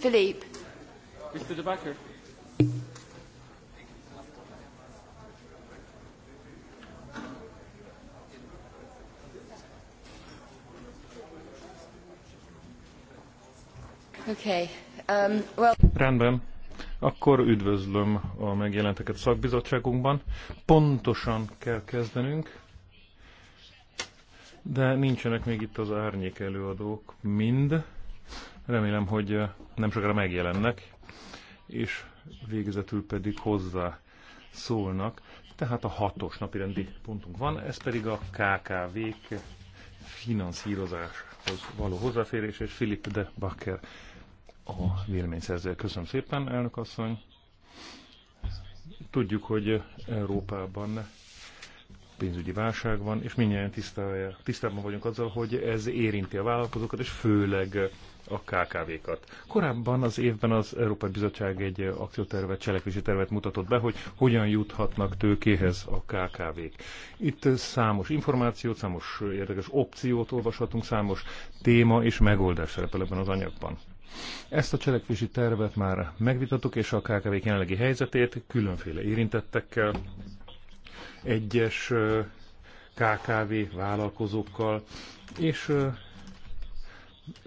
Philippe. Mr. De Backer. Okay. Um, well... Rendben. Akkor üdvözlöm a megjelenteket szakbizottságunkban. Pontosan kell kezdenünk, de nincsenek még itt az árnyék előadók mind. Remélem, hogy nem sokára megjelennek, és végezetül pedig hozzá szólnak. Tehát a hatos napirendi pontunk van, ez pedig a KKV-k finanszírozáshoz való hozzáférés, és Philip de Bakker a véleményszerző. Köszönöm szépen, elnök asszony. Tudjuk, hogy Európában pénzügyi válság van, és mindjárt tisztában vagyunk azzal, hogy ez érinti a vállalkozókat, és főleg a KKV-kat. Korábban az évben az Európai Bizottság egy akciótervet, cselekvési tervet mutatott be, hogy hogyan juthatnak tőkéhez a KKV-k. Itt számos információt, számos érdekes opciót olvashatunk, számos téma és megoldás szerepel ebben az anyagban. Ezt a cselekvési tervet már megvitattuk, és a kkv jelenlegi helyzetét különféle érintettekkel, egyes KKV vállalkozókkal, és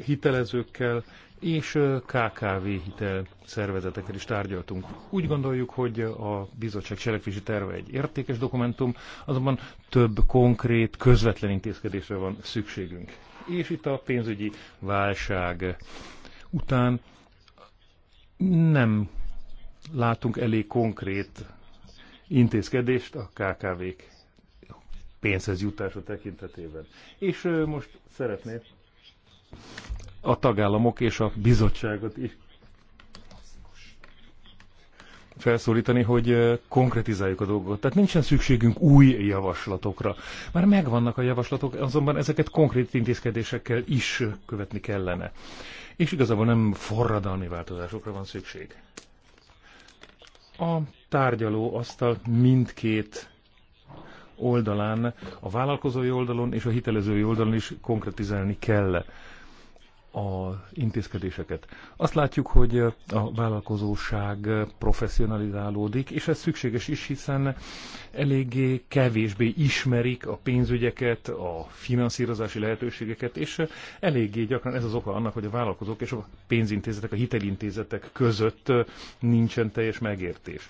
hitelezőkkel és KKV hitel szervezetekkel is tárgyaltunk. Úgy gondoljuk, hogy a bizottság cselekvési terve egy értékes dokumentum, azonban több konkrét, közvetlen intézkedésre van szükségünk. És itt a pénzügyi válság után nem látunk elég konkrét intézkedést a KKV-k pénzhez jutása tekintetében. És most szeretnék a tagállamok és a bizottságot is felszólítani, hogy konkretizáljuk a dolgot. Tehát nincsen szükségünk új javaslatokra. Már megvannak a javaslatok, azonban ezeket konkrét intézkedésekkel is követni kellene. És igazából nem forradalmi változásokra van szükség. A tárgyaló asztal mindkét oldalán, a vállalkozói oldalon és a hitelezői oldalon is konkretizálni kell az intézkedéseket. Azt látjuk, hogy a vállalkozóság professzionalizálódik, és ez szükséges is, hiszen eléggé kevésbé ismerik a pénzügyeket, a finanszírozási lehetőségeket, és eléggé gyakran ez az oka annak, hogy a vállalkozók és a pénzintézetek, a hitelintézetek között nincsen teljes megértés.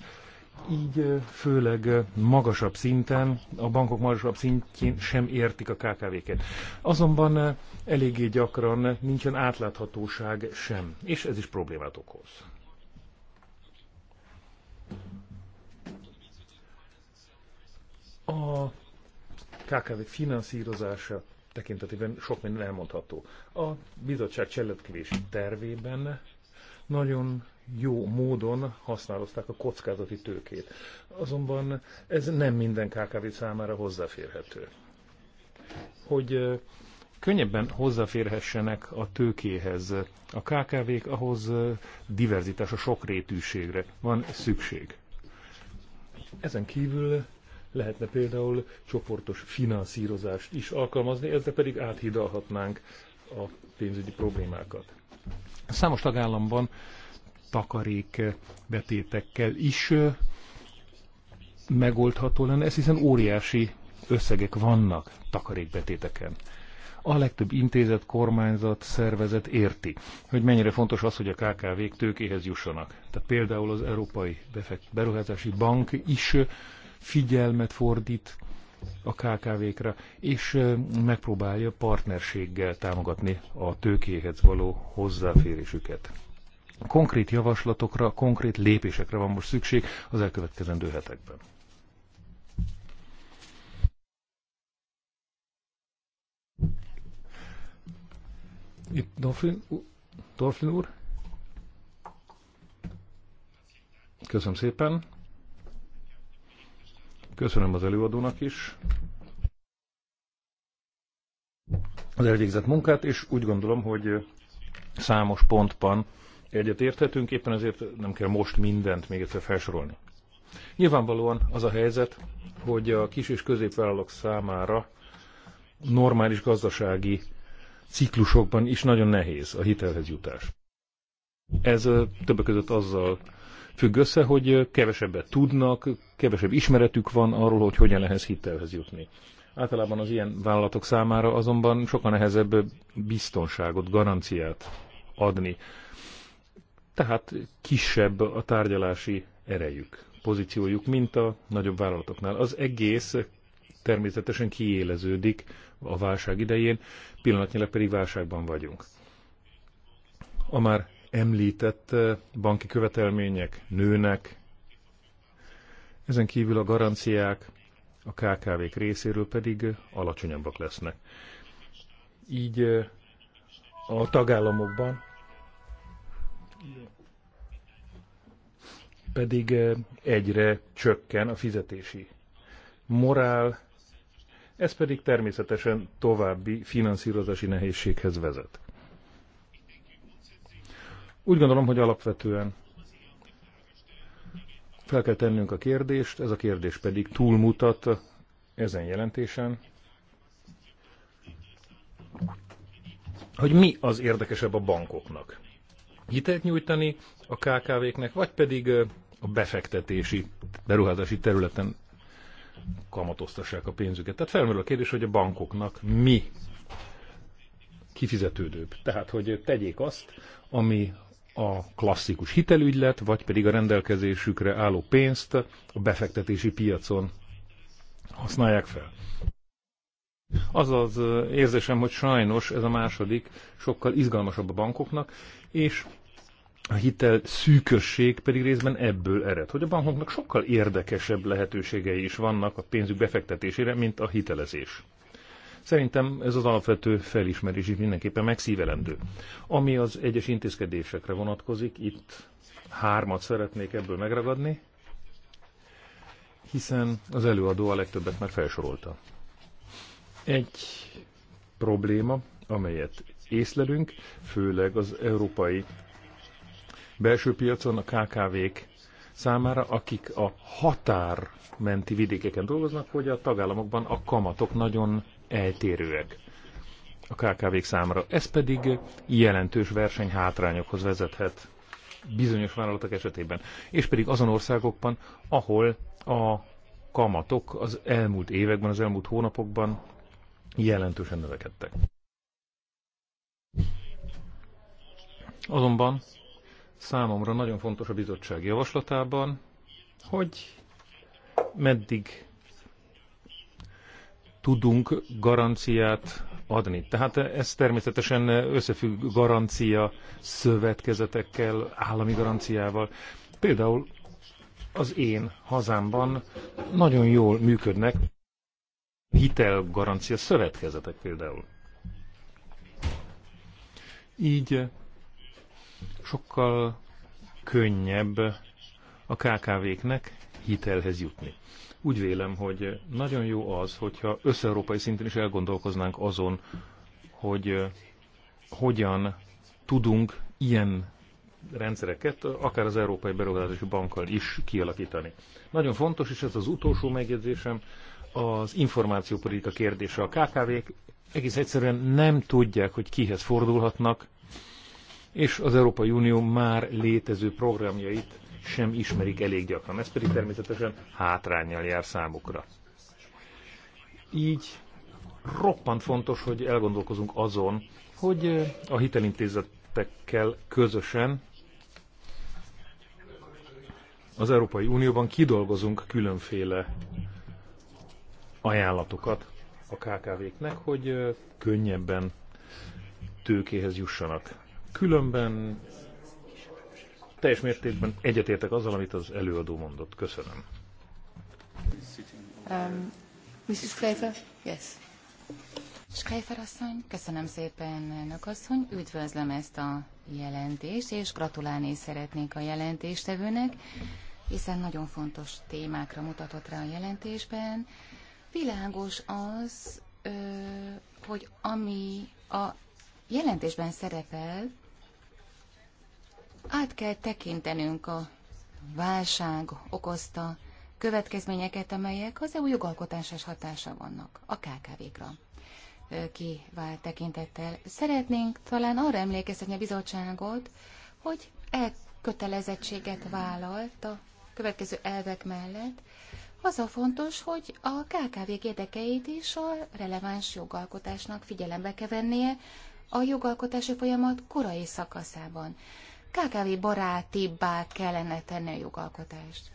Így főleg magasabb szinten, a bankok magasabb szintjén sem értik a KKV-ket. Azonban eléggé gyakran nincsen átláthatóság sem, és ez is problémát okoz. A KKV finanszírozása tekintetében sok minden elmondható. A bizottság cselletkivési tervében nagyon jó módon használozták a kockázati tőkét. Azonban ez nem minden KKV számára hozzáférhető. Hogy könnyebben hozzáférhessenek a tőkéhez a KKV-k, ahhoz diverzitás, a sokrétűségre van szükség. Ezen kívül lehetne például csoportos finanszírozást is alkalmazni, ezzel pedig áthidalhatnánk a pénzügyi problémákat. Számos tagállamban takarék eh, betétekkel is eh, megoldható lenne, ez hiszen óriási összegek vannak takarékbetéteken. A legtöbb intézet, kormányzat, szervezet érti, hogy mennyire fontos az, hogy a KKV-k tőkéhez jussanak. Tehát például az Európai Beruházási Bank is eh, figyelmet fordít a KKV-kra, és megpróbálja partnerséggel támogatni a tőkéhez való hozzáférésüket. Konkrét javaslatokra, konkrét lépésekre van most szükség az elkövetkezendő hetekben. Itt Dolfin, Dolfin úr. Köszönöm szépen. Köszönöm az előadónak is az elvégzett munkát, és úgy gondolom, hogy számos pontban egyet érthetünk, éppen ezért nem kell most mindent még egyszer felsorolni. Nyilvánvalóan az a helyzet, hogy a kis és középvállalók számára normális gazdasági ciklusokban is nagyon nehéz a hitelhez jutás. Ez többek között azzal függ össze, hogy kevesebbet tudnak, kevesebb ismeretük van arról, hogy hogyan lehet hitelhez jutni. Általában az ilyen vállalatok számára azonban sokkal nehezebb biztonságot, garanciát adni tehát kisebb a tárgyalási erejük, pozíciójuk, mint a nagyobb vállalatoknál. Az egész természetesen kiéleződik a válság idején, pillanatnyilag pedig válságban vagyunk. A már említett eh, banki követelmények nőnek, ezen kívül a garanciák a KKV-k részéről pedig eh, alacsonyabbak lesznek. Így eh, a tagállamokban pedig eh, egyre csökken a fizetési morál, ez pedig természetesen további finanszírozási nehézséghez vezet. Úgy gondolom, hogy alapvetően fel kell tennünk a kérdést, ez a kérdés pedig túlmutat ezen jelentésen, hogy mi az érdekesebb a bankoknak hitelt nyújtani a KKV-knek, vagy pedig a befektetési, beruházási területen kamatoztassák a pénzüket. Tehát felmerül a kérdés, hogy a bankoknak mi kifizetődőbb. Tehát, hogy tegyék azt, ami a klasszikus hitelügylet, vagy pedig a rendelkezésükre álló pénzt a befektetési piacon használják fel. Az az érzésem, hogy sajnos ez a második sokkal izgalmasabb a bankoknak, és a hitel szűkösség pedig részben ebből ered, hogy a bankoknak sokkal érdekesebb lehetőségei is vannak a pénzük befektetésére, mint a hitelezés. Szerintem ez az alapvető felismerés is mindenképpen megszívelendő. Ami az egyes intézkedésekre vonatkozik, itt hármat szeretnék ebből megragadni, hiszen az előadó a legtöbbet már felsorolta. Egy probléma, amelyet észlelünk, főleg az európai belső piacon a KKV-k számára, akik a határmenti vidékeken dolgoznak, hogy a tagállamokban a kamatok nagyon eltérőek a KKV-k számára. Ez pedig jelentős versenyhátrányokhoz vezethet bizonyos vállalatok esetében, és pedig azon országokban, ahol a kamatok az elmúlt években, az elmúlt hónapokban jelentősen növekedtek. Azonban számomra nagyon fontos a bizottság javaslatában, hogy meddig tudunk garanciát adni. Tehát ez természetesen összefügg garancia szövetkezetekkel, állami garanciával. Például az én hazámban nagyon jól működnek hitelgarancia szövetkezetek például. Így sokkal könnyebb a KKV-knek hitelhez jutni. Úgy vélem, hogy nagyon jó az, hogyha össze-európai szinten is elgondolkoznánk azon, hogy eh, hogyan tudunk ilyen rendszereket, akár az Európai Beruházási Bankkal is kialakítani. Nagyon fontos, és ez az utolsó megjegyzésem, az információpolitika kérdése. A KKV-k egész egyszerűen nem tudják, hogy kihez fordulhatnak, és az Európai Unió már létező programjait sem ismerik elég gyakran. Ez pedig természetesen hátrányjal jár számukra. Így roppant fontos, hogy elgondolkozunk azon, hogy a hitelintézetekkel közösen az Európai Unióban kidolgozunk különféle ajánlatokat a KKV-knek, hogy könnyebben tőkéhez jussanak. Különben teljes mértékben egyetértek azzal, amit az előadó mondott. Köszönöm. Um, Mrs. Kleifer? Yes. Schreifer asszony, köszönöm szépen, elnök asszony. Üdvözlöm ezt a jelentést, és gratulálni szeretnék a jelentéstevőnek, hiszen nagyon fontos témákra mutatott rá a jelentésben. Világos az, hogy ami a jelentésben szerepel, át kell tekintenünk a válság okozta következményeket, amelyek az EU jogalkotásos hatása vannak a KKV-kra kivált tekintettel. Szeretnénk talán arra emlékeztetni a bizottságot, hogy elkötelezettséget vállalt a következő elvek mellett, az a fontos, hogy a kkv érdekeit is a releváns jogalkotásnak figyelembe kell vennie a jogalkotási folyamat korai szakaszában. KKV barátibbá kellene tenni a jogalkotást.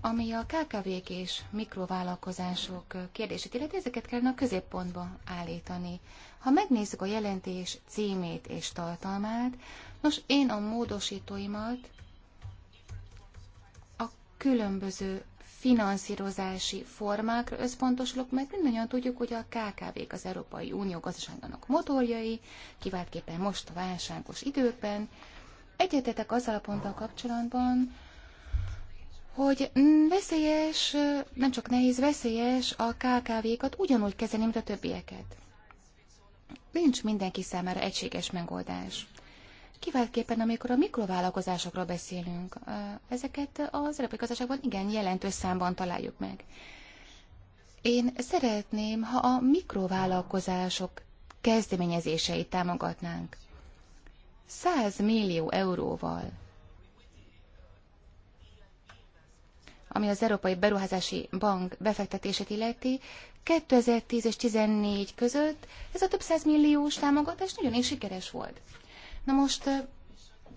Ami a kkv és mikrovállalkozások kérdését illeti, ezeket kellene a középpontba állítani. Ha megnézzük a jelentés címét és tartalmát, nos, én a módosítóimat a különböző finanszírozási formákra összpontosulok, mert mindannyian tudjuk, hogy a KKV-k az Európai Unió gazdaságának motorjai, kiváltképpen most a válságos időkben. Egyetetek azzal a ponttal kapcsolatban, hogy veszélyes, nem csak nehéz, veszélyes a KKV-kat ugyanúgy kezelni, mint a többieket. Nincs mindenki számára egységes megoldás. Kiváltképpen, amikor a mikrovállalkozásokról beszélünk, ezeket az európai gazdaságban igen jelentős számban találjuk meg. Én szeretném, ha a mikrovállalkozások kezdeményezéseit támogatnánk. 100 millió euróval, ami az Európai Beruházási Bank befektetését illeti, 2010 és 2014 között ez a több százmilliós támogatás nagyon is sikeres volt. Na most,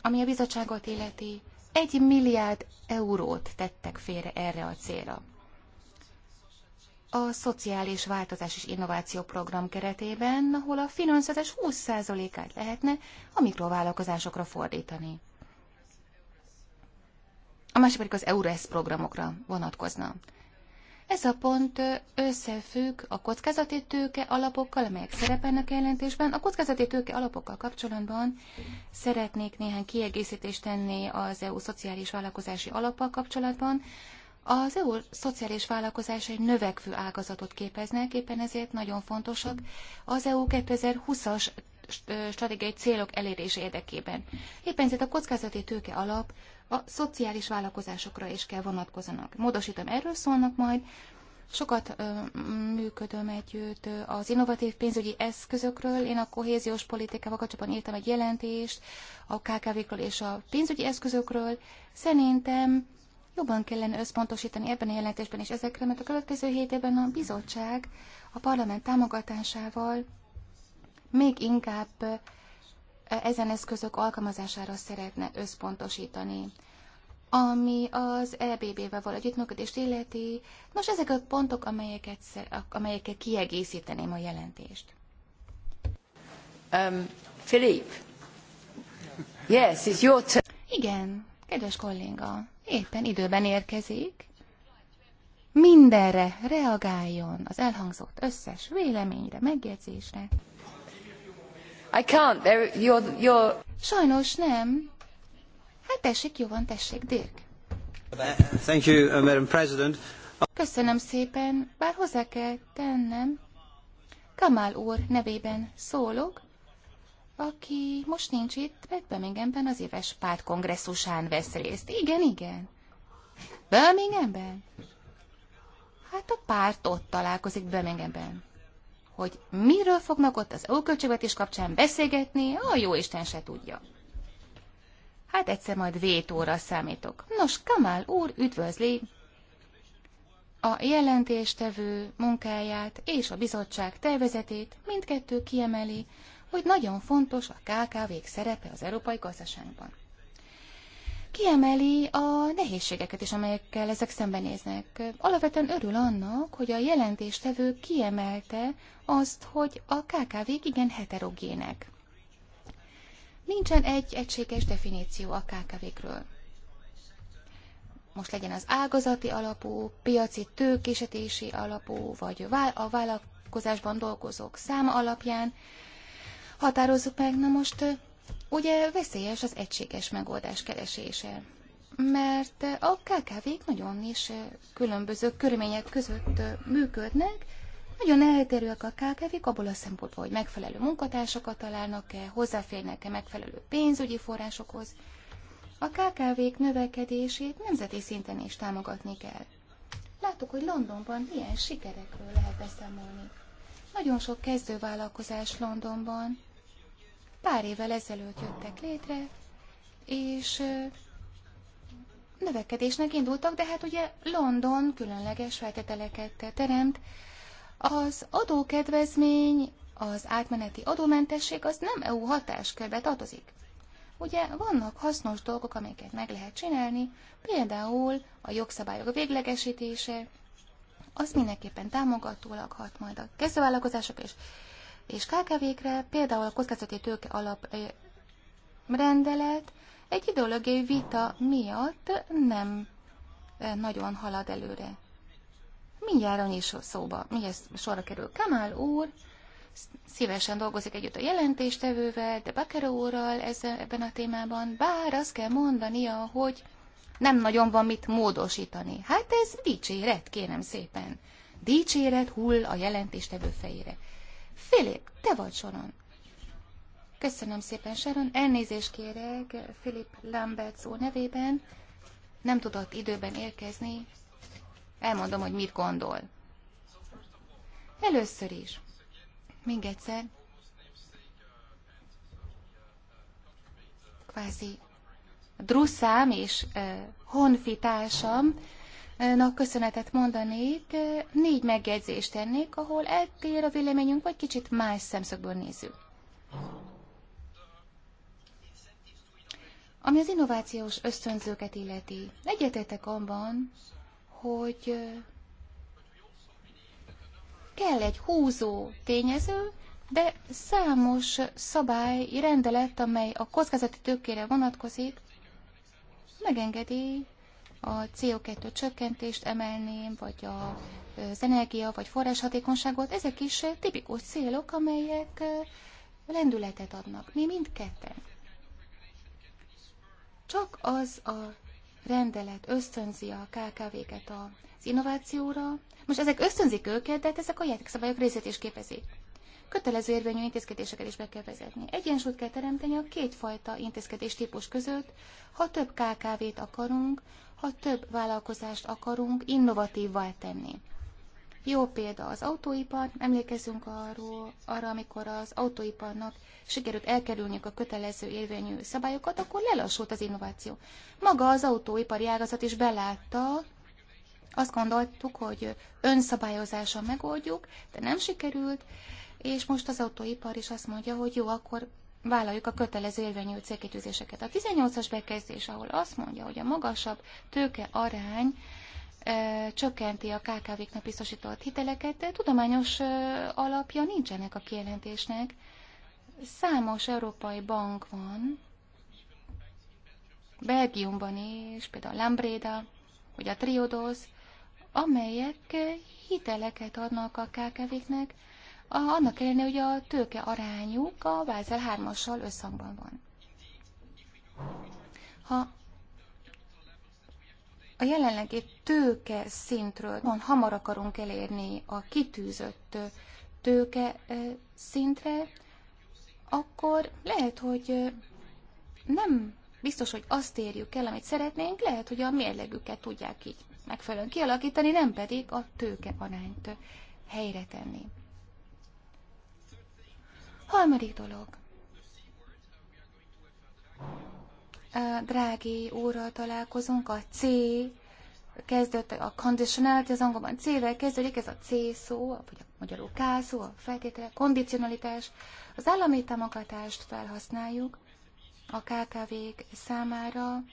ami a bizottságot illeti, egy milliárd eurót tettek félre erre a célra. A Szociális Változás és Innováció Program keretében, ahol a finanszírozás 20%-át lehetne a mikrovállalkozásokra fordítani. A másik pedig az EURES programokra vonatkozna. Ez a pont összefügg a kockázati tőke alapokkal, amelyek szerepelnek a jelentésben. A kockázati tőke alapokkal kapcsolatban szeretnék néhány kiegészítést tenni az EU szociális vállalkozási alappal kapcsolatban. Az EU szociális vállalkozásai növekvő ágazatot képeznek, éppen ezért nagyon fontosak az EU 2020-as stratégiai célok elérése érdekében. Éppen ezért a kockázati tőke alap a szociális vállalkozásokra is kell vonatkozanak. Módosítom, erről szólnak majd. Sokat ö, működöm együtt az innovatív pénzügyi eszközökről. Én a kohéziós politikával kapcsolatban írtam egy jelentést a KKV-kről és a pénzügyi eszközökről. Szerintem jobban kellene összpontosítani ebben a jelentésben is ezekre, mert a következő hét évben a bizottság a parlament támogatásával még inkább E, ezen eszközök alkalmazására szeretne összpontosítani. Ami az EBB-vel való együttműködést illeti, nos, ezek a pontok, amelyeket, amelyekkel kiegészíteném a jelentést. Um, Philip. Yes, it's your turn. Igen, kedves kolléga, éppen időben érkezik. Mindenre reagáljon az elhangzott összes véleményre, megjegyzésre. I can't. There, you're, you're... Sajnos nem. Hát tessék, jó van, tessék, Dirk. Thank you, uh, Madam President. Köszönöm szépen, bár hozzá kell tennem. Kamal úr nevében szólok, aki most nincs itt, mert Birminghamben az éves pártkongresszusán vesz részt. Igen, igen. Birminghamben? Hát a párt ott találkozik Birminghamben hogy miről fognak ott az EU kapcsán beszélgetni, a jó Isten se tudja. Hát egyszer majd vétóra számítok. Nos, Kamal úr üdvözli a jelentéstevő munkáját és a bizottság tervezetét mindkettő kiemeli, hogy nagyon fontos a KKV-k szerepe az európai gazdaságban kiemeli a nehézségeket is, amelyekkel ezek szembenéznek. Alapvetően örül annak, hogy a jelentéstevő kiemelte azt, hogy a KKV-k igen heterogének. Nincsen egy egységes definíció a KKV-kről. Most legyen az ágazati alapú, piaci tőkésetési alapú, vagy a vállalkozásban dolgozók száma alapján, határozzuk meg, na most Ugye veszélyes az egységes megoldás keresése, mert a KKV-k nagyon is különböző körülmények között működnek, nagyon eltérőek a KKV-k abból a szempontból, hogy megfelelő munkatársakat találnak-e, hozzáférnek-e megfelelő pénzügyi forrásokhoz. A KKV-k növekedését nemzeti szinten is támogatni kell. Láttuk, hogy Londonban milyen sikerekről lehet beszámolni. Nagyon sok kezdővállalkozás Londonban Pár évvel ezelőtt jöttek létre, és növekedésnek indultak, de hát ugye London különleges feltételeket teremt. Az adókedvezmény, az átmeneti adómentesség az nem EU hatáskörbe tartozik. Ugye vannak hasznos dolgok, amiket meg lehet csinálni, például a jogszabályok véglegesítése, az mindenképpen támogatólag hat majd a kezdővállalkozások és és KKV-kre, például a kockázati tőke alap eh, rendelet egy ideológiai vita miatt nem eh, nagyon halad előre. Mindjárt is szóba, mindjárt sorra kerül Kamál úr, szívesen dolgozik együtt a jelentéstevővel, de Bakero úrral ezzel, ebben a témában, bár azt kell mondania, hogy nem nagyon van mit módosítani. Hát ez dicséret, kérem szépen. Dicséret hull a jelentéstevő fejére. Filip, te vagy soron. Köszönöm szépen, Sharon. Elnézést kérek Filip Lambert szó nevében. Nem tudott időben érkezni. Elmondom, hogy mit gondol. Először is. Még egyszer. Kvázi Drusszám és uh, honfitársam Na, köszönetet mondanék, négy megjegyzést tennék, ahol eltér a véleményünk, vagy kicsit más szemszögből nézzük. Ami az innovációs ösztönzőket illeti, egyetetek abban, hogy kell egy húzó tényező, de számos szabály, rendelet, amely a kockázati tőkére vonatkozik, megengedi, a CO2 csökkentést emelném, vagy a, az energia, vagy forráshatékonyságot, ezek is tipikus célok, amelyek lendületet adnak. Mi mindketten. Csak az a rendelet ösztönzi a KKV-ket az innovációra. Most ezek ösztönzik őket, de hát ezek a játékszabályok részét is képezik. Kötelező érvényű intézkedéseket is be kell vezetni. Egyensúlyt kell teremteni a kétfajta intézkedés típus között. Ha több KKV-t akarunk, ha több vállalkozást akarunk innovatívvá tenni. Jó példa az autóipar, emlékezünk arról, arra, amikor az autóiparnak sikerült elkerülniük a kötelező érvényű szabályokat, akkor lelassult az innováció. Maga az autóipari ágazat is belátta, azt gondoltuk, hogy önszabályozáson megoldjuk, de nem sikerült, és most az autóipar is azt mondja, hogy jó, akkor vállaljuk a kötelező érvényű célkitűzéseket. A 18-as bekezdés, ahol azt mondja, hogy a magasabb tőke arány e, csökkenti a KKV-knak biztosított hiteleket, de tudományos e, alapja nincsenek a kijelentésnek. Számos európai bank van, Belgiumban is, például Lambréda, vagy a Triodos, amelyek hiteleket adnak a KKV-knek, a annak ellenére, hogy a tőke arányuk a Bázel 3-assal összhangban van. Ha a jelenlegi tőke szintről van, hamar akarunk elérni a kitűzött tőke szintre, akkor lehet, hogy nem biztos, hogy azt érjük el, amit szeretnénk, lehet, hogy a mérlegüket tudják így megfelelően kialakítani, nem pedig a tőke arányt helyre tenni. Harmadik dolog. Drági úrral találkozunk, a C kezdődött a conditionality, az angolban C-vel kezdődik, ez a C szó, vagy a magyarul K szó, a feltétele, kondicionalitás. Az állami támogatást felhasználjuk a kkv számára,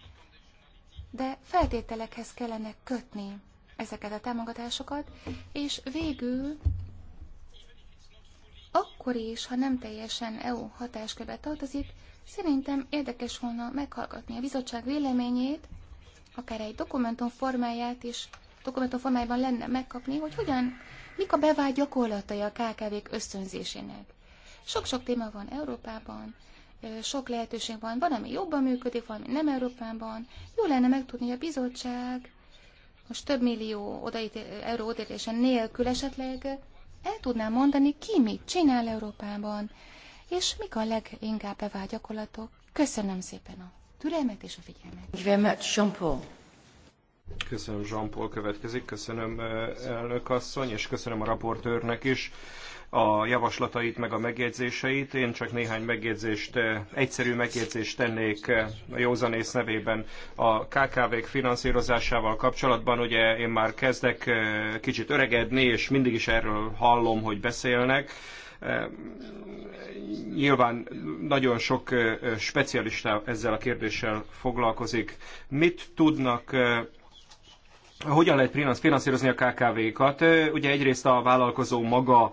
de feltételekhez kellene kötni ezeket a támogatásokat, és végül akkor is, ha nem teljesen EU hatáskörbe tartozik, szerintem érdekes volna meghallgatni a bizottság véleményét, akár egy dokumentum formáját is, dokumentum formájában lenne megkapni, hogy hogyan, mik a bevált gyakorlatai a KKV-k ösztönzésének. Sok-sok téma van Európában, sok lehetőség van, van, ami jobban működik, ami nem Európában. Jó lenne megtudni, hogy a bizottság most több millió odaítél, euró odaítélése nélkül esetleg el tudnám mondani, ki mit csinál Európában, és mik a leginkább bevált gyakorlatok. Köszönöm szépen a türelmet és a figyelmet. Köszönöm, Jean-Paul következik. Köszönöm eh, elnök asszony, és köszönöm a raportőrnek is a javaslatait, meg a megjegyzéseit. Én csak néhány megjegyzést, eh, egyszerű megjegyzést tennék eh, a józanész nevében a KKV-k finanszírozásával kapcsolatban. Ugye én már kezdek eh, kicsit öregedni, és mindig is erről hallom, hogy beszélnek. Nyilván nagyon sok specialista ezzel a kérdéssel foglalkozik. Mit tudnak hogyan lehet finanszírozni a KKV-kat? Ugye egyrészt a vállalkozó maga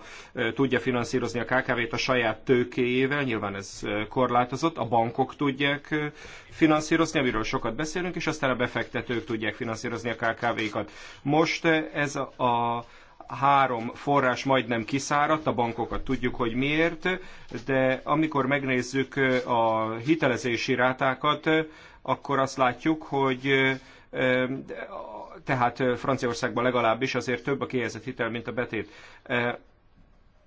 tudja finanszírozni a KKV-t a saját tőkéjével, nyilván ez korlátozott, a bankok tudják finanszírozni, amiről sokat beszélünk, és aztán a befektetők tudják finanszírozni a KKV-kat. Most ez a három forrás majdnem kiszáradt, a bankokat tudjuk, hogy miért, de amikor megnézzük a hitelezési rátákat, akkor azt látjuk, hogy tehát Franciaországban legalábbis azért több a kihelyezett hitel, mint a betét.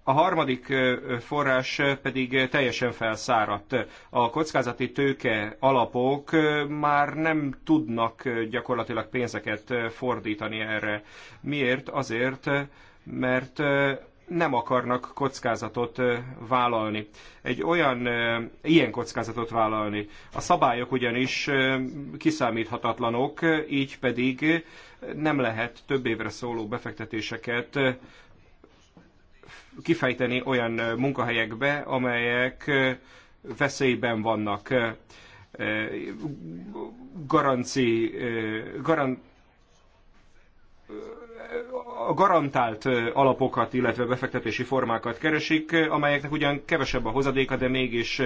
A harmadik forrás pedig teljesen felszáradt. A kockázati tőke alapok már nem tudnak gyakorlatilag pénzeket fordítani erre. Miért? Azért, mert nem akarnak kockázatot vállalni. Egy olyan, ilyen kockázatot vállalni. A szabályok ugyanis kiszámíthatatlanok, így pedig nem lehet több évre szóló befektetéseket kifejteni olyan munkahelyekbe, amelyek veszélyben vannak. Garanci, garan a garantált alapokat, illetve befektetési formákat keresik, amelyeknek ugyan kevesebb a hozadéka, de mégis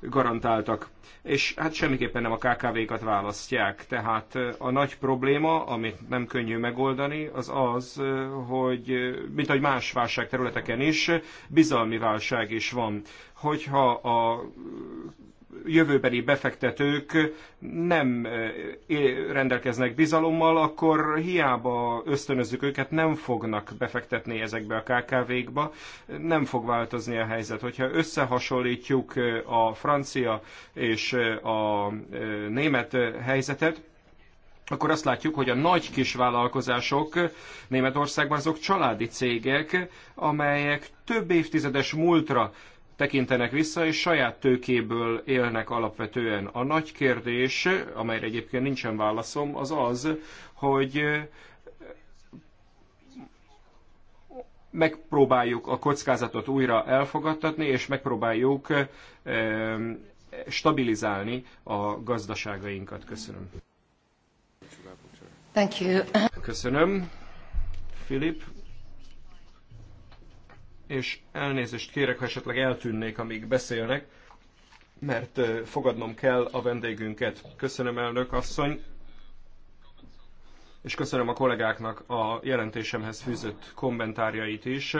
garantáltak. És hát semmiképpen nem a KKV-kat választják. Tehát a nagy probléma, amit nem könnyű megoldani, az az, hogy mint ahogy más válságterületeken is, bizalmi válság is van. Hogyha a jövőbeli befektetők nem eh, rendelkeznek bizalommal, akkor hiába ösztönözzük őket, nem fognak befektetni ezekbe a KKV-kba, nem fog változni a helyzet. Hogyha összehasonlítjuk eh, a francia és eh, a német helyzetet, akkor azt látjuk, hogy a nagy kis vállalkozások Németországban azok családi cégek, amelyek több évtizedes múltra tekintenek vissza, és saját tőkéből élnek alapvetően. A nagy kérdés, amelyre egyébként nincsen válaszom, az az, hogy megpróbáljuk a kockázatot újra elfogadtatni, és megpróbáljuk stabilizálni a gazdaságainkat. Köszönöm. Thank you. Köszönöm, Philip és elnézést kérek, ha esetleg eltűnnék, amíg beszélnek, mert fogadnom kell a vendégünket. Köszönöm, elnök asszony, és köszönöm a kollégáknak a jelentésemhez fűzött kommentárjait is.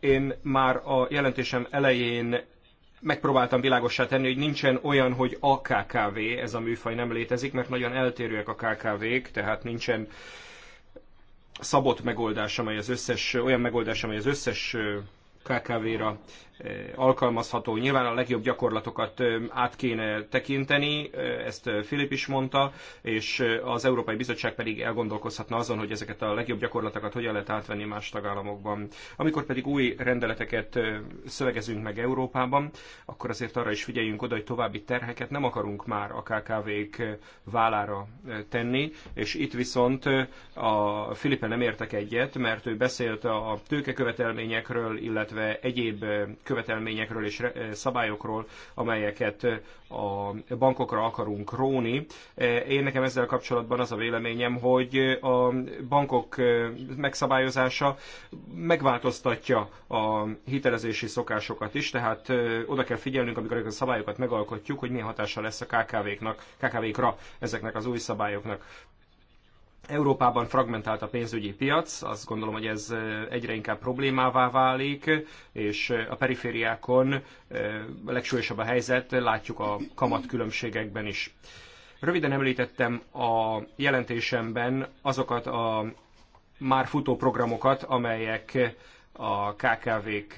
Én már a jelentésem elején megpróbáltam világossá tenni, hogy nincsen olyan, hogy a KKV, ez a műfaj nem létezik, mert nagyon eltérőek a KKV-k, tehát nincsen szabott megoldás, amely az összes, olyan megoldás, amely az összes KKV-ra Eh, alkalmazható. Nyilván a legjobb gyakorlatokat eh, át kéne tekinteni, eh, ezt Filip is mondta, és az Európai Bizottság pedig elgondolkozhatna azon, hogy ezeket a legjobb gyakorlatokat hogyan lehet átvenni más tagállamokban. Amikor pedig új rendeleteket szövegezünk meg Európában, akkor azért arra is figyeljünk oda, hogy további terheket nem akarunk már a KKV-k vállára tenni, és itt viszont a Filipe nem értek egyet, mert ő beszélt a tőkekövetelményekről, illetve egyéb követelményekről és eh, szabályokról, amelyeket eh, a bankokra akarunk róni. Eh, én nekem ezzel kapcsolatban az a véleményem, hogy a bankok megszabályozása megváltoztatja a hitelezési szokásokat is, tehát oda kell figyelnünk, amikor a szabályokat megalkotjuk, hogy milyen hatása lesz a KKV-knak, KKV-kra ezeknek az új szabályoknak. Európában fragmentált a pénzügyi piac, azt gondolom, hogy ez egyre inkább problémává válik, és a perifériákon a legsúlyosabb a helyzet, látjuk a kamatkülönbségekben is. Röviden említettem a jelentésemben azokat a már futó programokat, amelyek a KKV-k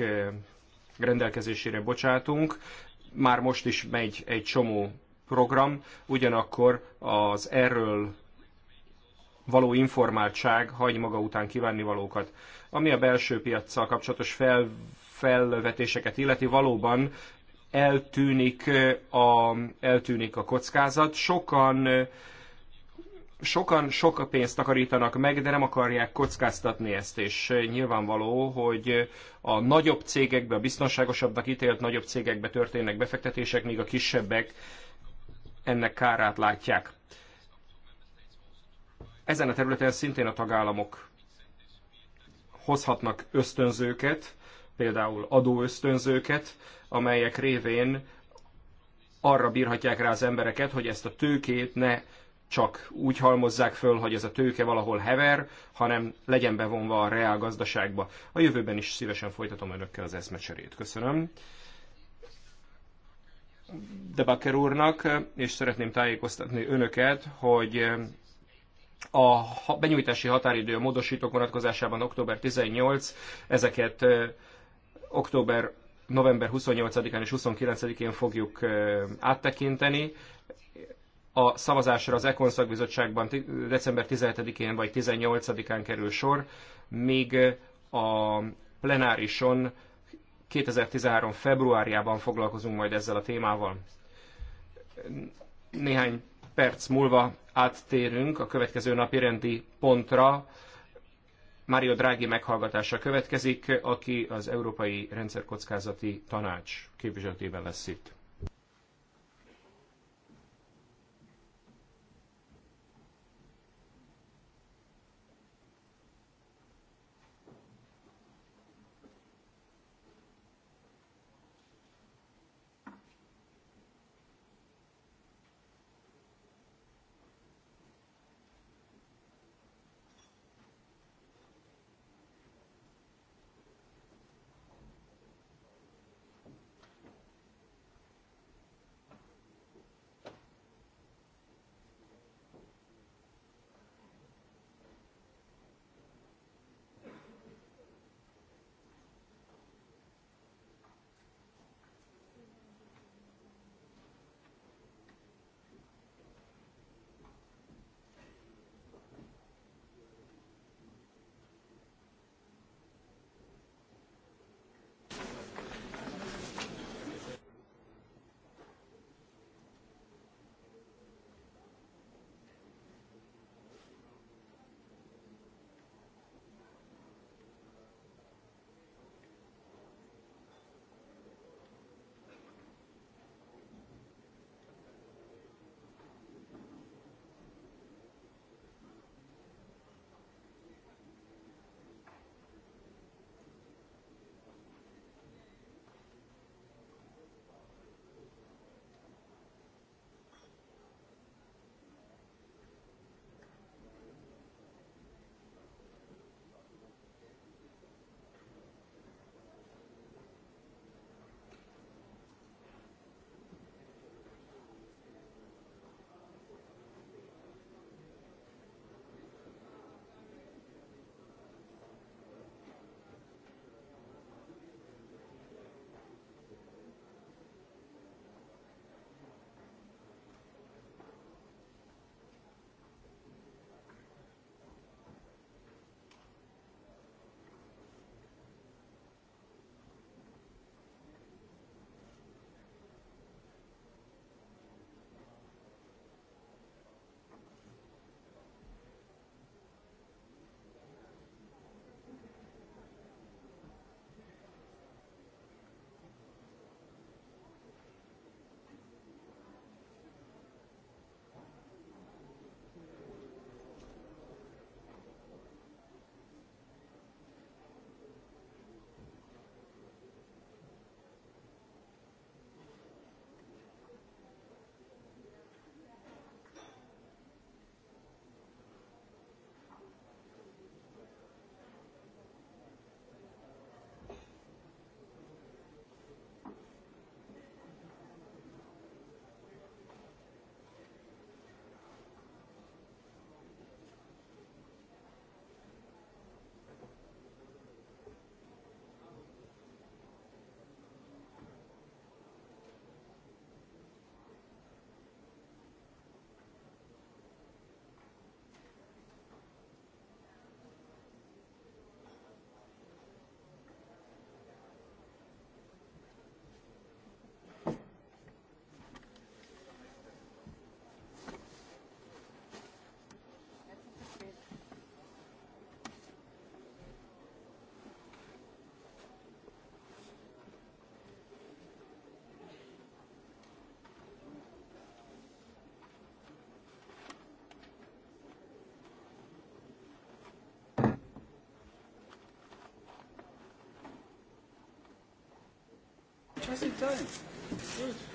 rendelkezésére bocsátunk. Már most is megy egy csomó program, ugyanakkor az erről való informáltság hagy maga után kívánni valókat. Ami a belső piaccal kapcsolatos fel, felvetéseket illeti, valóban eltűnik a, eltűnik a kockázat. Sokan sokan sok pénzt takarítanak meg, de nem akarják kockáztatni ezt, és nyilvánvaló, hogy a nagyobb cégekbe, a biztonságosabbnak ítélt nagyobb cégekbe történnek befektetések, míg a kisebbek ennek kárát látják. Ezen a területen szintén a tagállamok hozhatnak ösztönzőket, például adóösztönzőket, amelyek révén arra bírhatják rá az embereket, hogy ezt a tőkét ne csak úgy halmozzák föl, hogy ez a tőke valahol hever, hanem legyen bevonva a reál gazdaságba. A jövőben is szívesen folytatom önökkel az eszmecserét. Köszönöm. De Debaker úrnak, és szeretném tájékoztatni önöket, hogy a benyújtási határidő a módosítók vonatkozásában október 18, ezeket október november 28-án és 29-én fogjuk áttekinteni. A szavazásra az ECON szakbizottságban december 17-én vagy 18-án kerül sor, míg a plenárison 2013. februárjában foglalkozunk majd ezzel a témával. Néhány perc múlva áttérünk a következő napi rendi pontra. Mario Draghi meghallgatása következik, aki az Európai Rendszerkockázati Tanács képviseletében lesz itt.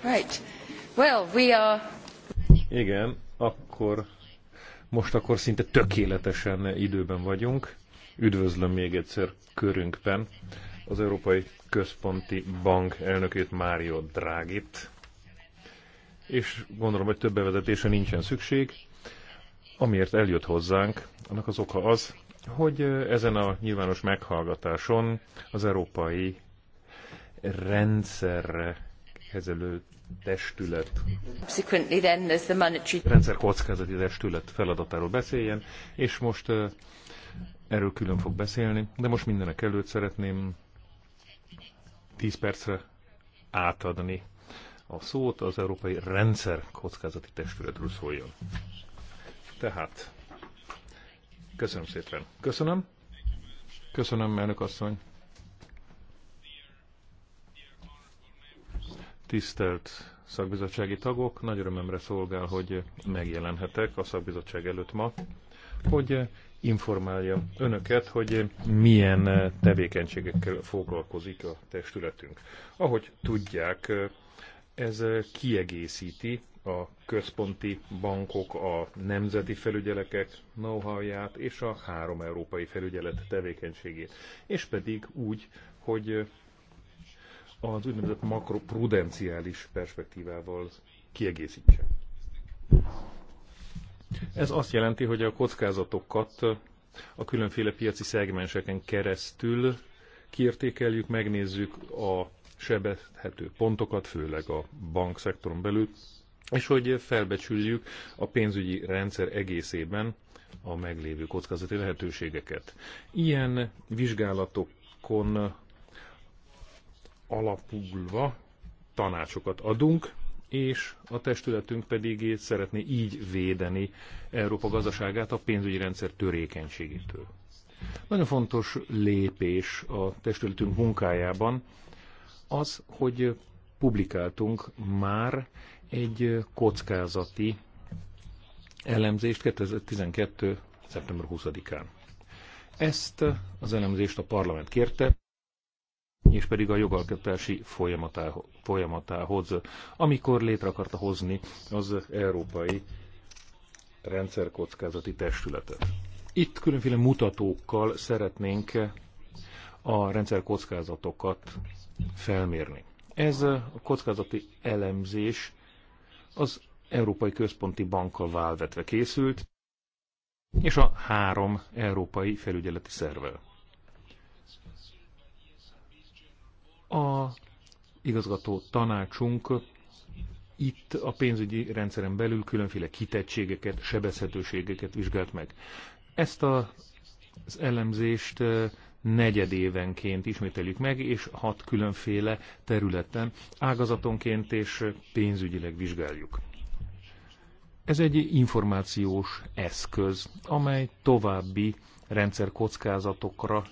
Right. Well, we are... Igen, akkor most akkor szinte tökéletesen időben vagyunk. Üdvözlöm még egyszer körünkben az Európai Központi Bank elnökét Mário Drágit, és gondolom, hogy több bevezetése nincsen szükség. Amiért eljött hozzánk, annak az oka az, hogy eh, ezen a nyilvános meghallgatáson az Európai rendszerre kezelő testület, rendszer kockázati testület feladatáról beszéljen, és most erről külön fog beszélni, de most mindenek előtt szeretném 10 percre átadni a szót az Európai Rendszer Kockázati Testületről szóljon. Tehát, köszönöm szépen. Köszönöm. Köszönöm, elnök asszony. Tisztelt szakbizottsági tagok, nagy örömömre szolgál, hogy megjelenhetek a szakbizottság előtt ma, hogy informáljam önöket, hogy milyen tevékenységekkel foglalkozik a testületünk. Ahogy tudják, ez kiegészíti a központi bankok, a nemzeti felügyelekek know-howját és a három európai felügyelet tevékenységét. És pedig úgy, hogy az úgynevezett makroprudenciális perspektívával kiegészítse. Ez azt jelenti, hogy a kockázatokat a különféle piaci szegmenseken keresztül kiértékeljük, megnézzük a sebezhető pontokat, főleg a bankszektoron belül, és hogy felbecsüljük a pénzügyi rendszer egészében a meglévő kockázati lehetőségeket. Ilyen vizsgálatokon alapulva tanácsokat adunk, és a testületünk pedig szeretné így védeni Európa gazdaságát a pénzügyi rendszer törékenységétől. Nagyon fontos lépés a testületünk munkájában az, hogy publikáltunk már egy kockázati elemzést 2012. szeptember 20-án. Ezt az elemzést a parlament kérte, és pedig a jogalkotási folyamatához, amikor létre akarta hozni az Európai Rendszerkockázati Testületet. Itt különféle mutatókkal szeretnénk a rendszerkockázatokat felmérni. Ez a kockázati elemzés az Európai Központi Bankkal válvetve készült, és a három európai felügyeleti szervel. A igazgató tanácsunk itt a pénzügyi rendszeren belül különféle kitettségeket, sebezhetőségeket vizsgált meg. Ezt a, az elemzést negyed évenként ismételjük meg, és hat különféle területen, ágazatonként és pénzügyileg vizsgáljuk. Ez egy információs eszköz, amely további rendszerkockázatokra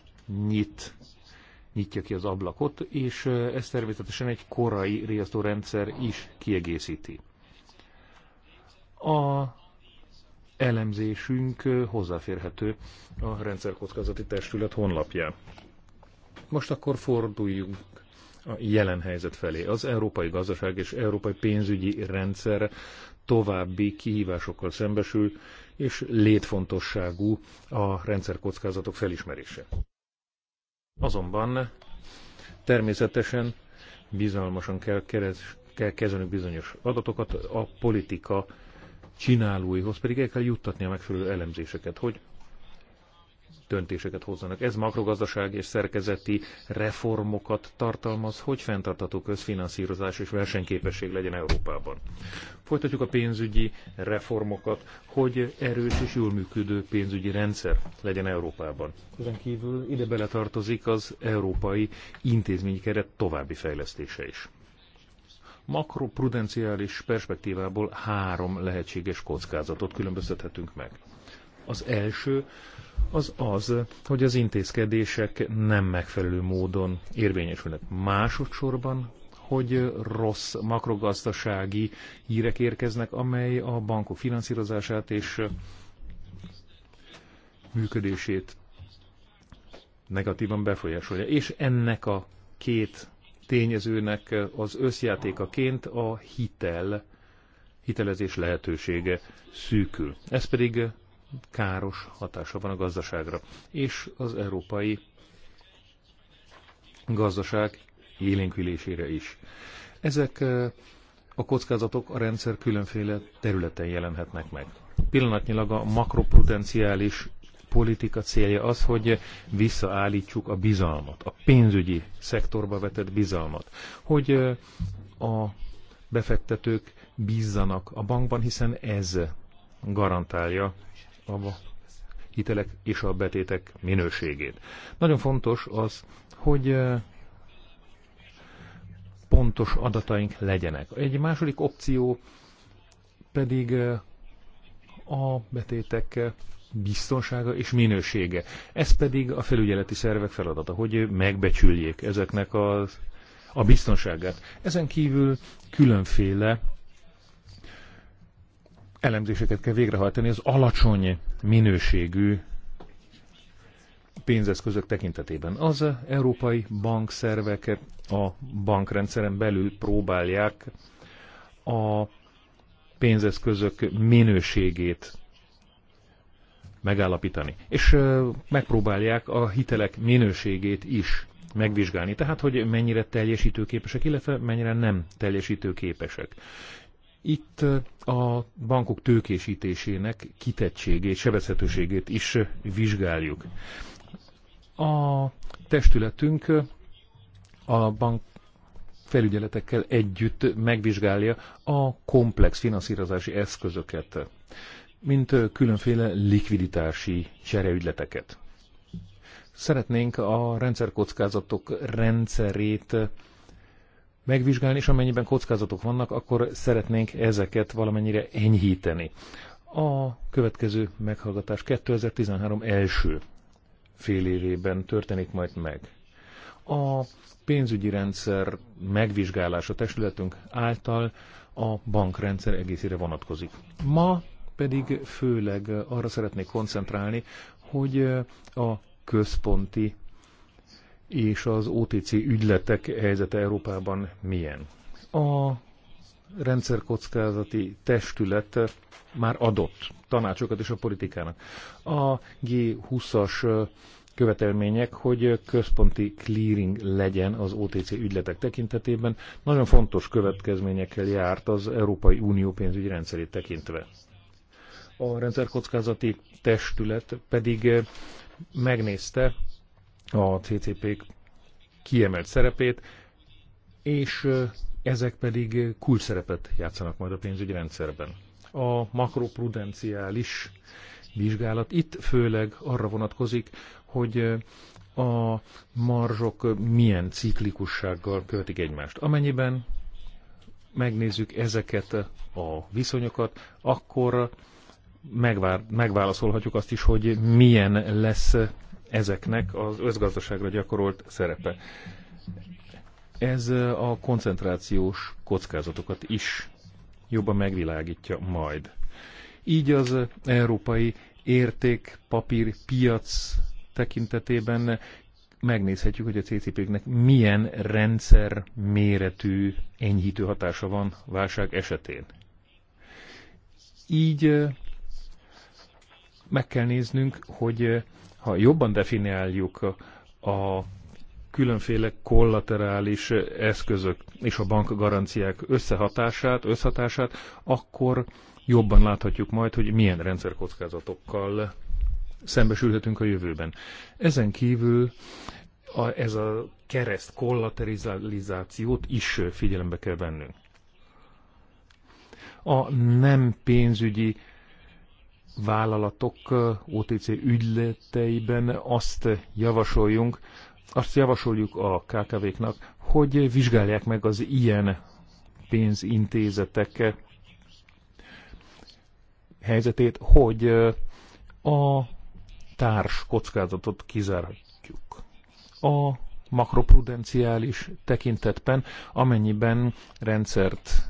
nyit nyitja ki az ablakot, és ez természetesen egy korai riasztórendszer is kiegészíti. A elemzésünk hozzáférhető a rendszerkockázati testület honlapján. Most akkor forduljunk a jelen helyzet felé. Az európai gazdaság és európai pénzügyi rendszer további kihívásokkal szembesül, és létfontosságú a rendszerkockázatok felismerése. Azonban természetesen bizalmasan kell, kerez, kell kezelni bizonyos adatokat, a politika csinálóihoz pedig el kell juttatni a megfelelő elemzéseket, hogy döntéseket hozzanak. Ez makrogazdaság és szerkezeti reformokat tartalmaz, hogy fenntartható közfinanszírozás és versenyképesség legyen Európában. Folytatjuk a pénzügyi reformokat, hogy erős és jól működő pénzügyi rendszer legyen Európában. Ezen kívül ide beletartozik az európai intézményi keret további fejlesztése is makroprudenciális perspektívából három lehetséges kockázatot különböztethetünk meg. Az első az az, hogy az intézkedések nem megfelelő módon érvényesülnek. Másodszorban, hogy rossz makrogazdasági hírek érkeznek, amely a bankok finanszírozását és működését negatívan befolyásolja. És ennek a két tényezőnek az összjátékaként a hitel, hitelezés lehetősége szűkül. Ez pedig káros hatása van a gazdaságra. És az európai gazdaság élénkülésére is. Ezek a kockázatok a rendszer különféle területen jelenhetnek meg. Pillanatnyilag a makroprudenciális politika célja az, hogy visszaállítsuk a bizalmat, a pénzügyi szektorba vetett bizalmat, hogy a befektetők bízzanak a bankban, hiszen ez garantálja a hitelek és a betétek minőségét. Nagyon fontos az, hogy eh, pontos adataink legyenek. Egy második opció pedig eh, a betétek eh, biztonsága és minősége. Ez pedig a felügyeleti szervek feladata, hogy megbecsüljék ezeknek az, a biztonságát. Ezen kívül különféle elemzéseket kell végrehajtani az alacsony minőségű pénzeszközök tekintetében. Az európai bankszervek a bankrendszeren belül próbálják a pénzeszközök minőségét megállapítani. És megpróbálják a hitelek minőségét is megvizsgálni. Tehát, hogy mennyire teljesítőképesek, illetve mennyire nem teljesítőképesek. Itt a bankok tőkésítésének kitettségét, sebezhetőségét is vizsgáljuk. A testületünk a bank felügyeletekkel együtt megvizsgálja a komplex finanszírozási eszközöket, mint különféle likviditási csereügyleteket. Szeretnénk a rendszerkockázatok rendszerét megvizsgálni, és amennyiben kockázatok vannak, akkor szeretnénk ezeket valamennyire enyhíteni. A következő meghallgatás 2013 első fél évében történik majd meg. A pénzügyi rendszer megvizsgálása testületünk által a bankrendszer egészére vonatkozik. Ma pedig főleg arra szeretnék koncentrálni, hogy a központi és az OTC ügyletek helyzete Európában milyen. A rendszerkockázati testület már adott tanácsokat is a politikának. A G20-as követelmények, hogy központi clearing legyen az OTC ügyletek tekintetében, nagyon fontos következményekkel járt az Európai Unió pénzügyi rendszerét tekintve. A rendszerkockázati testület pedig megnézte a TTP kiemelt szerepét, és ezek pedig szerepet játszanak majd a pénzügyi rendszerben. A makroprudenciális vizsgálat itt főleg arra vonatkozik, hogy a marzsok milyen ciklikussággal költik egymást. Amennyiben megnézzük ezeket a viszonyokat, akkor megvá- megválaszolhatjuk azt is, hogy milyen lesz ezeknek az özgazdaságra gyakorolt szerepe. Ez a koncentrációs kockázatokat is jobban megvilágítja majd. Így az európai papír piac tekintetében megnézhetjük, hogy a CCP-knek milyen rendszer méretű enyhítő hatása van válság esetén. Így meg kell néznünk, hogy ha jobban definiáljuk a különféle kollaterális eszközök és a bankgaranciák összehatását, összhatását, akkor jobban láthatjuk majd, hogy milyen rendszerkockázatokkal szembesülhetünk a jövőben. Ezen kívül a, ez a kereszt kollaterizációt is figyelembe kell vennünk. A nem pénzügyi vállalatok OTC ügyleteiben azt javasoljunk, azt javasoljuk a KKV-knak, hogy vizsgálják meg az ilyen pénzintézetek helyzetét, hogy a társ kockázatot kizárhatjuk. A makroprudenciális tekintetben, amennyiben rendszert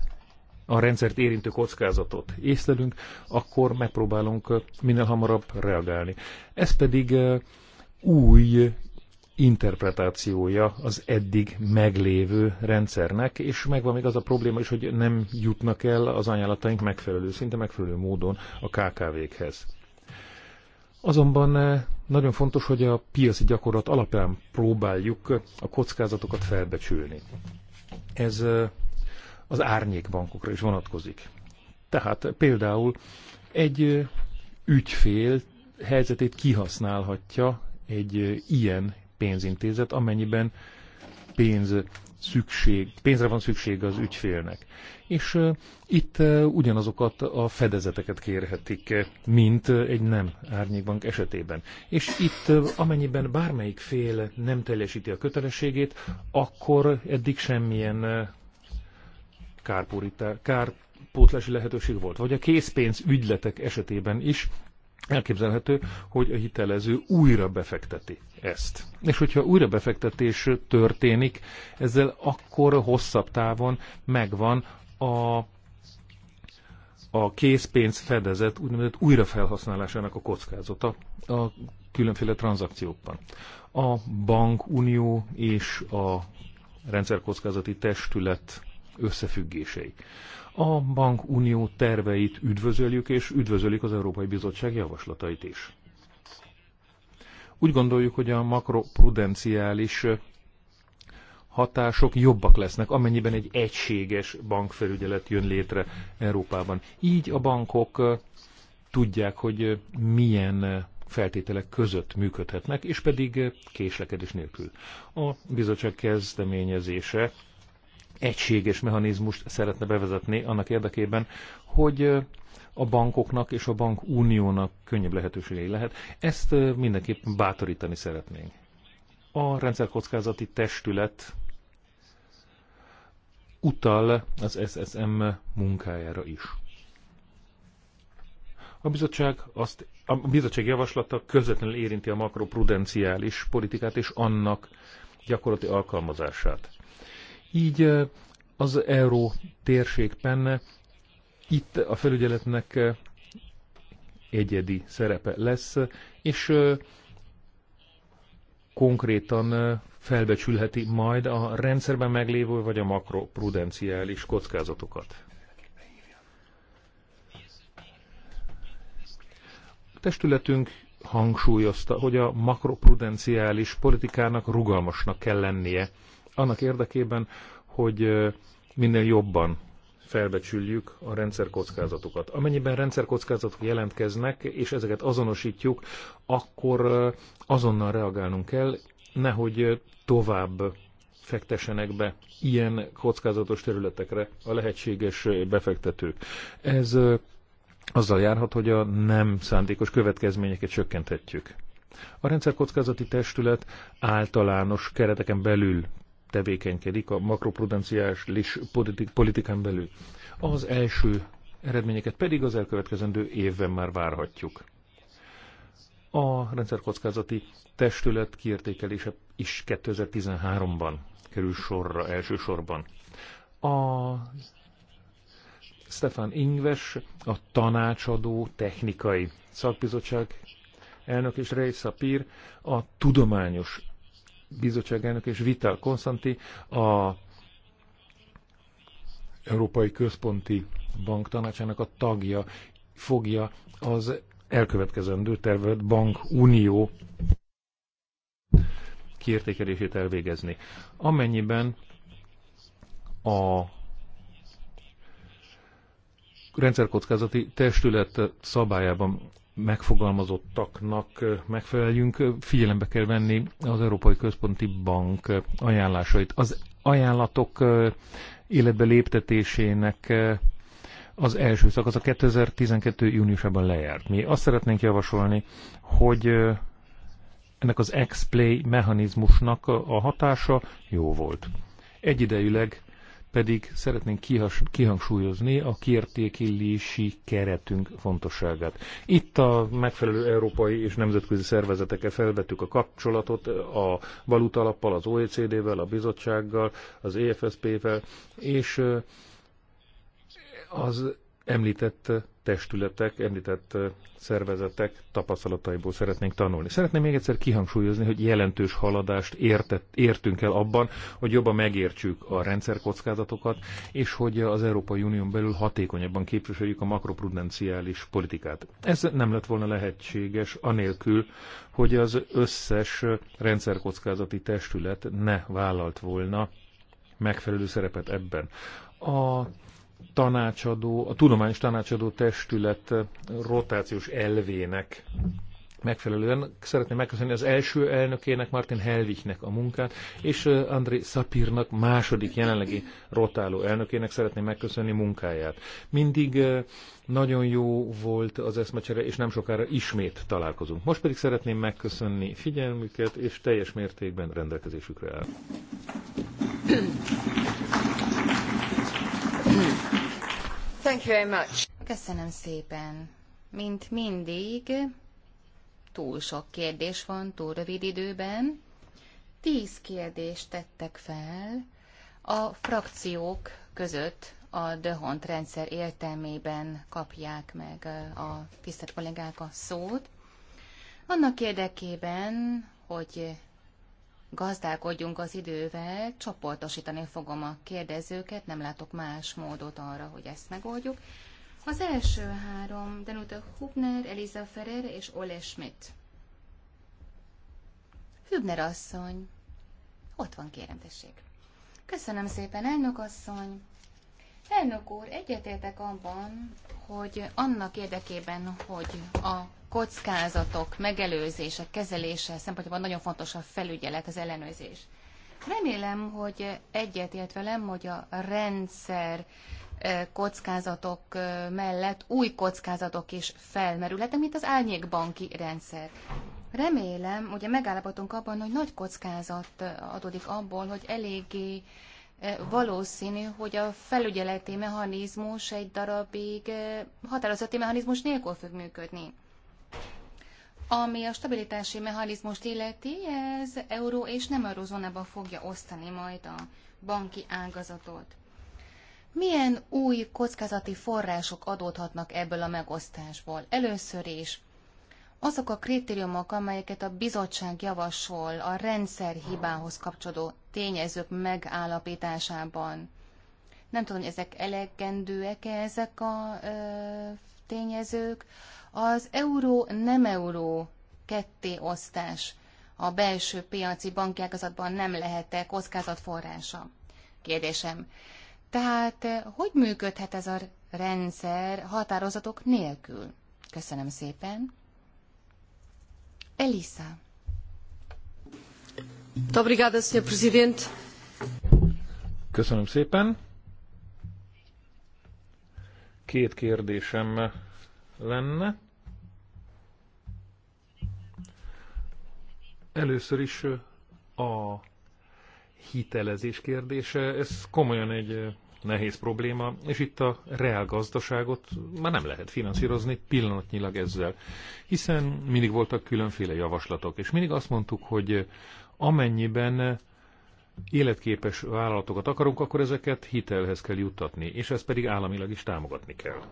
a rendszert érintő kockázatot észlelünk, akkor megpróbálunk minél hamarabb reagálni. Ez pedig új interpretációja az eddig meglévő rendszernek, és megvan még az a probléma is, hogy nem jutnak el az ajánlataink megfelelő, szinte megfelelő módon a KKV-khez. Azonban nagyon fontos, hogy a piaci gyakorlat alapján próbáljuk a kockázatokat felbecsülni. Ez az árnyékbankokra is vonatkozik. Tehát például egy ügyfél helyzetét kihasználhatja egy ilyen pénzintézet, amennyiben pénz szükség, pénzre van szükség az ügyfélnek. És uh, itt uh, ugyanazokat a fedezeteket kérhetik, mint uh, egy nem árnyékbank esetében. És itt, uh, amennyiben bármelyik fél nem teljesíti a kötelességét, akkor eddig semmilyen uh, kárpótlási lehetőség volt. Vagy a készpénz ügyletek esetében is elképzelhető, hogy a hitelező újra befekteti ezt. És hogyha újra befektetés történik, ezzel akkor hosszabb távon megvan a a készpénz fedezet úgynevezett újrafelhasználásának a kockázata a különféle tranzakciókban. A bankunió és a rendszerkockázati testület összefüggései. A bankunió terveit üdvözöljük, és üdvözölik az Európai Bizottság javaslatait is. Úgy gondoljuk, hogy a makroprudenciális hatások jobbak lesznek, amennyiben egy egységes bankfelügyelet jön létre Európában. Így a bankok tudják, hogy milyen feltételek között működhetnek, és pedig késlekedés nélkül. A bizottság kezdeményezése egységes mechanizmust szeretne bevezetni annak érdekében, hogy a bankoknak és a bankuniónak könnyebb lehetőségei lehet. Ezt mindenképpen bátorítani szeretnénk. A rendszerkockázati testület utal az SSM munkájára is. A bizottság, azt, a bizottság javaslata közvetlenül érinti a makroprudenciális politikát és annak gyakorlati alkalmazását. Így az euró térségben itt a felügyeletnek egyedi szerepe lesz, és konkrétan felbecsülheti majd a rendszerben meglévő vagy a makroprudenciális kockázatokat. A testületünk hangsúlyozta, hogy a makroprudenciális politikának rugalmasnak kell lennie annak érdekében, hogy minél jobban felbecsüljük a rendszerkockázatokat. Amennyiben rendszerkockázatok jelentkeznek, és ezeket azonosítjuk, akkor azonnal reagálnunk kell, nehogy tovább fektessenek be ilyen kockázatos területekre a lehetséges befektetők. Ez azzal járhat, hogy a nem szándékos következményeket csökkenthetjük. A rendszerkockázati testület általános kereteken belül tevékenykedik a makroprudenciális politikán belül. Az első eredményeket pedig az elkövetkezendő évben már várhatjuk. A rendszerkockázati testület kiértékelése is 2013-ban kerül sorra elsősorban. A Stefan Ingves, a tanácsadó technikai szakbizottság elnök és Rey Sapir, a tudományos bizottság elnök és Vital Konstanti, a Európai Központi Bank tanácsának a tagja fogja az elkövetkezendő tervet Bank Unió kiértékelését elvégezni. Amennyiben a rendszerkockázati testület szabályában megfogalmazottaknak megfeleljünk, figyelembe kell venni az Európai Központi Bank ajánlásait. Az ajánlatok életbe léptetésének az első szakasz a 2012. júniusában lejárt. Mi azt szeretnénk javasolni, hogy ennek az X-Play mechanizmusnak a hatása jó volt. Egyidejűleg pedig szeretnénk kihas, kihangsúlyozni a kiértékelési keretünk fontosságát. Itt a megfelelő európai és nemzetközi szervezetekkel felvettük a kapcsolatot a valutalappal, az OECD-vel, a bizottsággal, az EFSP-vel, és az említett testületek, említett szervezetek tapasztalataiból szeretnénk tanulni. Szeretném még egyszer kihangsúlyozni, hogy jelentős haladást értett, értünk el abban, hogy jobban megértsük a rendszerkockázatokat, és hogy az Európai Unión belül hatékonyabban képviseljük a makroprudenciális politikát. Ez nem lett volna lehetséges anélkül, hogy az összes rendszerkockázati testület ne vállalt volna megfelelő szerepet ebben. A tanácsadó, a tudományos tanácsadó testület eh, rotációs elvének megfelelően. Szeretném megköszönni az első elnökének, Martin Helvichnek a munkát, és eh, André Szapírnak, második jelenlegi rotáló elnökének szeretném megköszönni munkáját. Mindig eh, nagyon jó volt az eszmecsere, és nem sokára ismét találkozunk. Most pedig szeretném megköszönni figyelmüket, és teljes mértékben rendelkezésükre áll. Thank you very much. Köszönöm szépen. Mint mindig, túl sok kérdés van túl rövid időben. Tíz kérdést tettek fel a frakciók között a Dehont rendszer értelmében kapják meg eh, a tisztelt kollégák a szót. Annak érdekében, hogy gazdálkodjunk az idővel, csoportosítani fogom a kérdezőket, nem látok más módot arra, hogy ezt megoldjuk. Az első három, Danuta Hubner, Eliza Ferrer és Ole Schmidt. Hübner asszony. Ott van, kérem, tessék. Köszönöm szépen, elnök asszony. Elnök úr, egyetértek abban, hogy annak érdekében, hogy a kockázatok megelőzése, kezelése szempontjából nagyon fontos a felügyelet, az ellenőrzés. Remélem, hogy egyetért velem, hogy a rendszer e, kockázatok e, mellett új kockázatok is felmerülhetnek, mint az árnyékbanki rendszer. Remélem, ugye megállapodtunk abban, hogy nagy kockázat adódik abból, hogy eléggé E, valószínű, hogy a felügyeleti mechanizmus egy darabig e, határozati mechanizmus nélkül fog működni. Ami a stabilitási mechanizmust illeti, ez euró és nem eurozónában fogja osztani majd a banki ágazatot. Milyen új kockázati források adódhatnak ebből a megosztásból? Először is azok a kritériumok, amelyeket a bizottság javasol a rendszerhibához kapcsolódó tényezők megállapításában, nem tudom, hogy ezek elegendőek-e ezek a ö, tényezők. Az euró nem euró kettéosztás a belső piaci bankágazatban nem lehet-e forrása? Kérdésem. Tehát hogy működhet ez a rendszer határozatok nélkül? Köszönöm szépen. Elisa. Köszönöm szépen. Két kérdésem lenne. Először is a hitelezés kérdése. Ez komolyan egy nehéz probléma, és itt a reál gazdaságot már nem lehet finanszírozni pillanatnyilag ezzel, hiszen mindig voltak különféle javaslatok, és mindig azt mondtuk, hogy amennyiben életképes vállalatokat akarunk, akkor ezeket hitelhez kell juttatni, és ezt pedig államilag is támogatni kell.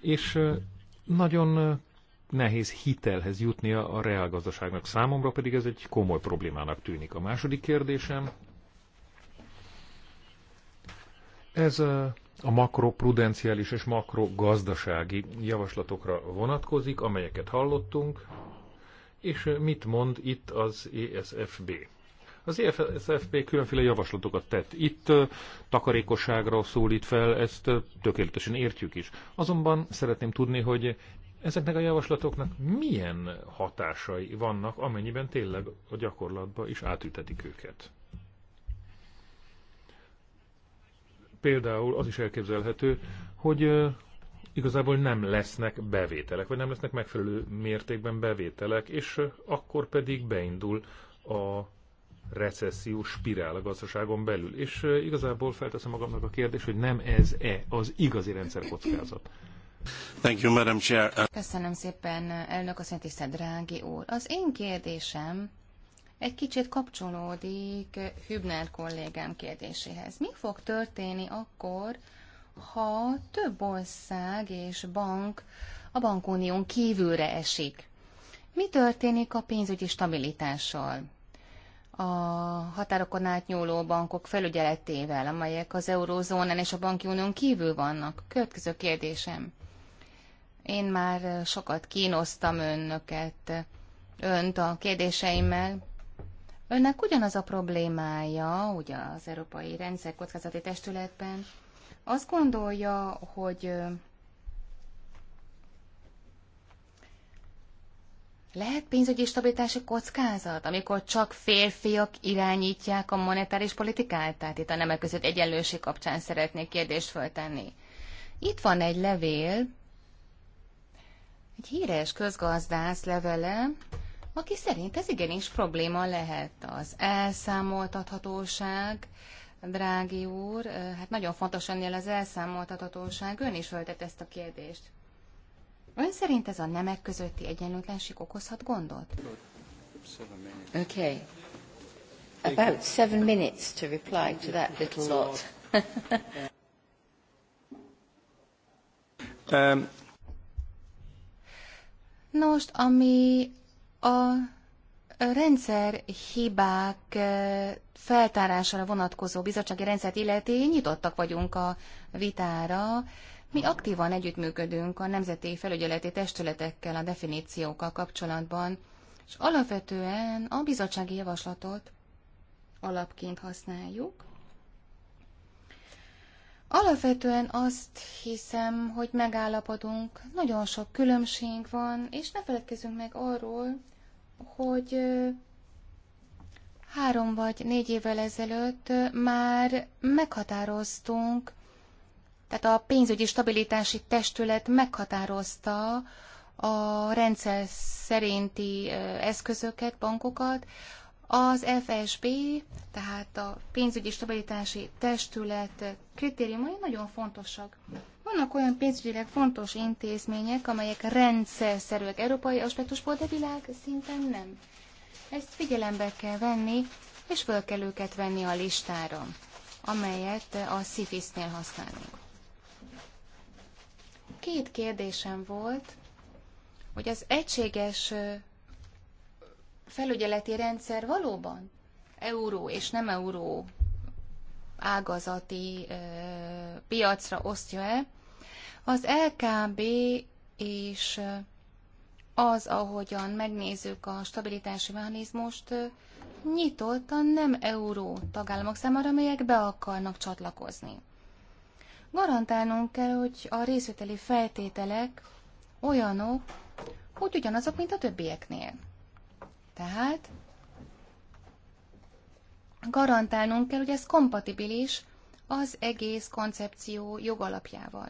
És nagyon nehéz hitelhez jutnia a reálgazdaságnak. Számomra pedig ez egy komoly problémának tűnik. A második kérdésem ez a makroprudenciális és makrogazdasági javaslatokra vonatkozik, amelyeket hallottunk, és mit mond itt az ESFB? Az ESFB különféle javaslatokat tett. Itt takarékosságra szólít fel, ezt tökéletesen értjük is. Azonban szeretném tudni, hogy ezeknek a javaslatoknak milyen hatásai vannak, amennyiben tényleg a gyakorlatba is átütetik őket. például az is elképzelhető, hogy igazából nem lesznek bevételek, vagy nem lesznek megfelelő mértékben bevételek, és akkor pedig beindul a recessziós spirál a gazdaságon belül. És igazából felteszem magamnak a kérdést, hogy nem ez-e az igazi rendszer kockázat. Thank you, Madam Chair. Köszönöm szépen, elnök asszony, tisztelt drági úr. Az én kérdésem egy kicsit kapcsolódik Hübner kollégám kérdéséhez. Mi fog történni akkor, ha több ország és bank a bankunión kívülre esik? Mi történik a pénzügyi stabilitással? A határokon átnyúló bankok felügyeletével, amelyek az eurózónán és a banki unión kívül vannak? Következő kérdésem. Én már sokat kínoztam önöket, önt a kérdéseimmel, Önnek ugyanaz a problémája, ugye az Európai Rendszer Kockázati Testületben, azt gondolja, hogy Lehet pénzügyi stabilitási kockázat, amikor csak férfiak irányítják a monetáris politikát? Tehát itt a nemek között egyenlőség kapcsán szeretnék kérdést föltenni. Itt van egy levél, egy híres közgazdász levele, aki szerint ez igenis probléma lehet. Az elszámoltathatóság, drági úr, hát nagyon fontos ennél az elszámoltathatóság, ön is föltett ezt a kérdést. Ön szerint ez a nemek közötti egyenlőtlenség okozhat gondot? Okay. About seven minutes to reply to that little lot. Um, Nos, ami a rendszer hibák eh, feltárására vonatkozó bizottsági rendszert illeti nyitottak vagyunk a vitára. Mi aktívan együttműködünk a nemzeti felügyeleti testületekkel a definíciókkal kapcsolatban, és alapvetően a bizottsági javaslatot alapként használjuk. Alapvetően azt hiszem, hogy megállapodunk, nagyon sok különbség van, és ne feledkezzünk meg arról, hogy három vagy négy évvel ezelőtt már meghatároztunk, tehát a pénzügyi stabilitási testület meghatározta a rendszer szerinti eszközöket, bankokat, az FSB, tehát a pénzügyi stabilitási testület kritériumai nagyon fontosak. Vannak olyan pénzügyileg fontos intézmények, amelyek rendszerszerűek európai aspektusból, de világ szinten nem. Ezt figyelembe kell venni, és föl kell őket venni a listára, amelyet a sifis nél használunk. Két kérdésem volt, hogy az egységes felügyeleti rendszer valóban euró és nem euró ágazati ö, piacra osztja-e az LKB és az, ahogyan megnézzük a stabilitási mechanizmust, nyitottan nem euró tagállamok számára, amelyek be akarnak csatlakozni. Garantálnunk kell, hogy a részvételi feltételek olyanok, hogy ugyanazok, mint a többieknél. Tehát garantálnunk kell, hogy ez kompatibilis az egész koncepció jogalapjával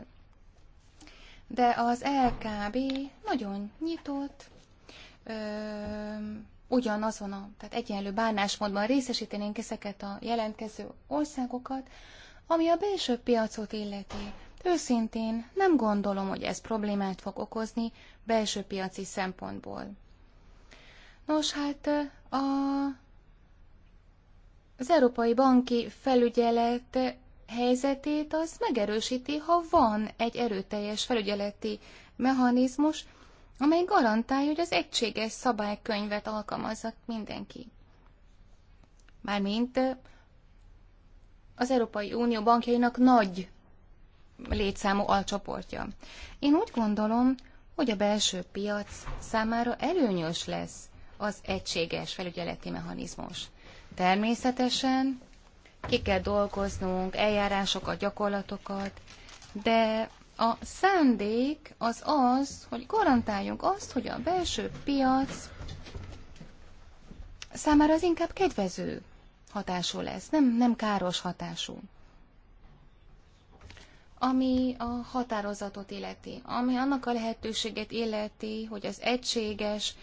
de az LKB nagyon nyitott, ö, ugyanazon a, tehát egyenlő bánásmódban részesítenénk ezeket a jelentkező országokat, ami a belső piacot illeti. Őszintén nem gondolom, hogy ez problémát fog okozni belső piaci szempontból. Nos, hát a, az Európai Banki Felügyelet helyzetét az megerősíti, ha van egy erőteljes felügyeleti mechanizmus, amely garantálja, hogy az egységes szabálykönyvet alkalmazzak mindenki. Mármint az Európai Unió bankjainak nagy létszámú alcsoportja. Én úgy gondolom, hogy a belső piac számára előnyös lesz az egységes felügyeleti mechanizmus. Természetesen ki kell dolgoznunk eljárásokat, gyakorlatokat, de a szándék az az, hogy garantáljunk azt, hogy a belső piac számára az inkább kedvező hatású lesz, nem, nem káros hatású. Ami a határozatot illeti, ami annak a lehetőséget illeti, hogy az egységes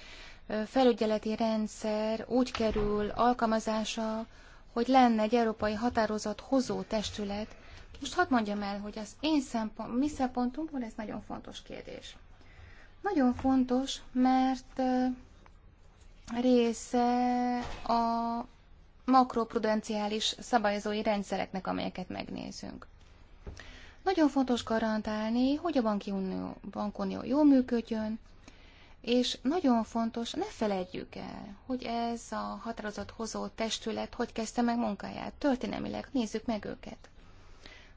felügyeleti rendszer úgy kerül alkalmazása, hogy lenne egy európai határozat hozó testület. Most hadd mondjam el, hogy az én szempont, mi szempontunkból ez nagyon fontos kérdés. Nagyon fontos, mert része a makroprudenciális szabályozói rendszereknek, amelyeket megnézünk. Nagyon fontos garantálni, hogy a banki unió, bankunió jól működjön, és nagyon fontos, ne felejtjük el, hogy ez a határozathozó testület hogy kezdte meg munkáját. Történelmileg nézzük meg őket.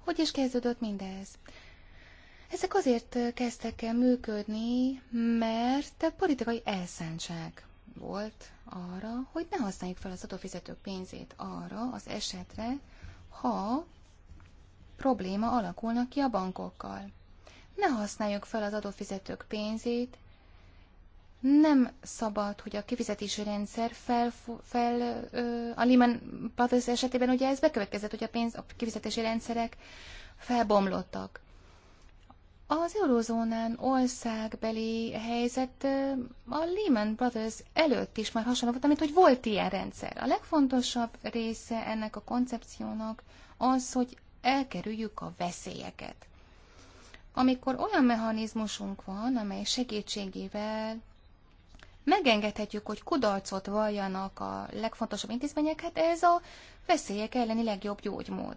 Hogy is kezdődött mindez? Ezek azért kezdtek el működni, mert politikai elszántság volt arra, hogy ne használjuk fel az adófizetők pénzét arra az esetre, ha probléma alakulnak ki a bankokkal. Ne használjuk fel az adófizetők pénzét nem szabad, hogy a kifizetési rendszer fel, fel ö, a Lehman Brothers esetében ugye ez bekövetkezett, hogy a pénz, a kifizetési rendszerek felbomlottak. Az eurozónán országbeli helyzet a Lehman Brothers előtt is már hasonló volt, amit hogy volt ilyen rendszer. A legfontosabb része ennek a koncepciónak az, hogy elkerüljük a veszélyeket. Amikor olyan mechanizmusunk van, amely segítségével megengedhetjük, hogy kudarcot valljanak a legfontosabb intézményeket hát ez a veszélyek elleni legjobb gyógymód.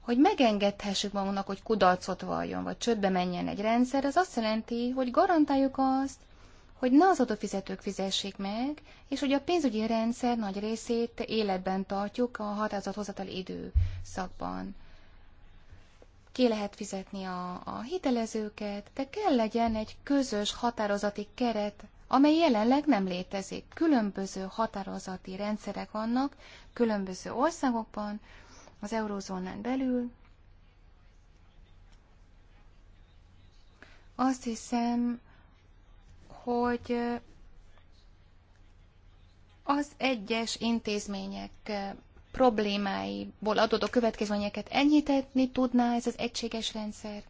Hogy megengedhessük magunknak, hogy kudarcot valljon, vagy csődbe menjen egy rendszer, az azt jelenti, hogy garantáljuk azt, hogy ne az adófizetők fizessék meg, és hogy a pénzügyi rendszer nagy részét életben tartjuk a határozathozatal időszakban ki lehet fizetni a, a hitelezőket, de kell legyen egy közös határozati keret, amely jelenleg nem létezik. Különböző határozati rendszerek vannak különböző országokban, az eurózónán belül. Azt hiszem, hogy az egyes intézmények problémáiból adódó következményeket enyhíteni tudná ez az egységes rendszer,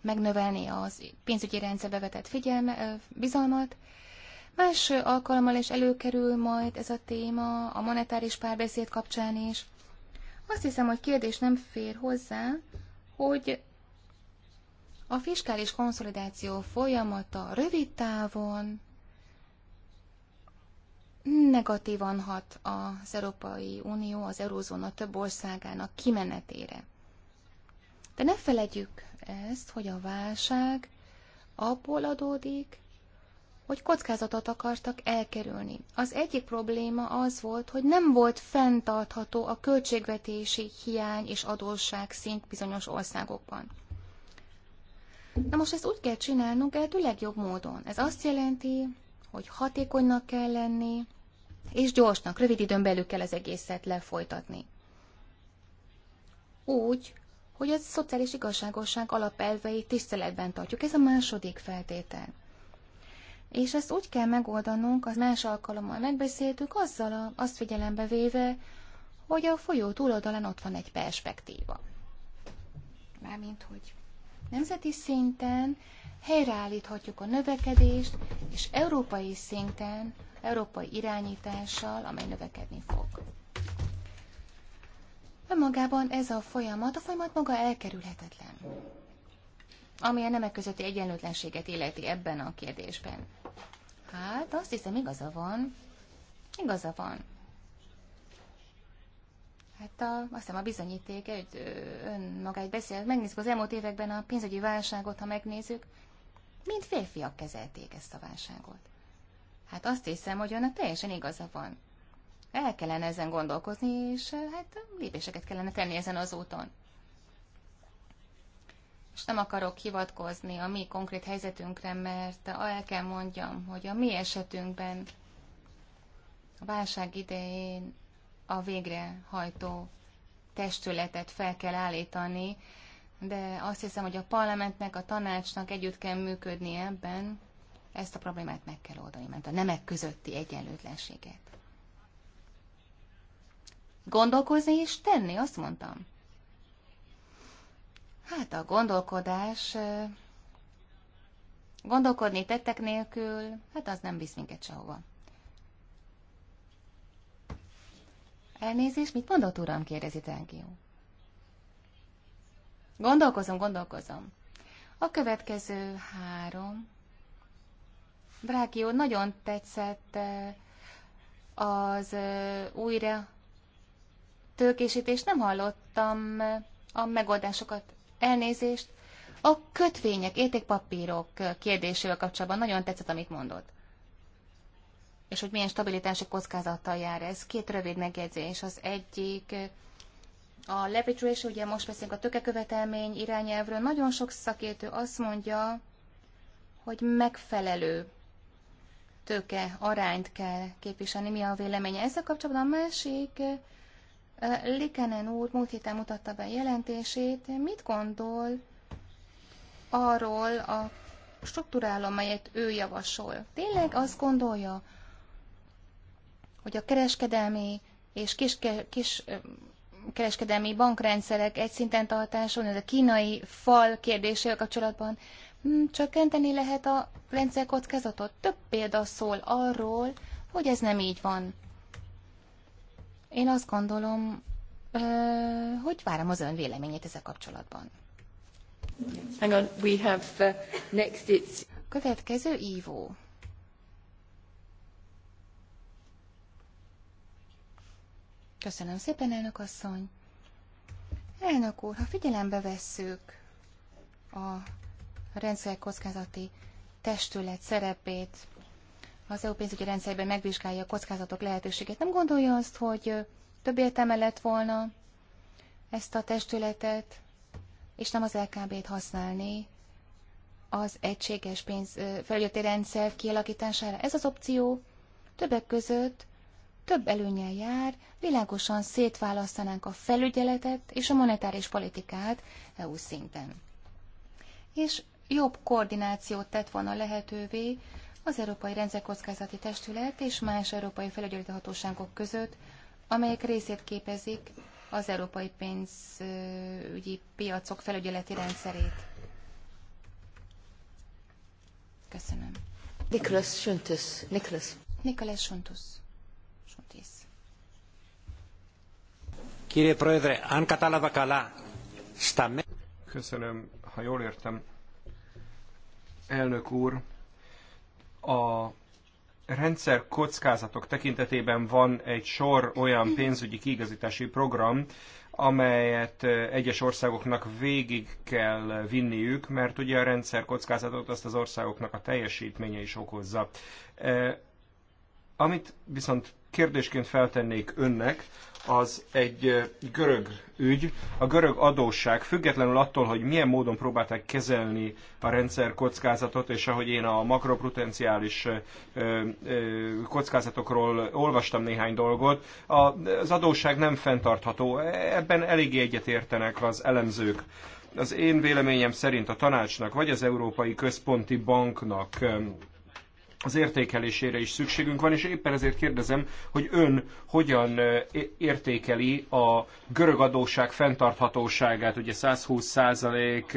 megnövelni az pénzügyi rendszerbe vetett figyelme, bizalmat. Más alkalommal is előkerül majd ez a téma a monetáris párbeszéd kapcsán is. Azt hiszem, hogy kérdés nem fér hozzá, hogy a fiskális konszolidáció folyamata rövid távon negatívan hat az Európai Unió, az Eurózóna több országának kimenetére. De ne felejtjük ezt, hogy a válság abból adódik, hogy kockázatot akartak elkerülni. Az egyik probléma az volt, hogy nem volt fenntartható a költségvetési hiány és adósság szint bizonyos országokban. Na most ezt úgy kell csinálnunk lehető legjobb módon. Ez azt jelenti, hogy hatékonynak kell lenni, és gyorsnak, rövid időn belül kell az egészet lefolytatni. Úgy, hogy a szociális igazságosság alapelveit tiszteletben tartjuk. Ez a második feltétel. És ezt úgy kell megoldanunk, az más alkalommal megbeszéltük, azzal a, azt figyelembe véve, hogy a folyó túloldalán ott van egy perspektíva. Mármint, hogy nemzeti szinten helyreállíthatjuk a növekedést, és európai szinten európai irányítással, amely növekedni fog. Önmagában ez a folyamat, a folyamat maga elkerülhetetlen, ami a nemek közötti egyenlőtlenséget illeti ebben a kérdésben. Hát, azt hiszem igaza van. Igaza van. Hát a, azt hiszem a bizonyíték hogy ön magát beszél. Megnézzük az elmúlt években a pénzügyi válságot, ha megnézzük. Mind férfiak kezelték ezt a válságot. Hát azt hiszem, hogy önnek teljesen igaza van. El kellene ezen gondolkozni, és eh, hát lépéseket kellene tenni ezen az úton. És nem akarok hivatkozni a mi konkrét helyzetünkre, mert el kell mondjam, hogy a mi esetünkben a válság idején a végrehajtó testületet fel kell állítani, de azt hiszem, hogy a parlamentnek, a tanácsnak együtt kell működni ebben, ezt a problémát meg kell oldani, mert a nemek közötti egyenlőtlenséget. Gondolkozni és tenni, azt mondtam. Hát a gondolkodás, gondolkodni tettek nélkül, hát az nem visz minket sehova. Elnézést, mit mondott uram, kérdezi Tengió. Gondolkozom, gondolkozom. A következő három Brákió, nagyon tetszett eh, az eh, újra tőkésítés. Nem hallottam eh, a megoldásokat, elnézést. A kötvények, értékpapírok kérdésével kapcsolatban nagyon tetszett, amit mondott. És hogy milyen stabilitási kockázattal jár ez. Két rövid megjegyzés. Az egyik a leverage ratio, ugye most beszélünk a tökekövetelmény irányelvről. Nagyon sok szakértő azt mondja, hogy megfelelő tőke arányt kell képviselni. Mi a véleménye ezzel kapcsolatban? A másik, eh, Likenen úr múlt héten mutatta be jelentését. Mit gondol arról a struktúrálom, amelyet ő javasol? Tényleg azt gondolja, hogy a kereskedelmi és kis, kis eh, kereskedelmi bankrendszerek egy szinten tartáson, ez a kínai fal kérdésével kapcsolatban Hmm, csökkenteni lehet a rendszer kockázatot. Több példa szól arról, hogy ez nem így van. Én azt gondolom, hogy várom az ön véleményét ezzel kapcsolatban. Hang on, we have uh, next it's... Következő ívó. Köszönöm szépen, elnök asszony. Elnök úr, ha figyelembe vesszük a a kockázati testület szerepét, az EU pénzügyi rendszerben megvizsgálja a kockázatok lehetőségét. Nem gondolja azt, hogy több értelme lett volna ezt a testületet, és nem az LKB-t használni az egységes pénz felügyeleti rendszer kialakítására. Ez az opció többek között több előnyel jár, világosan szétválasztanánk a felügyeletet és a monetáris politikát EU szinten. És jobb koordinációt tett volna lehetővé az Európai Rendszerkockázati Testület és más európai felügyeleti hatóságok között, amelyek részét képezik az európai pénzügyi piacok felügyeleti rendszerét. Köszönöm. Nicholas Suntus. Nicholas. Nicholas Suntus. Suntis. Köszönöm, ha jól értem, elnök úr. A rendszer kockázatok tekintetében van egy sor olyan pénzügyi kiigazítási program, amelyet egyes országoknak végig kell vinniük, mert ugye a rendszer kockázatot azt az országoknak a teljesítménye is okozza. Amit viszont kérdésként feltennék önnek, az egy görög ügy, a görög adósság, függetlenül attól, hogy milyen módon próbálták kezelni a rendszer kockázatot, és ahogy én a makroprutenciális kockázatokról olvastam néhány dolgot, az adósság nem fenntartható. Ebben eléggé egyetértenek az elemzők az én véleményem szerint a tanácsnak, vagy az Európai Központi Banknak az értékelésére is szükségünk van, és éppen ezért kérdezem, hogy ön hogyan értékeli a görög adósság fenntarthatóságát, ugye 120 százalék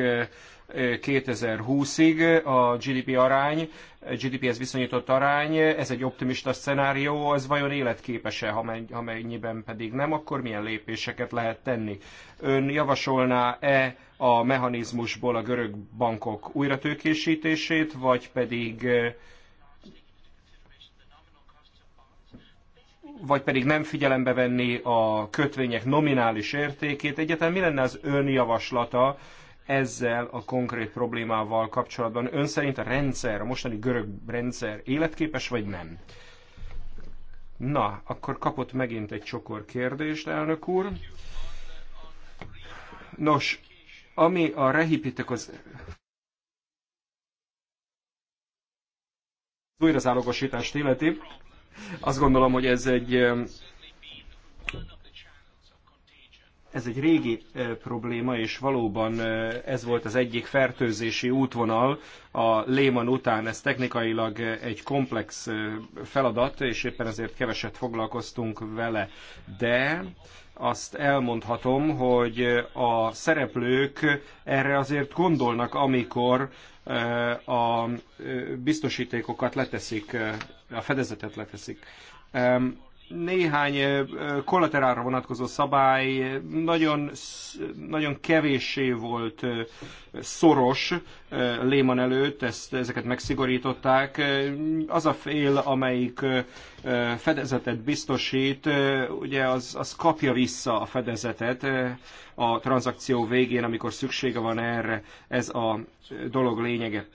2020-ig a GDP arány, GDP-hez viszonyított arány, ez egy optimista szenárió, az vajon életképes-e, ha mennyiben pedig nem, akkor milyen lépéseket lehet tenni? Ön javasolná-e a mechanizmusból a görög bankok újratőkésítését, vagy pedig vagy pedig nem figyelembe venni a kötvények nominális értékét. Egyáltalán mi lenne az ön javaslata ezzel a konkrét problémával kapcsolatban? Ön szerint a rendszer, a mostani görög rendszer életképes, vagy nem? Na, akkor kapott megint egy csokor kérdést, elnök úr. Nos, ami a rehipitekoz... újrazálogosítást illeti, azt gondolom, hogy ez egy ez egy régi probléma, és valóban ez volt az egyik fertőzési útvonal a Lehman után. Ez technikailag egy komplex feladat, és éppen ezért keveset foglalkoztunk vele. De azt elmondhatom, hogy a szereplők erre azért gondolnak, amikor a biztosítékokat leteszik, a fedezetet leteszik néhány kollaterálra vonatkozó szabály nagyon, nagyon kevéssé volt szoros Léman előtt, ezt, ezeket megszigorították. Az a fél, amelyik fedezetet biztosít, ugye az, az kapja vissza a fedezetet a tranzakció végén, amikor szüksége van erre, ez a dolog lényege.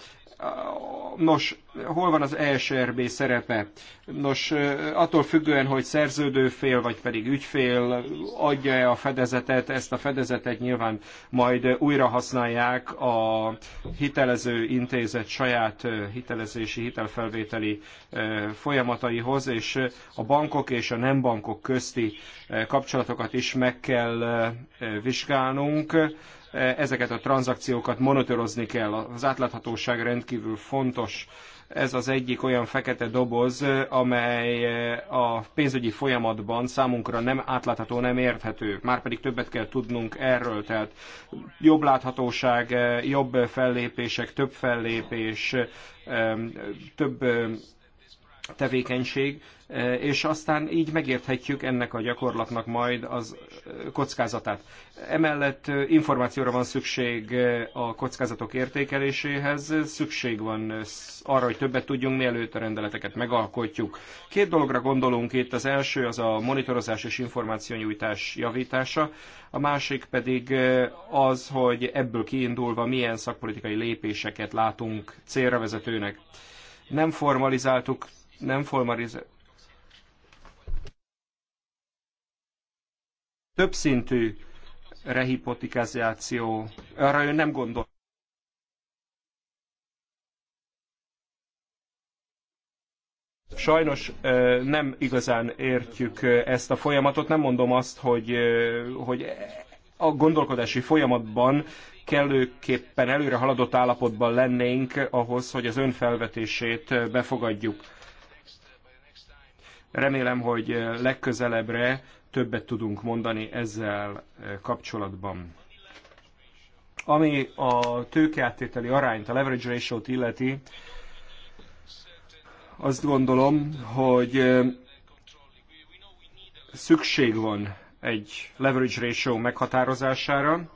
Nos, hol van az ESRB szerepe? Nos, attól függően, hogy szerződőfél vagy pedig ügyfél adja-e a fedezetet, ezt a fedezetet nyilván majd újra használják a hitelező intézet saját hitelezési, hitelfelvételi folyamataihoz, és a bankok és a nem bankok közti kapcsolatokat is meg kell vizsgálnunk ezeket a tranzakciókat monitorozni kell. Az átláthatóság rendkívül fontos. Ez az egyik olyan fekete doboz, amely eh, a pénzügyi folyamatban számunkra nem átlátható, nem érthető. Márpedig többet kell tudnunk erről, tehát jobb láthatóság, eh, jobb fellépések, több fellépés, eh, több tevékenység, e, és aztán így megérthetjük ennek a gyakorlatnak majd az e, kockázatát. Emellett e, információra van szükség a kockázatok értékeléséhez, szükség van arra, hogy többet tudjunk, mielőtt a rendeleteket megalkotjuk. Két dologra gondolunk itt, az első az a monitorozás és információnyújtás javítása, a másik pedig az, hogy ebből kiindulva milyen szakpolitikai lépéseket látunk célra vezetőnek. Nem formalizáltuk nem formalizál. Többszintű rehipotikázáció, arra ő nem gondol. Sajnos nem igazán értjük ezt a folyamatot, nem mondom azt, hogy, hogy a gondolkodási folyamatban kellőképpen előre haladott állapotban lennénk ahhoz, hogy az önfelvetését befogadjuk. Remélem, hogy eh, legközelebbre többet tudunk mondani ezzel eh, kapcsolatban. Ami a tőkeáttételi arányt, a leverage ratio-t illeti, azt gondolom, hogy eh, szükség van egy leverage ratio meghatározására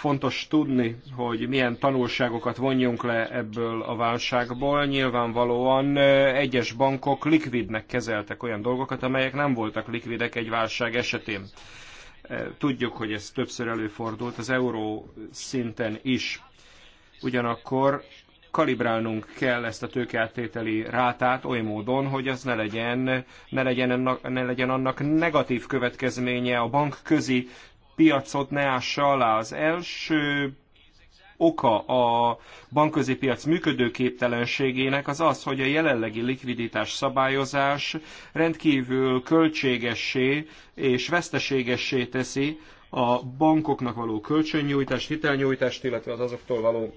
fontos tudni, hogy milyen tanulságokat vonjunk le ebből a válságból. Nyilvánvalóan egyes bankok likvidnek kezeltek olyan dolgokat, amelyek nem voltak likvidek egy válság esetén. Tudjuk, hogy ez többször előfordult az euró szinten is. Ugyanakkor kalibrálnunk kell ezt a tőkeáttételi rátát oly módon, hogy az ne legyen, ne legyen, ne legyen annak negatív következménye a bankközi piacot ne ássa alá. Az első oka a bankközi piac működőképtelenségének az az, hogy a jelenlegi likviditás szabályozás rendkívül költségessé és veszteségessé teszi a bankoknak való kölcsönnyújtást, hitelnyújtást, illetve az azoktól való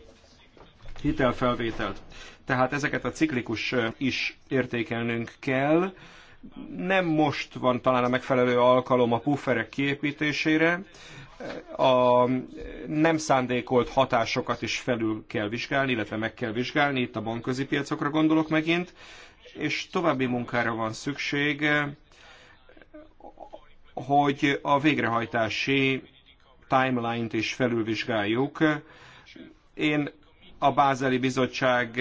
hitelfelvételt. Tehát ezeket a ciklikus is értékelnünk kell nem most van talán a megfelelő alkalom a pufferek kiépítésére, a nem szándékolt hatásokat is felül kell vizsgálni, illetve meg kell vizsgálni, itt a bankközi piacokra gondolok megint, és további munkára van szükség, hogy a végrehajtási timeline-t is felülvizsgáljuk. Én a Bázeli Bizottság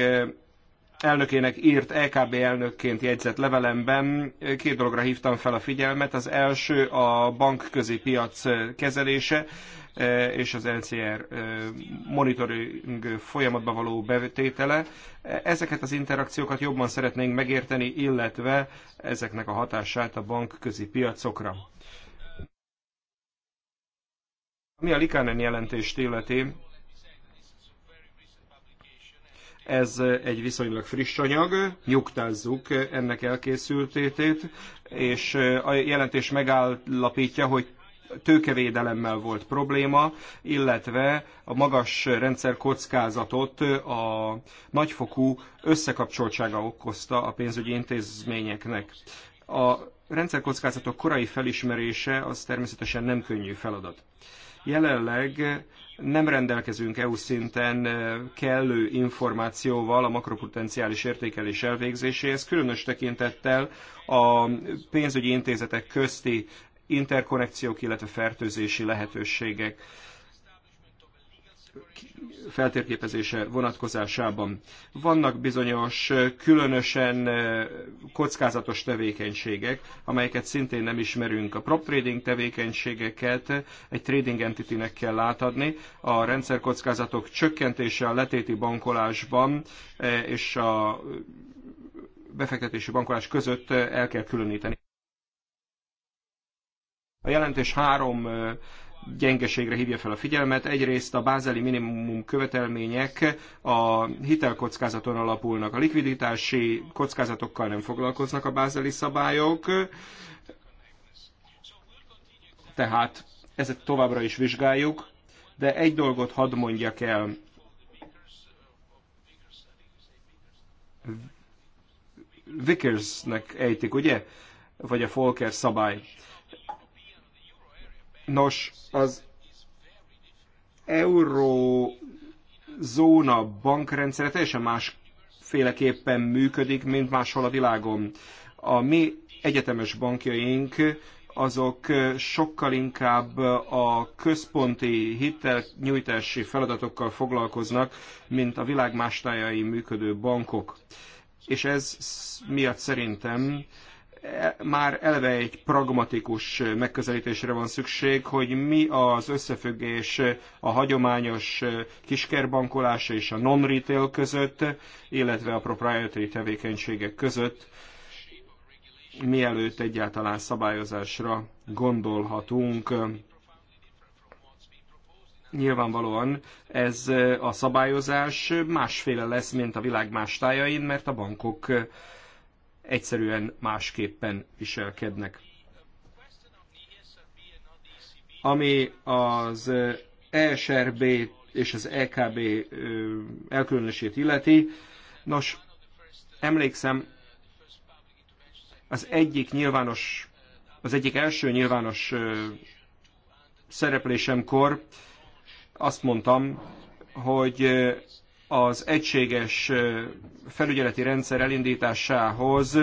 elnökének írt EKB elnökként jegyzett levelemben két dologra hívtam fel a figyelmet. Az első a bankközi piac kezelése e, és az LCR e, monitoring folyamatba való betétele. Ezeket az interakciókat jobban szeretnénk megérteni, illetve ezeknek a hatását a bankközi piacokra. Ami a Likánen jelentést illeti, ez egy viszonylag friss anyag, nyugtázzuk ennek elkészültétét, és a jelentés megállapítja, hogy tőkevédelemmel volt probléma, illetve a magas rendszer kockázatot a nagyfokú összekapcsoltsága okozta a pénzügyi intézményeknek. A rendszerkockázatok korai felismerése az természetesen nem könnyű feladat. Jelenleg nem rendelkezünk EU szinten kellő információval a makropotenciális értékelés elvégzéséhez, különös tekintettel a pénzügyi intézetek közti interkonnekciók, illetve fertőzési lehetőségek feltérképezése vonatkozásában. Vannak bizonyos különösen kockázatos tevékenységek, amelyeket szintén nem ismerünk. A prop trading tevékenységeket egy trading entitynek kell átadni. A rendszerkockázatok csökkentése a letéti bankolásban és a befektetési bankolás között el kell különíteni. A jelentés három gyengeségre hívja fel a figyelmet. Egyrészt a bázeli minimum követelmények a hitelkockázaton alapulnak. A likviditási kockázatokkal nem foglalkoznak a bázeli szabályok, tehát ezt továbbra is vizsgáljuk, de egy dolgot hadd mondjak el. Vickersnek ejtik, ugye? Vagy a Folker szabály. Nos, az eurózóna bankrendszere teljesen másféleképpen működik, mint máshol a világon. A mi egyetemes bankjaink azok sokkal inkább a központi hitelnyújtási feladatokkal foglalkoznak, mint a világ más tájai működő bankok. És ez miatt szerintem már eleve egy pragmatikus megközelítésre van szükség, hogy mi az összefüggés a hagyományos kiskerbankolás és a non-retail között, illetve a proprietary tevékenységek között, mielőtt egyáltalán szabályozásra gondolhatunk. Nyilvánvalóan ez a szabályozás másféle lesz, mint a világ más tájain, mert a bankok egyszerűen másképpen viselkednek. Ami az ESRB és az EKB elkülönülését illeti, nos, emlékszem, az egyik nyilvános, az egyik első nyilvános szereplésemkor azt mondtam, hogy az egységes felügyeleti rendszer elindításához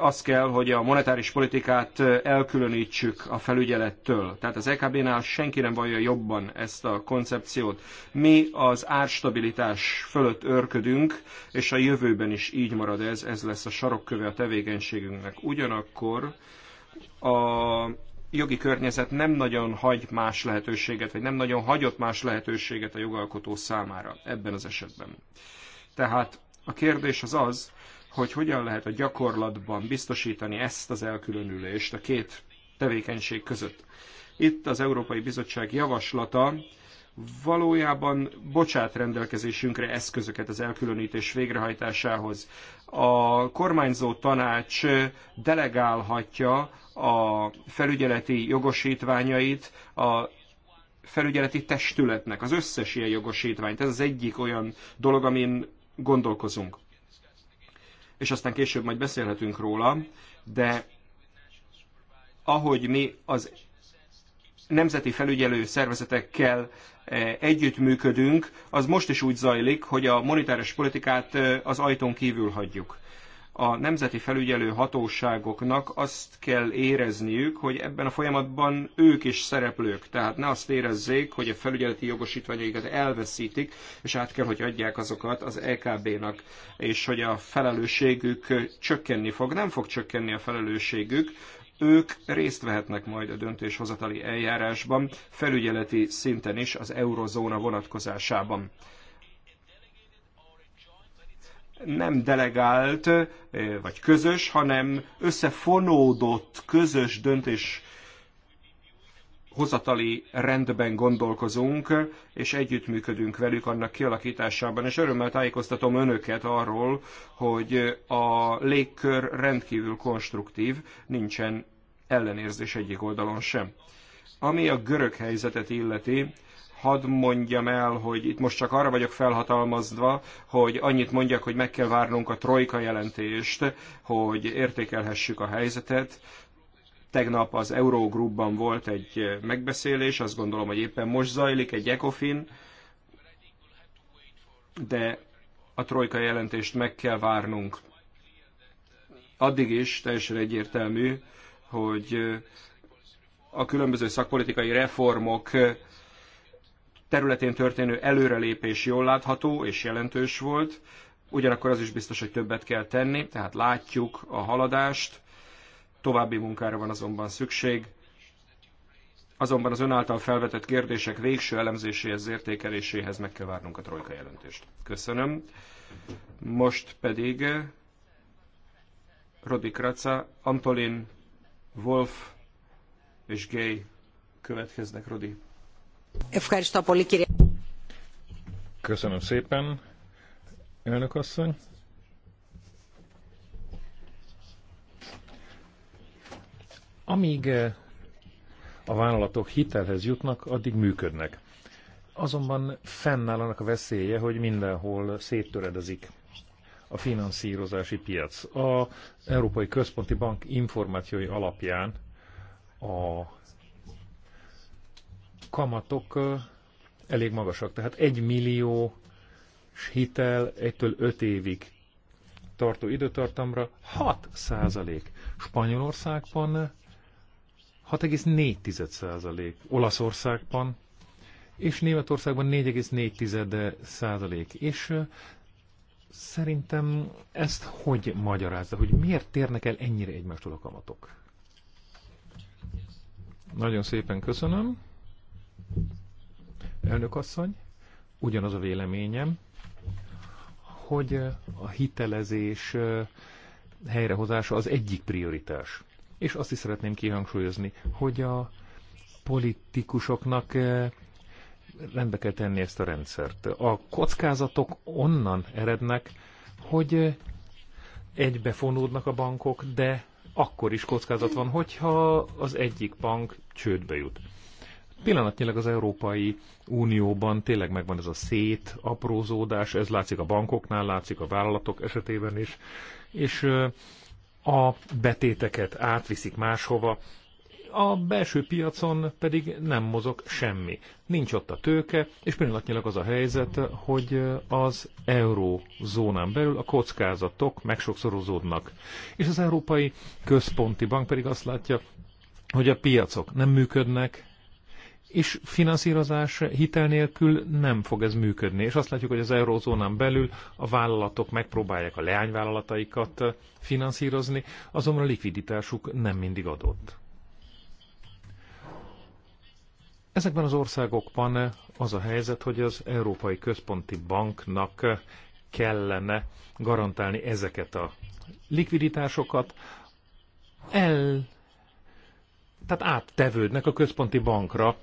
az kell, hogy a monetáris politikát elkülönítsük a felügyelettől. Tehát az EKB-nál senki nem vallja jobban ezt a koncepciót. Mi az árstabilitás fölött örködünk, és a jövőben is így marad ez, ez lesz a sarokköve a tevékenységünknek. Ugyanakkor a jogi környezet nem nagyon hagy más lehetőséget, vagy nem nagyon hagyott más lehetőséget a jogalkotó számára ebben az esetben. Tehát a kérdés az az, hogy hogyan lehet a gyakorlatban biztosítani ezt az elkülönülést a két tevékenység között. Itt az Európai Bizottság javaslata valójában bocsát rendelkezésünkre eszközöket az elkülönítés végrehajtásához. A kormányzó tanács delegálhatja a felügyeleti jogosítványait a felügyeleti testületnek, az összes ilyen jogosítványt. Ez az egyik olyan dolog, amin gondolkozunk. És aztán később majd beszélhetünk róla, de ahogy mi az nemzeti felügyelő szervezetekkel E, együttműködünk, az most is úgy zajlik, hogy a monetáris politikát e, az ajtón kívül hagyjuk. A nemzeti felügyelő hatóságoknak azt kell érezniük, hogy ebben a folyamatban ők is szereplők. Tehát ne azt érezzék, hogy a felügyeleti jogosítványaikat elveszítik, és át kell, hogy adják azokat az EKB-nak, és hogy a felelősségük e, csökkenni fog. Nem fog csökkenni a felelősségük, ők részt vehetnek majd a döntéshozatali eljárásban, felügyeleti szinten is az eurozóna vonatkozásában nem delegált eh, vagy közös, hanem összefonódott közös döntés hozatali rendben gondolkozunk, és együttműködünk velük annak kialakításában, és örömmel tájékoztatom önöket arról, hogy a légkör rendkívül konstruktív, nincsen ellenérzés egyik oldalon sem. Ami a görög helyzetet illeti, hadd mondjam el, hogy itt most csak arra vagyok felhatalmazva, hogy annyit mondjak, hogy meg kell várnunk a trojka jelentést, hogy értékelhessük a helyzetet. Tegnap az Eurogroupban volt egy eh, megbeszélés, azt gondolom, hogy éppen most zajlik egy ECOFIN, de a trojka jelentést meg kell várnunk. Addig is teljesen egyértelmű, hogy eh, a különböző szakpolitikai reformok eh, területén történő előrelépés jól látható és jelentős volt, ugyanakkor az is biztos, hogy többet kell tenni, tehát látjuk a haladást, További munkára van azonban szükség, azonban az ön által felvetett kérdések végső elemzéséhez, értékeléséhez meg kell várnunk a trojka jelentést. Köszönöm. Most pedig eh, Rodi Kraca, Antolin, Wolf és Gay következnek, Rodi. Köszönöm szépen, elnök asszony. Amíg eh, a vállalatok hitelhez jutnak, addig működnek. Azonban fennáll annak a veszélye, hogy mindenhol széttöredezik a finanszírozási piac. A Európai Központi Bank információi alapján a kamatok eh, elég magasak. Tehát egy millió hitel egytől öt évig tartó időtartamra 6 százalék. Spanyolországban 6,4% Olaszországban, és Németországban 4,4% és szerintem ezt hogy magyarázza, hogy miért térnek el ennyire egymástól a kamatok? Nagyon szépen köszönöm. Elnök asszony, ugyanaz a véleményem, hogy a hitelezés helyrehozása az egyik prioritás. És azt is szeretném kihangsúlyozni, hogy a politikusoknak eh, rendbe kell tenni ezt a rendszert. A kockázatok onnan erednek, hogy eh, egybefonódnak a bankok, de akkor is kockázat van, hogyha az egyik bank csődbe jut. Pillanatnyilag az Európai Unióban tényleg megvan ez a szét aprózódás, ez látszik a bankoknál, látszik a vállalatok esetében is, és eh, a betéteket átviszik máshova, a belső piacon pedig nem mozog semmi. Nincs ott a tőke, és pillanatnyilag az a helyzet, hogy az eurózónán belül a kockázatok megsokszorozódnak. És az Európai Központi Bank pedig azt látja, hogy a piacok nem működnek, és finanszírozás hitel nélkül nem fog ez működni. És azt látjuk, hogy az eurózónán belül a vállalatok megpróbálják a leányvállalataikat finanszírozni, azonban a likviditásuk nem mindig adott. Ezekben az országokban az a helyzet, hogy az Európai Központi Banknak kellene garantálni ezeket a likviditásokat, el, tehát áttevődnek a központi bankra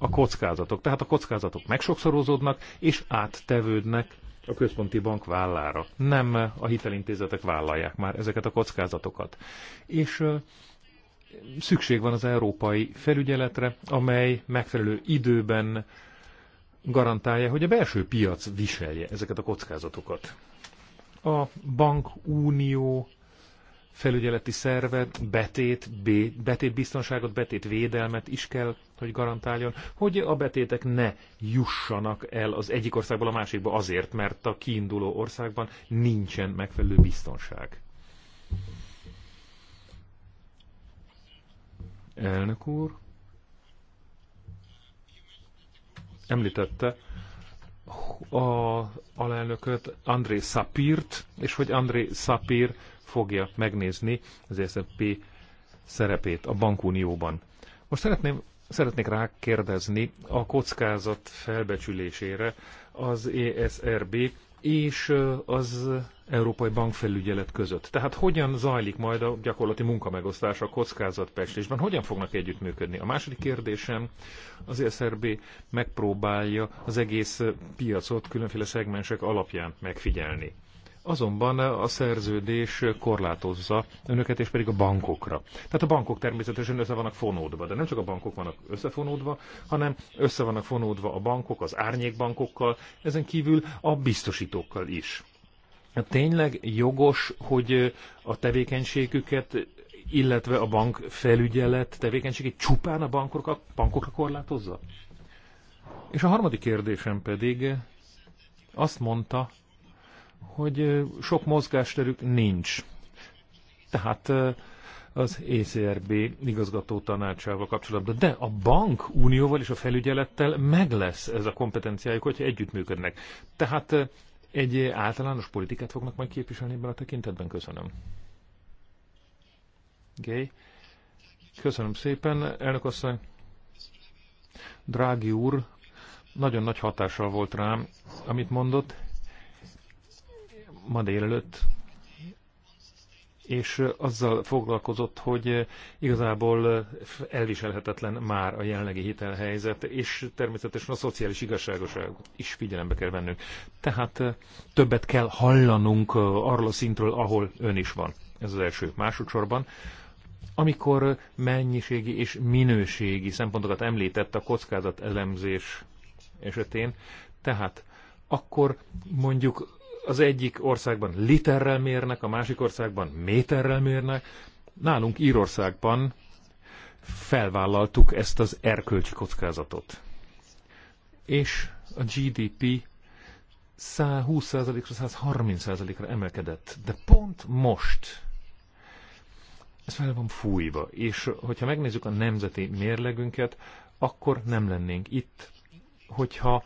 a kockázatok. Tehát a kockázatok megsokszorozódnak és áttevődnek a központi bank vállára. Nem a hitelintézetek vállalják már ezeket a kockázatokat. És szükség van az európai felügyeletre, amely megfelelő időben garantálja, hogy a belső piac viselje ezeket a kockázatokat. A bankunió felügyeleti szervet, betét, biztonságot betét védelmet is kell, hogy garantáljon, hogy a betétek ne jussanak el az egyik országból a másikba azért, mert a kiinduló országban nincsen megfelelő biztonság. Elnök úr, említette, a alelnököt, André Sapirt és hogy André Sapir fogja megnézni az SZP szerepét a bankunióban. Most szeretném, szeretnék rákérdezni a kockázat felbecsülésére az ESRB és az Európai Bankfelügyelet között. Tehát hogyan zajlik majd a gyakorlati munkamegosztás a kockázatpestésben? Hogyan fognak együttműködni? A második kérdésem az SRB megpróbálja az egész piacot különféle szegmensek alapján megfigyelni. Azonban a szerződés korlátozza önöket, és pedig a bankokra. Tehát a bankok természetesen össze vannak fonódva, de nem csak a bankok vannak összefonódva, hanem össze vannak fonódva a bankok az árnyékbankokkal, ezen kívül a biztosítókkal is. Hát tényleg jogos, hogy a tevékenységüket, illetve a bank felügyelet tevékenységét csupán a bankokra, bankokra korlátozza? És a harmadik kérdésem pedig azt mondta, hogy sok mozgásterük nincs. Tehát az ECRB igazgató tanácsával kapcsolatban. De a bank unióval és a felügyelettel meg lesz ez a kompetenciájuk, hogyha együttműködnek. Tehát egy általános politikát fognak majd képviselni ebben a tekintetben. Köszönöm. Gay. Köszönöm szépen, elnök asszony. Drági úr, nagyon nagy hatással volt rám, amit mondott, ma délelőtt, és azzal foglalkozott, hogy igazából elviselhetetlen már a jelenlegi hitelhelyzet, és természetesen a szociális igazságoságot is figyelembe kell vennünk. Tehát többet kell hallanunk arról a szintről, ahol ön is van. Ez az első. Másodszorban, amikor mennyiségi és minőségi szempontokat említett a kockázat elemzés esetén, tehát akkor mondjuk az egyik országban literrel mérnek, a másik országban méterrel mérnek. Nálunk Írországban felvállaltuk ezt az erkölcsi kockázatot. És a GDP 120%-ra, 130%-ra emelkedett. De pont most ez fel van fújva. És hogyha megnézzük a nemzeti mérlegünket, akkor nem lennénk itt, hogyha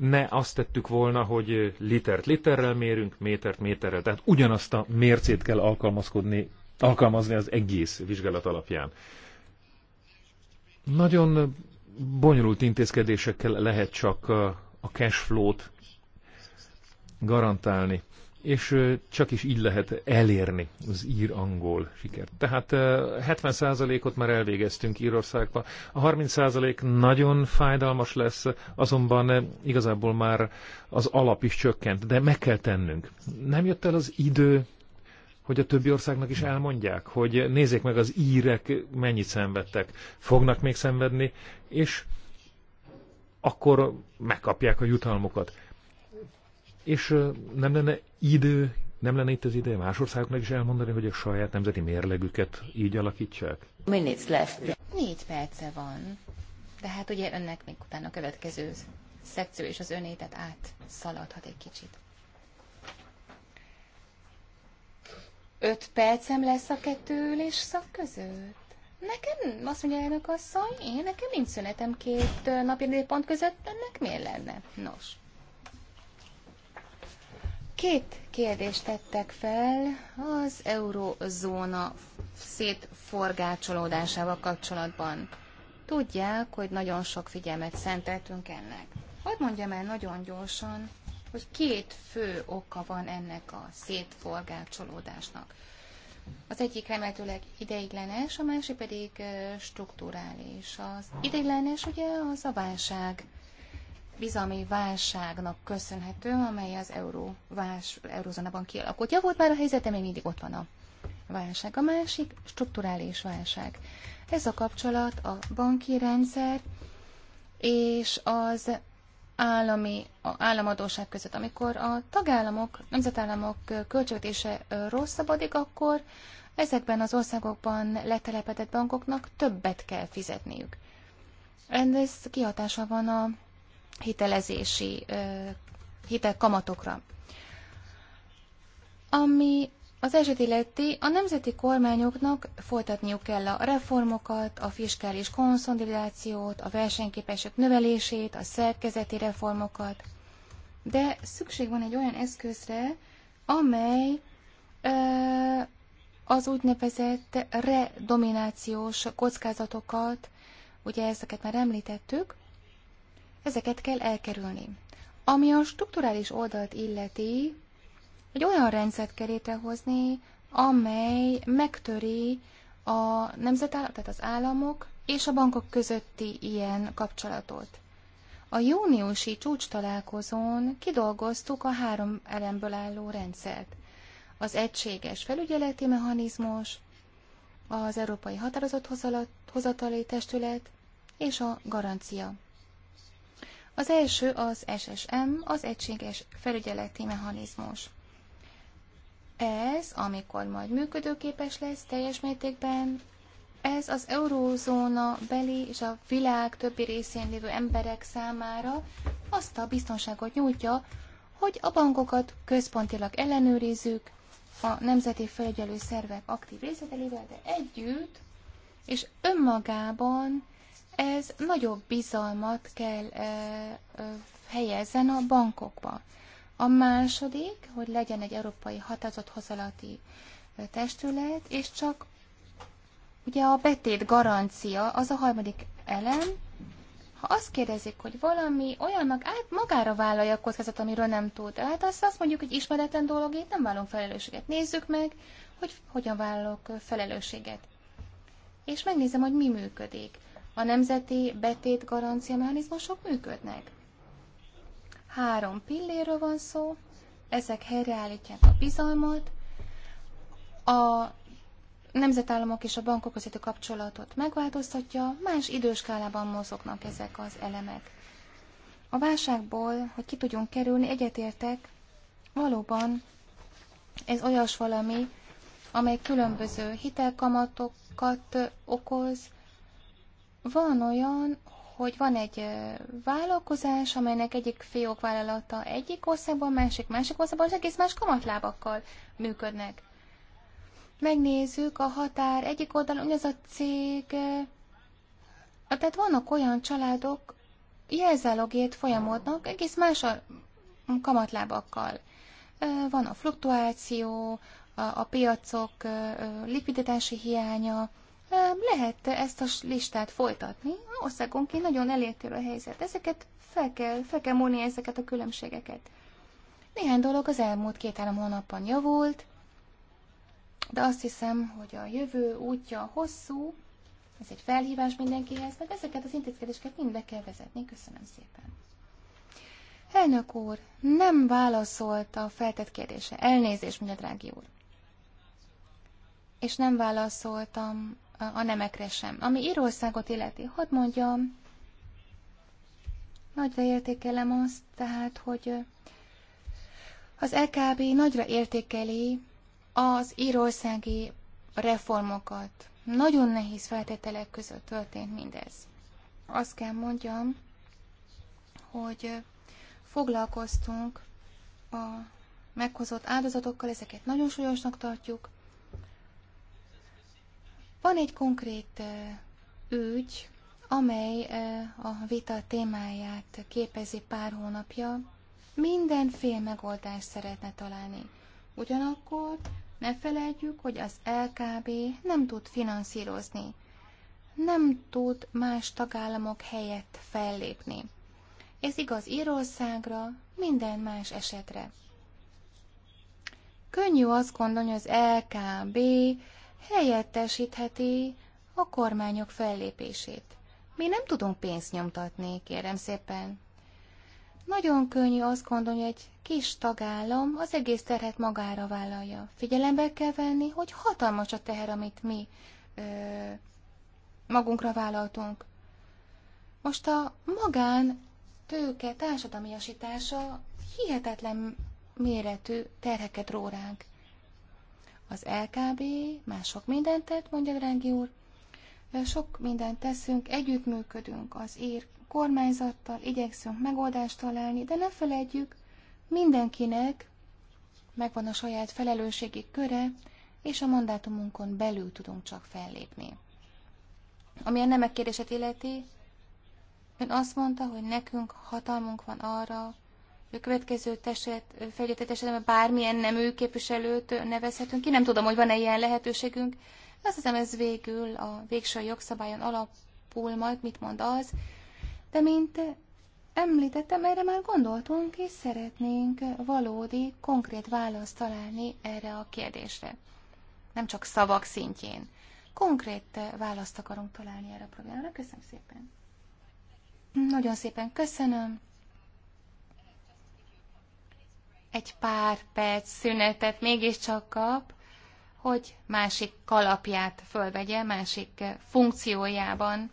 ne azt tettük volna, hogy litert literrel mérünk, métert méterrel. Tehát ugyanazt a mércét kell alkalmazkodni, alkalmazni az egész vizsgálat alapján. Nagyon bonyolult intézkedésekkel lehet csak a cash flow-t garantálni és csak is így lehet elérni az ír-angol sikert. Tehát 70%-ot már elvégeztünk Írországba, a 30% nagyon fájdalmas lesz, azonban igazából már az alap is csökkent, de meg kell tennünk. Nem jött el az idő, hogy a többi országnak is elmondják, hogy nézzék meg az írek mennyit szenvedtek, fognak még szenvedni, és akkor megkapják a jutalmukat. És nem lenne idő, nem lenne itt az ideje más országoknak is elmondani, hogy a saját nemzeti mérlegüket így alakítsák? Minutes left. Négy perce van. De hát ugye önnek még utána a következő szekció és az önétet át szaladhat egy kicsit. Öt percem lesz a kettő ülés szak között. Nekem, azt mondja elnök asszony, én nekem nincs szünetem két napi pont között, ennek miért lenne? Nos. Két kérdést tettek fel az eurozóna szétforgácsolódásával kapcsolatban. Tudják, hogy nagyon sok figyelmet szenteltünk ennek. Hadd mondjam el nagyon gyorsan, hogy két fő oka van ennek a szétforgácsolódásnak. Az egyik remélhetőleg ideiglenes, a másik pedig strukturális. Az ideiglenes ugye az a válság bizalmi válságnak köszönhető, amely az euró válsz, eurozónában kialakult. Javult már a de még mindig ott van a válság. A másik strukturális válság. Ez a kapcsolat a banki rendszer és az állami, a államadóság között. Amikor a tagállamok, nemzetállamok költségvetése rosszabbodik, akkor ezekben az országokban letelepedett bankoknak többet kell fizetniük. Ez kihatása van a hitelezési hitel kamatokra, Ami az eset illeti, a nemzeti kormányoknak folytatniuk kell a reformokat, a fiskális konszolidációt, a versenyképesek növelését, a szerkezeti reformokat, de szükség van egy olyan eszközre, amely ö, az úgynevezett redominációs kockázatokat, ugye ezeket már említettük, Ezeket kell elkerülni. Ami a strukturális oldalt illeti, egy olyan rendszert kell létrehozni, amely megtöri a nemzetállam, tehát az államok és a bankok közötti ilyen kapcsolatot. A júniusi csúcs találkozón kidolgoztuk a három elemből álló rendszert. Az egységes felügyeleti mechanizmus, az Európai Határozott Hozatali Testület és a garancia az első az SSM, az Egységes Felügyeleti Mechanizmus. Ez, amikor majd működőképes lesz teljes mértékben, ez az eurózóna beli és a világ többi részén lévő emberek számára azt a biztonságot nyújtja, hogy a bankokat központilag ellenőrizzük, a nemzeti felügyelő szervek aktív részletelével, de együtt és önmagában ez nagyobb bizalmat kell helyezzen a bankokba. A második, hogy legyen egy európai határozathozalati testület, és csak ugye a betét garancia, az a harmadik elem, ha azt kérdezik, hogy valami olyan mag, át magára vállalja a kockázat, amiről nem tud, hát azt, azt mondjuk, hogy ismeretlen dolog, itt nem vállom felelősséget. Nézzük meg, hogy hogyan vállalok felelősséget. És megnézem, hogy mi működik. A nemzeti betét garancia mechanizmusok működnek. Három pilléről van szó, ezek helyreállítják a bizalmat, a nemzetállamok és a bankok közötti kapcsolatot megváltoztatja, más időskálában mozognak ezek az elemek. A válságból, hogy ki tudjunk kerülni, egyetértek, valóban ez olyas valami, amely különböző hitelkamatokat okoz, van olyan, hogy van egy vállalkozás, amelynek egyik fiókvállalata egyik országban, másik másik országban, és egész más kamatlábakkal működnek. Megnézzük a határ egyik oldalon, az a cég. Tehát vannak olyan családok, jelzálogért folyamodnak egész más a kamatlábakkal. Van a fluktuáció, a piacok likviditási hiánya, lehet ezt a listát folytatni, országonként nagyon elértél a helyzet. Ezeket fel kell, fel kell múlni ezeket a különbségeket. Néhány dolog az elmúlt két-három hónapban javult, de azt hiszem, hogy a jövő útja hosszú, ez egy felhívás mindenkihez, mert ezeket az intézkedéseket mind be kell vezetni. Köszönöm szépen. Elnök úr, nem válaszolt a feltett kérdése. Elnézést, minden drági úr. És nem válaszoltam a nemekre sem. Ami Írországot illeti, hadd mondjam, nagyra értékelem azt, tehát, hogy az LKB nagyra értékeli az írországi reformokat. Nagyon nehéz feltételek között történt mindez. Azt kell mondjam, hogy foglalkoztunk a meghozott áldozatokkal, ezeket nagyon súlyosnak tartjuk, van egy konkrét ügy, amely a vita témáját képezi pár hónapja. Mindenféle megoldást szeretne találni. Ugyanakkor ne felejtjük, hogy az LKB nem tud finanszírozni, nem tud más tagállamok helyett fellépni. Ez igaz Írországra, minden más esetre. Könnyű azt gondolni, hogy az LKB helyettesítheti a kormányok fellépését. Mi nem tudunk pénzt nyomtatni, kérem szépen. Nagyon könnyű azt gondolni, hogy egy kis tagállam az egész terhet magára vállalja. Figyelembe kell venni, hogy hatalmas a teher, amit mi ö, magunkra vállaltunk. Most a magán tőke társadalmiasítása hihetetlen méretű terheket róránk az LKB, sok mindent tett, mondja Drángi úr. Sok mindent teszünk, együttműködünk az ír kormányzattal, igyekszünk megoldást találni, de ne felejtjük, mindenkinek megvan a saját felelősségi köre, és a mandátumunkon belül tudunk csak fellépni. Ami a nemek kérdését illeti, ön azt mondta, hogy nekünk hatalmunk van arra, a következő teset, felületet esetben bármilyen nemű képviselőt nevezhetünk ki. Nem tudom, hogy van-e ilyen lehetőségünk. Azt hiszem, ez végül a végső jogszabályon alapul majd, mit mond az. De mint említettem, erre már gondoltunk, és szeretnénk valódi, konkrét választ találni erre a kérdésre. Nem csak szavak szintjén. Konkrét választ akarunk találni erre a problémára. Köszönöm szépen. Nagyon szépen köszönöm egy pár perc szünetet mégiscsak kap, hogy másik kalapját fölvegye, másik funkciójában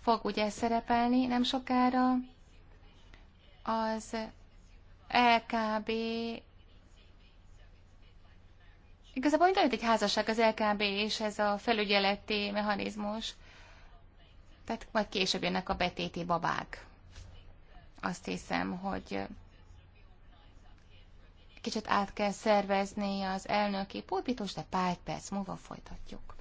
fog ugye szerepelni nem sokára. Az LKB Igazából mint egy házasság az LKB és ez a felügyeleti mechanizmus. Tehát majd később jönnek a betéti babák. Azt hiszem, hogy Kicsit át kell szervezni az elnöki pulpitust, de pár perc múlva folytatjuk.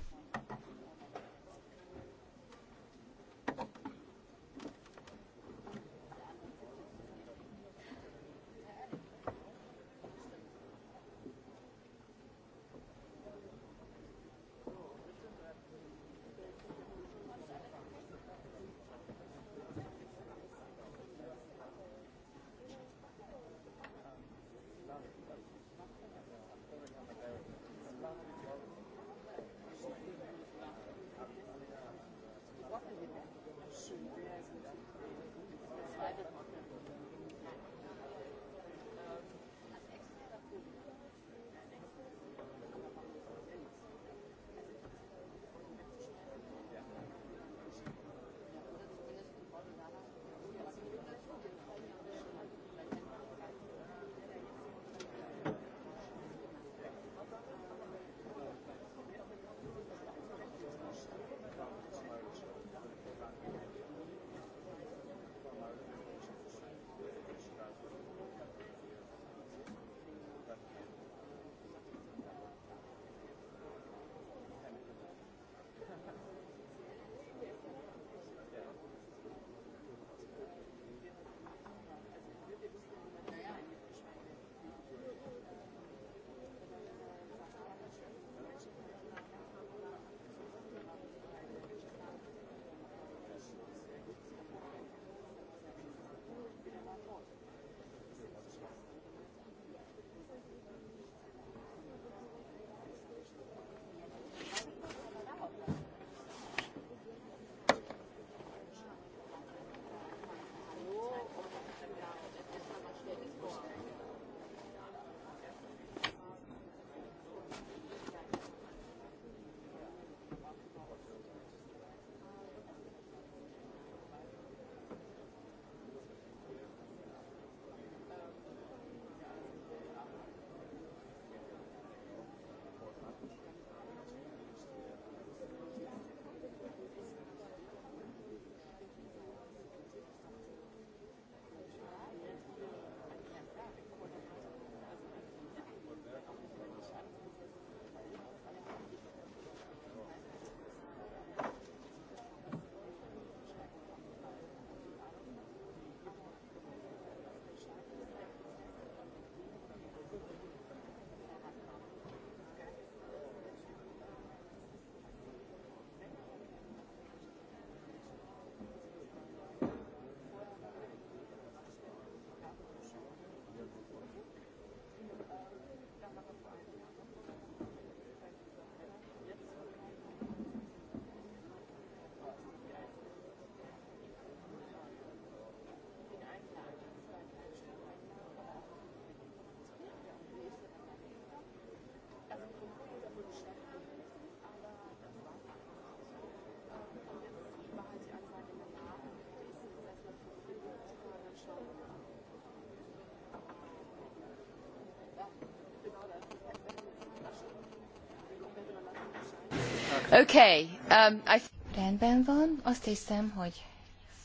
Okay. Um, I... Rendben van, azt hiszem, hogy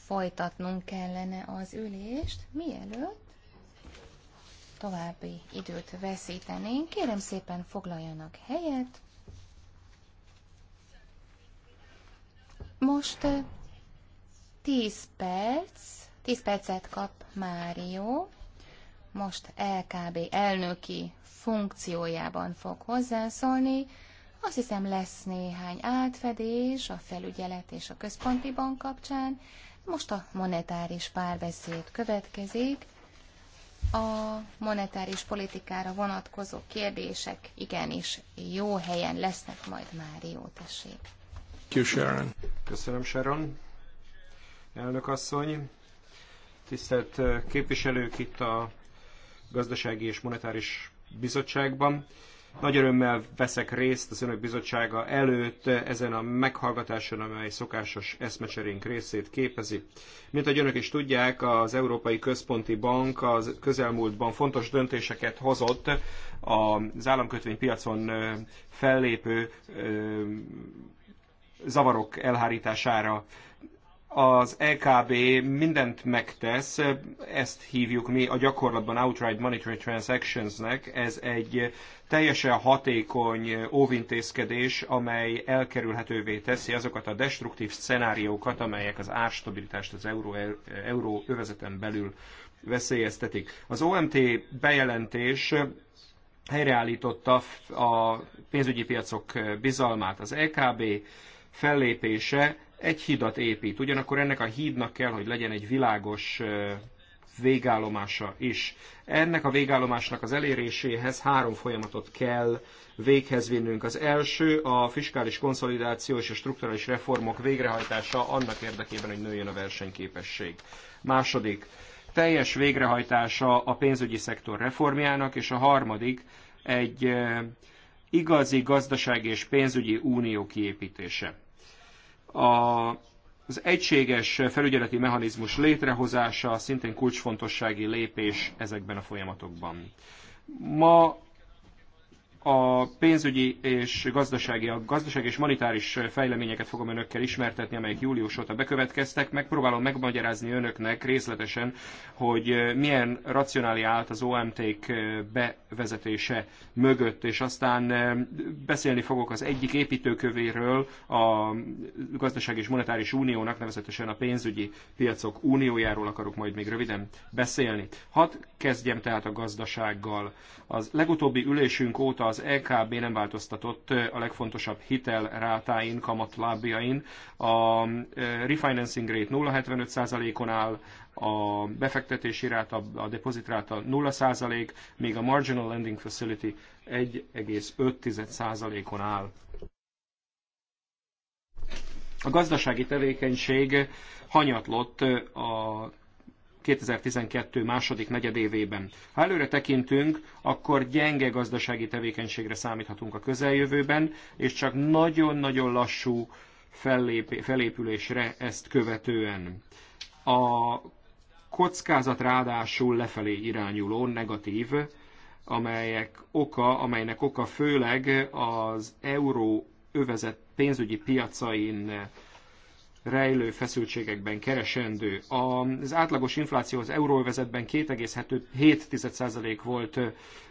folytatnunk kellene az ülést, mielőtt további időt veszítenénk. Kérem szépen foglaljanak helyet. Most 10 eh, perc, 10 percet kap Mário, most LKB elnöki funkciójában fog hozzászólni. Azt hiszem lesz néhány átfedés a felügyelet és a központi bank kapcsán. Most a monetáris párbeszéd következik. A monetáris politikára vonatkozó kérdések igenis jó helyen lesznek majd Márió, tessék. Köszönöm, Köszönöm Sharon. Elnök asszony, tisztelt eh, képviselők itt a Gazdasági és Monetáris Bizottságban. Nagy örömmel veszek részt az Önök Bizottsága előtt ezen a meghallgatáson, amely szokásos eszmecserénk részét képezi. Mint ahogy Önök is tudják, az Európai Központi Bank az közelmúltban fontos döntéseket hozott az államkötvénypiacon fellépő zavarok elhárítására az EKB mindent megtesz, ezt hívjuk mi a gyakorlatban outright monetary transactionsnek, ez egy teljesen hatékony óvintézkedés, amely elkerülhetővé teszi azokat a destruktív szenáriókat, amelyek az árstabilitást az euró, euró övezeten belül veszélyeztetik. Az OMT bejelentés helyreállította a pénzügyi piacok bizalmát. Az EKB fellépése egy hidat épít. Ugyanakkor ennek a hídnak kell, hogy legyen egy világos végállomása is. Ennek a végállomásnak az eléréséhez három folyamatot kell véghez vinnünk. Az első a fiskális konszolidáció és a strukturális reformok végrehajtása annak érdekében, hogy nőjön a versenyképesség. Második, teljes végrehajtása a pénzügyi szektor reformjának, és a harmadik egy igazi gazdasági és pénzügyi unió kiépítése. A, az egységes felügyeleti mechanizmus létrehozása szintén kulcsfontossági lépés ezekben a folyamatokban. Ma a pénzügyi és gazdasági, a gazdasági és monetáris fejleményeket fogom önökkel ismertetni, amelyek július óta bekövetkeztek. Megpróbálom megmagyarázni önöknek részletesen, hogy milyen racionális állt az OMT-k bevezetése mögött, és aztán eh, beszélni fogok az egyik építőkövéről a gazdasági és monetáris uniónak, nevezetesen a pénzügyi piacok uniójáról akarok majd még röviden beszélni. Hadd kezdjem tehát a gazdasággal. Az legutóbbi ülésünk óta az az EKB nem változtatott a legfontosabb hitel rátáin, kamatlábjain. A refinancing rate 0,75%-on áll, a befektetési ráta, a ráta 0%, még a marginal lending facility 1,5%-on áll. A gazdasági tevékenység hanyatlott a 2012 második negyedévében. Ha előre tekintünk, akkor gyenge gazdasági tevékenységre számíthatunk a közeljövőben, és csak nagyon-nagyon lassú fellép, felépülésre ezt követően. A kockázat ráadásul lefelé irányuló negatív, amelyek oka, amelynek oka főleg az euró övezet pénzügyi piacain rejlő feszültségekben keresendő. Az átlagos infláció az euróvezetben 2,7% volt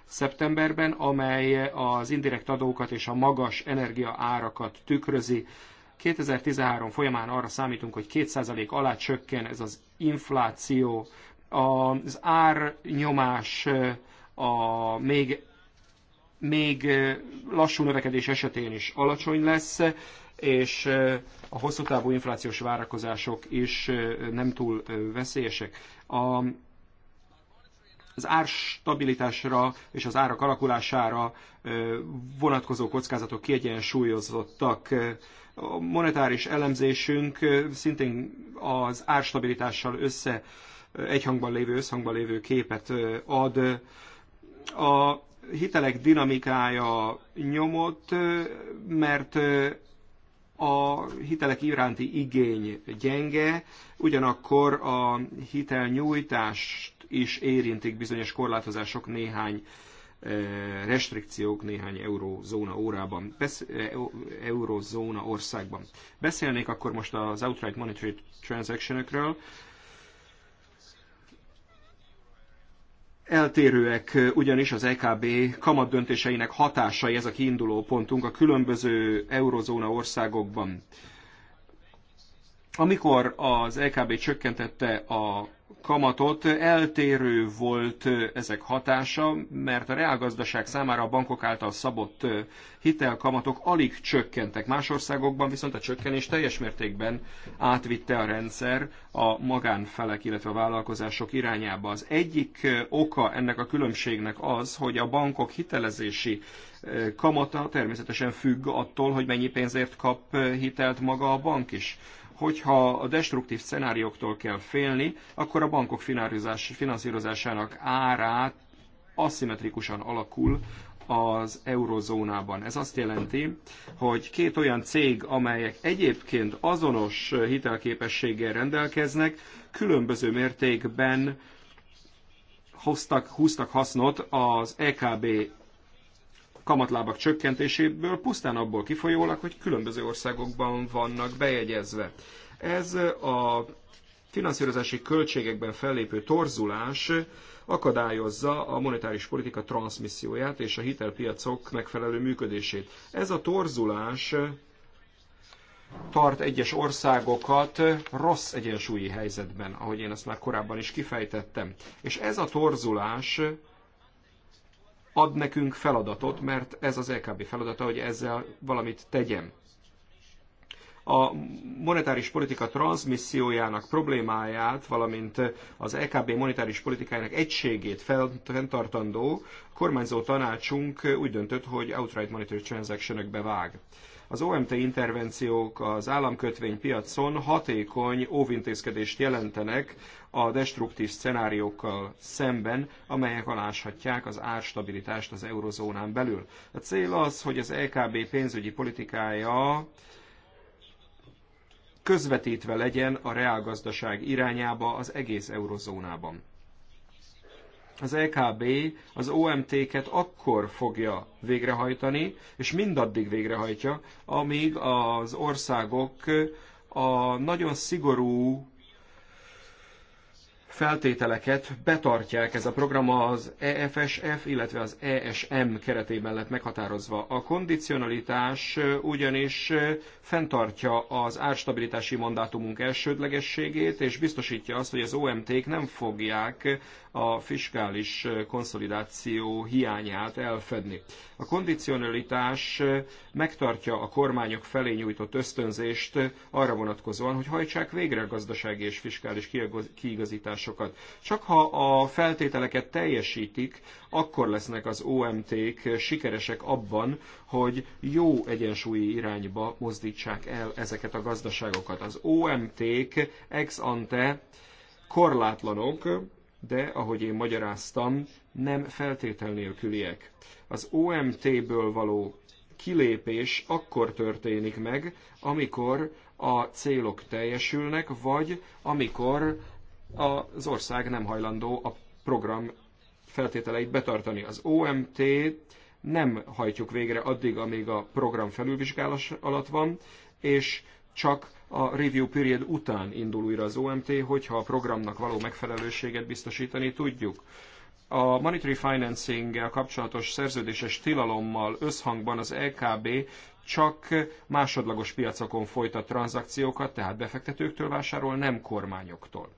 szeptemberben, amely az indirekt adókat és a magas energiaárakat tükrözi. 2013 folyamán arra számítunk, hogy 2% alá csökken ez az infláció. Az árnyomás a még, még lassú növekedés esetén is alacsony lesz és a hosszú távú inflációs várakozások is nem túl veszélyesek. A, az árstabilitásra és az árak alakulására vonatkozó kockázatok kiegyensúlyozottak. A monetáris elemzésünk szintén az árstabilitással össze egyhangban lévő, összhangban lévő képet ad. A hitelek dinamikája nyomott, mert a hitelek iránti igény gyenge, ugyanakkor a hitelnyújtást is érintik bizonyos korlátozások néhány e, restrikciók néhány eurózóna órában, besz, e, e, eurózóna országban. Beszélnék akkor most az outright monetary transactionökről. Eltérőek ugyanis az EKB kamat döntéseinek hatásai, ez a kiinduló pontunk a különböző eurozóna országokban. Amikor az EKB csökkentette a kamatot, eltérő volt ezek hatása, mert a reálgazdaság számára a bankok által szabott hitelkamatok alig csökkentek. Más országokban viszont a csökkenés teljes mértékben átvitte a rendszer a magánfelek, illetve a vállalkozások irányába. Az egyik oka ennek a különbségnek az, hogy a bankok hitelezési kamata természetesen függ attól, hogy mennyi pénzért kap hitelt maga a bank is hogyha a destruktív szenárióktól kell félni, akkor a bankok finanszírozásának árát aszimmetrikusan alakul az eurozónában. Ez azt jelenti, hogy két olyan cég, amelyek egyébként azonos hitelképességgel rendelkeznek, különböző mértékben hoztak, húztak hasznot az EKB kamatlábak csökkentéséből pusztán abból kifolyólag, hogy különböző országokban vannak bejegyezve. Ez a finanszírozási költségekben fellépő torzulás akadályozza a monetáris politika transmisszióját és a hitelpiacok megfelelő működését. Ez a torzulás tart egyes országokat rossz egyensúlyi helyzetben, ahogy én ezt már korábban is kifejtettem. És ez a torzulás ad nekünk feladatot, mert ez az LKB feladata, hogy ezzel valamit tegyen. A monetáris politika transmissziójának problémáját, valamint az EKB monetáris politikájának egységét fenntartandó kormányzó tanácsunk úgy döntött, hogy outright monetary transaction vág. Az OMT intervenciók az államkötvénypiacon hatékony óvintézkedést jelentenek a destruktív szenáriókkal szemben, amelyek aláshatják az árstabilitást az eurozónán belül. A cél az, hogy az LKB e pénzügyi politikája közvetítve legyen a reálgazdaság irányába az egész eurozónában. Az LKB e az OMT-ket akkor fogja végrehajtani, és mindaddig végrehajtja, amíg az országok a nagyon szigorú feltételeket betartják. Ez a program az EFSF, illetve az ESM keretében lett meghatározva. A kondicionalitás ugyanis fenntartja az árstabilitási mandátumunk elsődlegességét, és biztosítja azt, hogy az OMT-k nem fogják a fiskális konszolidáció hiányát elfedni. A kondicionalitás megtartja a kormányok felé nyújtott ösztönzést arra vonatkozóan, hogy hajtsák végre a gazdasági és fiskális kiigazításokat. Csak ha a feltételeket teljesítik, akkor lesznek az OMT-k sikeresek abban, hogy jó egyensúlyi irányba mozdítsák el ezeket a gazdaságokat. Az OMT-k ex ante korlátlanok, de ahogy én magyaráztam, nem feltétel nélküliek. Az OMT-ből való kilépés akkor történik meg, amikor a célok teljesülnek, vagy amikor az ország nem hajlandó a program feltételeit betartani. Az OMT nem hajtjuk végre addig, amíg a program felülvizsgálás alatt van, és csak a review period után indul újra az OMT, hogyha a programnak való megfelelőséget biztosítani tudjuk. A monetary financing kapcsolatos szerződéses tilalommal összhangban az LKB csak másodlagos piacokon folytat tranzakciókat, tehát befektetőktől vásárol, nem kormányoktól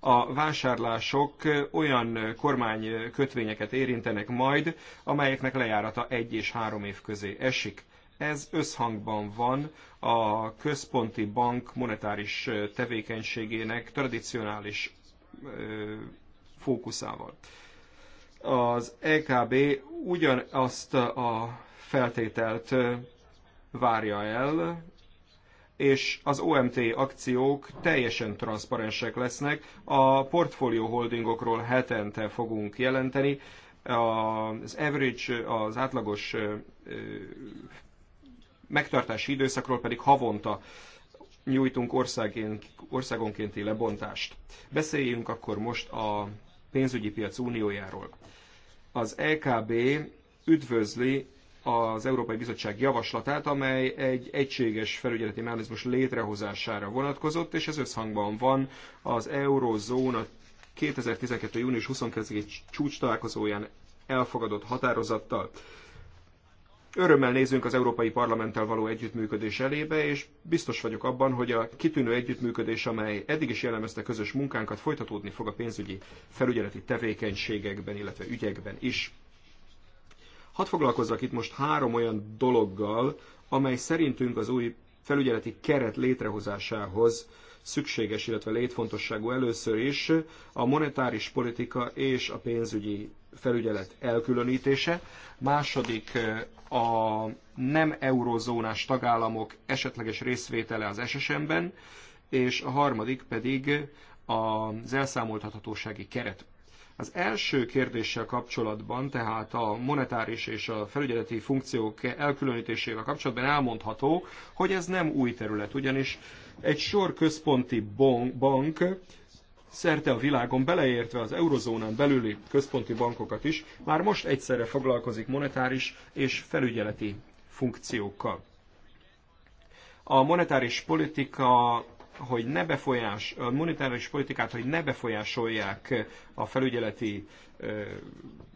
a vásárlások olyan kormány kötvényeket érintenek majd, amelyeknek lejárata egy és három év közé esik. Ez összhangban van a központi bank monetáris tevékenységének tradicionális fókuszával. Az EKB ugyanazt a feltételt várja el, és az OMT akciók teljesen transzparensek lesznek. A portfólió holdingokról hetente fogunk jelenteni. Az average, az átlagos megtartási időszakról pedig havonta nyújtunk országonkénti lebontást. Beszéljünk akkor most a pénzügyi piac uniójáról. Az EKb üdvözli az Európai Bizottság javaslatát, amely egy egységes felügyeleti mechanizmus létrehozására vonatkozott, és ez összhangban van az Eurozóna 2012. június 29-i csúcs találkozóján elfogadott határozattal. Örömmel nézünk az Európai Parlamenttel való együttműködés elébe, és biztos vagyok abban, hogy a kitűnő együttműködés, amely eddig is jellemezte közös munkánkat, folytatódni fog a pénzügyi felügyeleti tevékenységekben, illetve ügyekben is. Hadd foglalkozzak itt most három olyan dologgal, amely szerintünk az új felügyeleti keret létrehozásához szükséges, illetve létfontosságú először is a monetáris politika és a pénzügyi felügyelet elkülönítése, második a nem eurozónás tagállamok esetleges részvétele az SSM-ben, és a harmadik pedig az elszámoltathatósági keret az első kérdéssel kapcsolatban, tehát a monetáris és a felügyeleti funkciók elkülönítésével kapcsolatban elmondható, hogy ez nem új terület, ugyanis egy sor központi bank szerte a világon, beleértve az eurozónán belüli központi bankokat is, már most egyszerre foglalkozik monetáris és felügyeleti funkciókkal. A monetáris politika hogy ne befolyás, a monetáris politikát, hogy ne befolyásolják a felügyeleti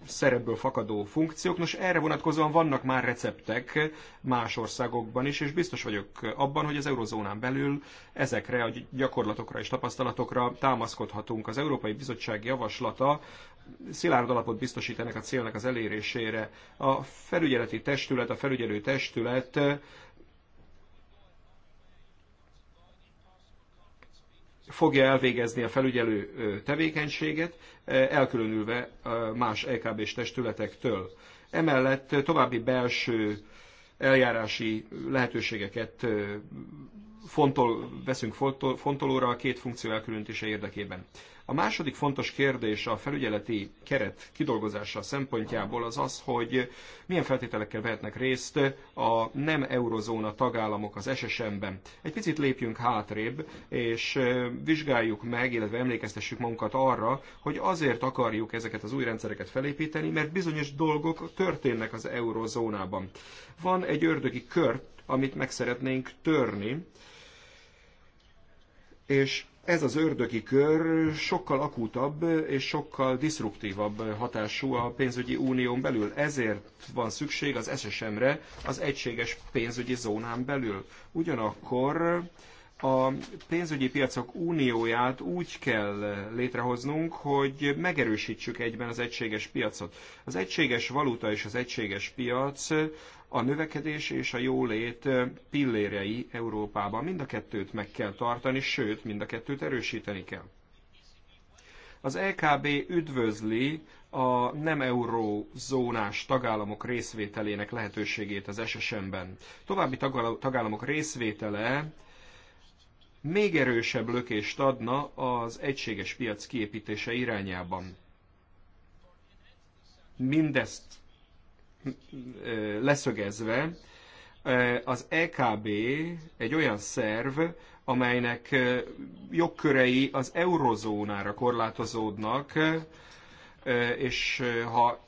szerepből fakadó funkciók. Nos, erre vonatkozóan vannak már receptek más országokban is, és biztos vagyok abban, hogy az eurozónán belül ezekre a gyakorlatokra és tapasztalatokra támaszkodhatunk. Az Európai Bizottság javaslata szilárd alapot biztosít ennek a célnak az elérésére. A felügyeleti testület, a felügyelő testület fogja elvégezni a felügyelő tevékenységet, elkülönülve más LKB-s e testületektől. Emellett további belső eljárási lehetőségeket fontol, veszünk fontolóra a két funkció elkülönítése érdekében. A második fontos kérdés a felügyeleti keret kidolgozása szempontjából az az, hogy milyen feltételekkel vehetnek részt a nem eurozóna tagállamok az SSM-ben. Egy picit lépjünk hátrébb, és vizsgáljuk meg, illetve emlékeztessük magunkat arra, hogy azért akarjuk ezeket az új rendszereket felépíteni, mert bizonyos dolgok történnek az eurozónában. Van egy ördögi kör, amit meg szeretnénk törni, és ez az ördögi kör sokkal akútabb és sokkal disruptívabb hatású a pénzügyi unión belül. Ezért van szükség az SSM-re az egységes pénzügyi zónán belül. Ugyanakkor a pénzügyi piacok unióját úgy kell létrehoznunk, hogy megerősítsük egyben az egységes piacot. Az egységes valuta és az egységes piac a növekedés és a jólét pillérei Európában. Mind a kettőt meg kell tartani, sőt, mind a kettőt erősíteni kell. Az LKB üdvözli a nem eurózónás tagállamok részvételének lehetőségét az SSM-ben. További tagállamok részvétele még erősebb lökést adna az egységes piac kiépítése irányában. Mindezt leszögezve, az EKB egy olyan szerv, amelynek jogkörei az eurozónára korlátozódnak, és ha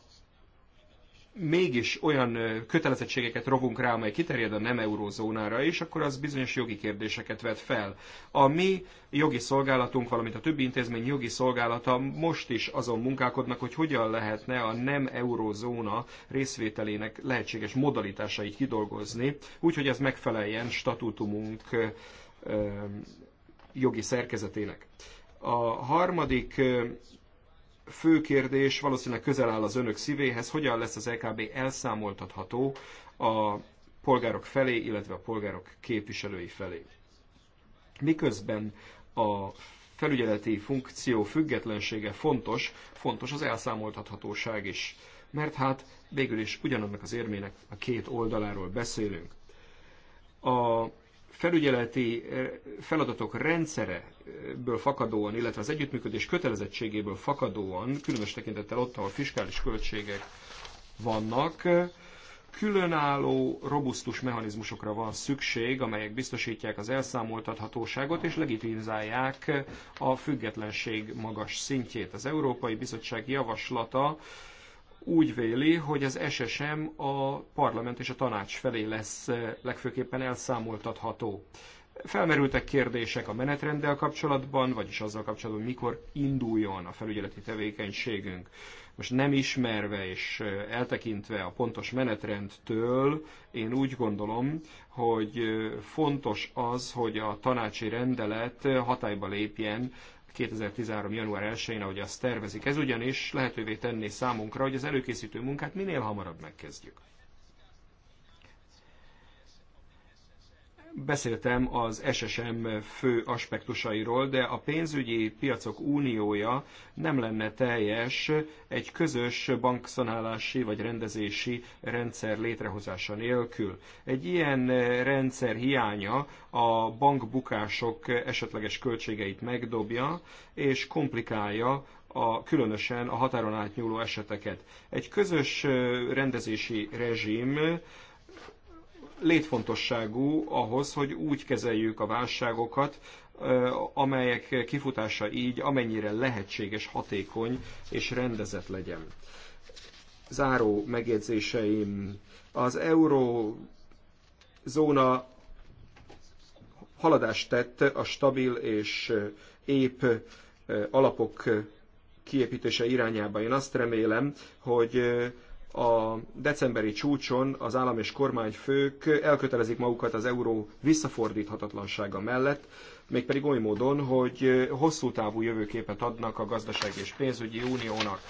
mégis olyan kötelezettségeket rovunk rá, amely kiterjed a nem eurózónára is, akkor az bizonyos jogi kérdéseket vet fel. A mi jogi szolgálatunk, valamint a többi intézmény jogi szolgálata most is azon munkálkodnak, hogy hogyan lehetne a nem eurózóna részvételének lehetséges modalitásait kidolgozni, úgyhogy ez megfeleljen statútumunk jogi szerkezetének. A harmadik fő kérdés valószínűleg közel áll az önök szívéhez, hogyan lesz az LKB elszámoltatható a polgárok felé, illetve a polgárok képviselői felé. Miközben a felügyeleti funkció függetlensége fontos, fontos az elszámoltathatóság is. Mert hát végül is ugyanannak az érmének a két oldaláról beszélünk. A felügyeleti eh, feladatok rendszere ből fakadóan, illetve az együttműködés kötelezettségéből fakadóan, különös tekintettel ott, ahol fiskális költségek vannak, különálló, robusztus mechanizmusokra van szükség, amelyek biztosítják az elszámoltathatóságot és legitimizálják a függetlenség magas szintjét. Az Európai Bizottság javaslata úgy véli, hogy az SSM a parlament és a tanács felé lesz eh, legfőképpen elszámoltatható. Felmerültek kérdések a menetrenddel kapcsolatban, vagyis azzal kapcsolatban, mikor induljon a felügyeleti tevékenységünk. Most nem ismerve és eltekintve a pontos menetrendtől, én úgy gondolom, hogy fontos az, hogy a tanácsi rendelet hatályba lépjen 2013. január 1-én, ahogy azt tervezik. Ez ugyanis lehetővé tenné számunkra, hogy az előkészítő munkát minél hamarabb megkezdjük. Beszéltem az SSM fő aspektusairól, de a pénzügyi piacok uniója nem lenne teljes egy közös bankszanálási vagy rendezési rendszer létrehozása nélkül. Egy ilyen rendszer hiánya a bankbukások esetleges költségeit megdobja és komplikálja a, különösen a határon átnyúló eseteket. Egy közös rendezési rezsim létfontosságú ahhoz, hogy úgy kezeljük a válságokat, amelyek kifutása így amennyire lehetséges, hatékony és rendezett legyen. Záró megjegyzéseim. Az eurózóna haladást tett a stabil és épp alapok kiépítése irányába. Én azt remélem, hogy a decemberi csúcson az állam és kormányfők elkötelezik magukat az euró visszafordíthatatlansága mellett, mégpedig oly módon, hogy hosszú távú jövőképet adnak a gazdaság és pénzügyi uniónak.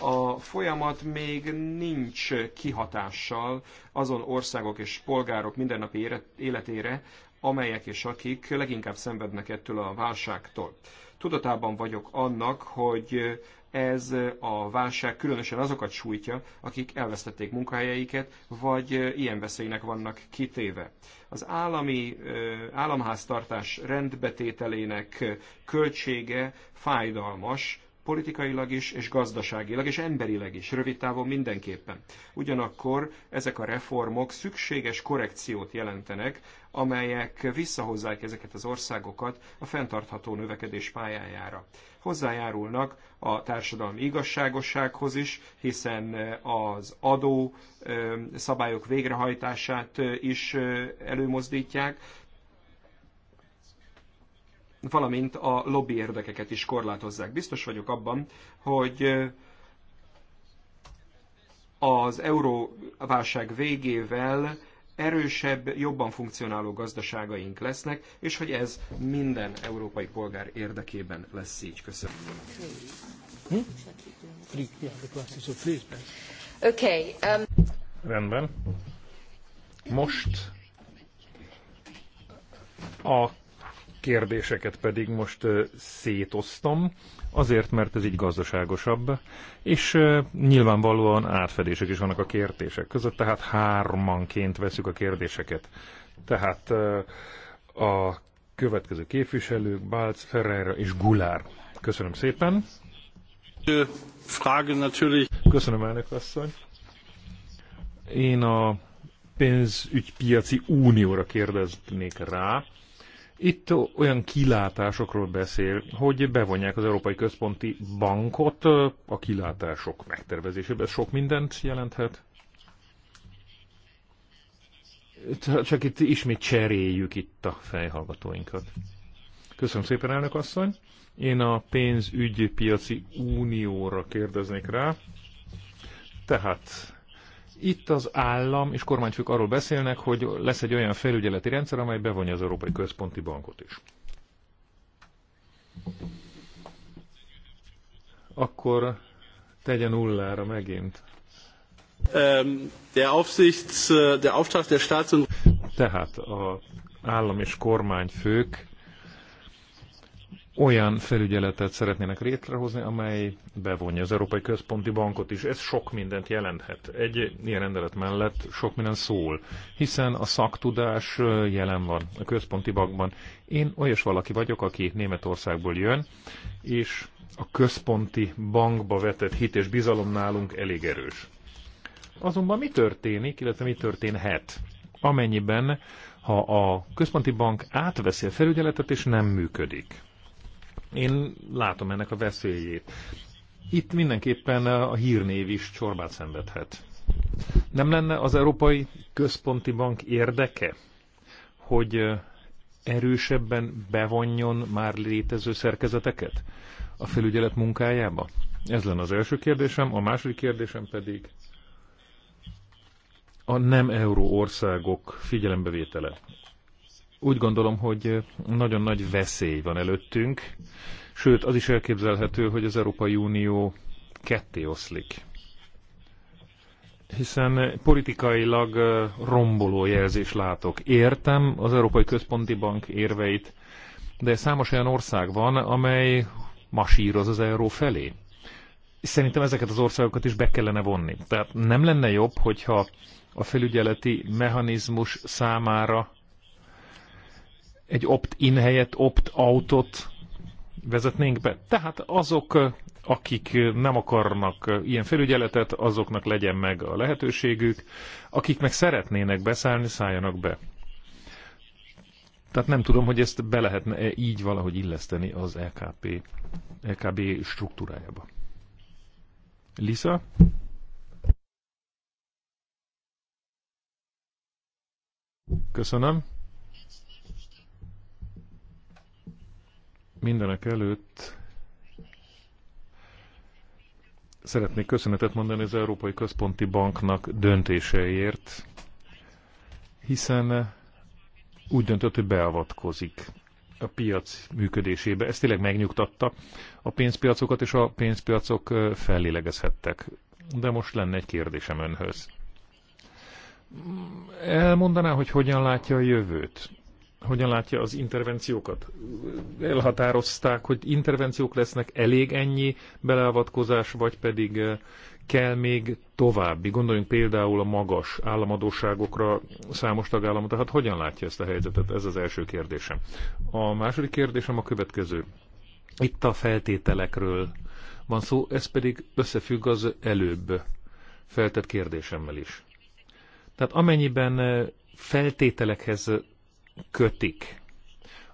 A folyamat még nincs kihatással azon országok és polgárok mindennapi életére, amelyek és akik leginkább szenvednek ettől a válságtól. Tudatában vagyok annak, hogy ez a válság különösen azokat sújtja, akik elvesztették munkahelyeiket, vagy ilyen veszélynek vannak kitéve. Az állami államháztartás rendbetételének költsége fájdalmas, politikailag is, és gazdaságilag, és emberileg is, rövid távon mindenképpen. Ugyanakkor ezek a reformok szükséges korrekciót jelentenek, amelyek visszahozzák ezeket az országokat a fenntartható növekedés pályájára. Hozzájárulnak a társadalmi igazságossághoz is, hiszen az adó szabályok végrehajtását is előmozdítják, valamint a lobby érdekeket is korlátozzák. Biztos vagyok abban, hogy az euróválság végével erősebb, jobban funkcionáló gazdaságaink lesznek, és hogy ez minden európai polgár érdekében lesz így. Köszönöm. Okay, um... Rendben. Most a kérdéseket pedig most szétoztam, azért, mert ez így gazdaságosabb, és nyilvánvalóan átfedések is vannak a kérdések között, tehát hármanként veszük a kérdéseket. Tehát a következő képviselők, Bálc, Ferreira és Gulár. Köszönöm szépen. Köszönöm, elnök asszony. Én a pénzügypiaci unióra kérdeznék rá, itt olyan kilátásokról beszél, hogy bevonják az Európai Központi Bankot a kilátások megtervezésébe. Ez sok mindent jelenthet. Csak itt ismét cseréljük itt a fejhallgatóinkat. Köszönöm szépen, elnök asszony. Én a pénzügyi piaci unióra kérdeznék rá. Tehát itt az állam és kormányfők arról beszélnek, hogy lesz egy olyan felügyeleti rendszer, amely bevonja az Európai Központi Bankot is. Akkor tegyen nullára megint. Ähm, der Aufsichts, äh, der Auftrag der Staats- Tehát a állam és kormányfők olyan felügyeletet szeretnének létrehozni, amely bevonja az Európai Központi Bankot is. Ez sok mindent jelenthet. Egy ilyen rendelet mellett sok minden szól, hiszen a szaktudás jelen van a Központi Bankban. Én olyas valaki vagyok, aki Németországból jön, és a Központi Bankba vetett hit és bizalom nálunk elég erős. Azonban mi történik, illetve mi történhet, amennyiben, ha a központi bank átveszi a felügyeletet és nem működik? Én látom ennek a veszélyét. Itt mindenképpen a hírnév is csorbát szenvedhet. Nem lenne az Európai Központi Bank érdeke, hogy erősebben bevonjon már létező szerkezeteket a felügyelet munkájába? Ez lenne az első kérdésem, a második kérdésem pedig a nem euró országok figyelembevétele. Úgy gondolom, hogy nagyon nagy veszély van előttünk, sőt az is elképzelhető, hogy az Európai Unió ketté oszlik. Hiszen politikailag romboló jelzés látok. Értem az Európai Központi Bank érveit, de számos olyan ország van, amely masíroz az euró felé. Szerintem ezeket az országokat is be kellene vonni. Tehát nem lenne jobb, hogyha a felügyeleti mechanizmus számára egy opt-in helyett opt-outot vezetnénk be. Tehát azok, akik nem akarnak ilyen felügyeletet, azoknak legyen meg a lehetőségük, akik meg szeretnének beszállni, szálljanak be. Tehát nem tudom, hogy ezt be lehetne -e így valahogy illeszteni az LKP, e LKB e struktúrájába. Lisa? Köszönöm. Mindenek előtt szeretnék köszönetet mondani az Európai Központi Banknak döntéseiért, hiszen úgy döntött, hogy beavatkozik a piac működésébe. Ez tényleg megnyugtatta a pénzpiacokat, és a pénzpiacok fellélegezhettek. De most lenne egy kérdésem önhöz. Elmondaná, hogy hogyan látja a jövőt? hogyan látja az intervenciókat? Elhatározták, hogy intervenciók lesznek, elég ennyi beleavatkozás, vagy pedig eh, kell még további? Gondoljunk például a magas államadóságokra számos tagállamot, tehát hogyan látja ezt a helyzetet? Ez az első kérdésem. A második kérdésem a következő. Itt a feltételekről van szó, ez pedig összefügg az előbb feltett kérdésemmel is. Tehát amennyiben eh, feltételekhez kötik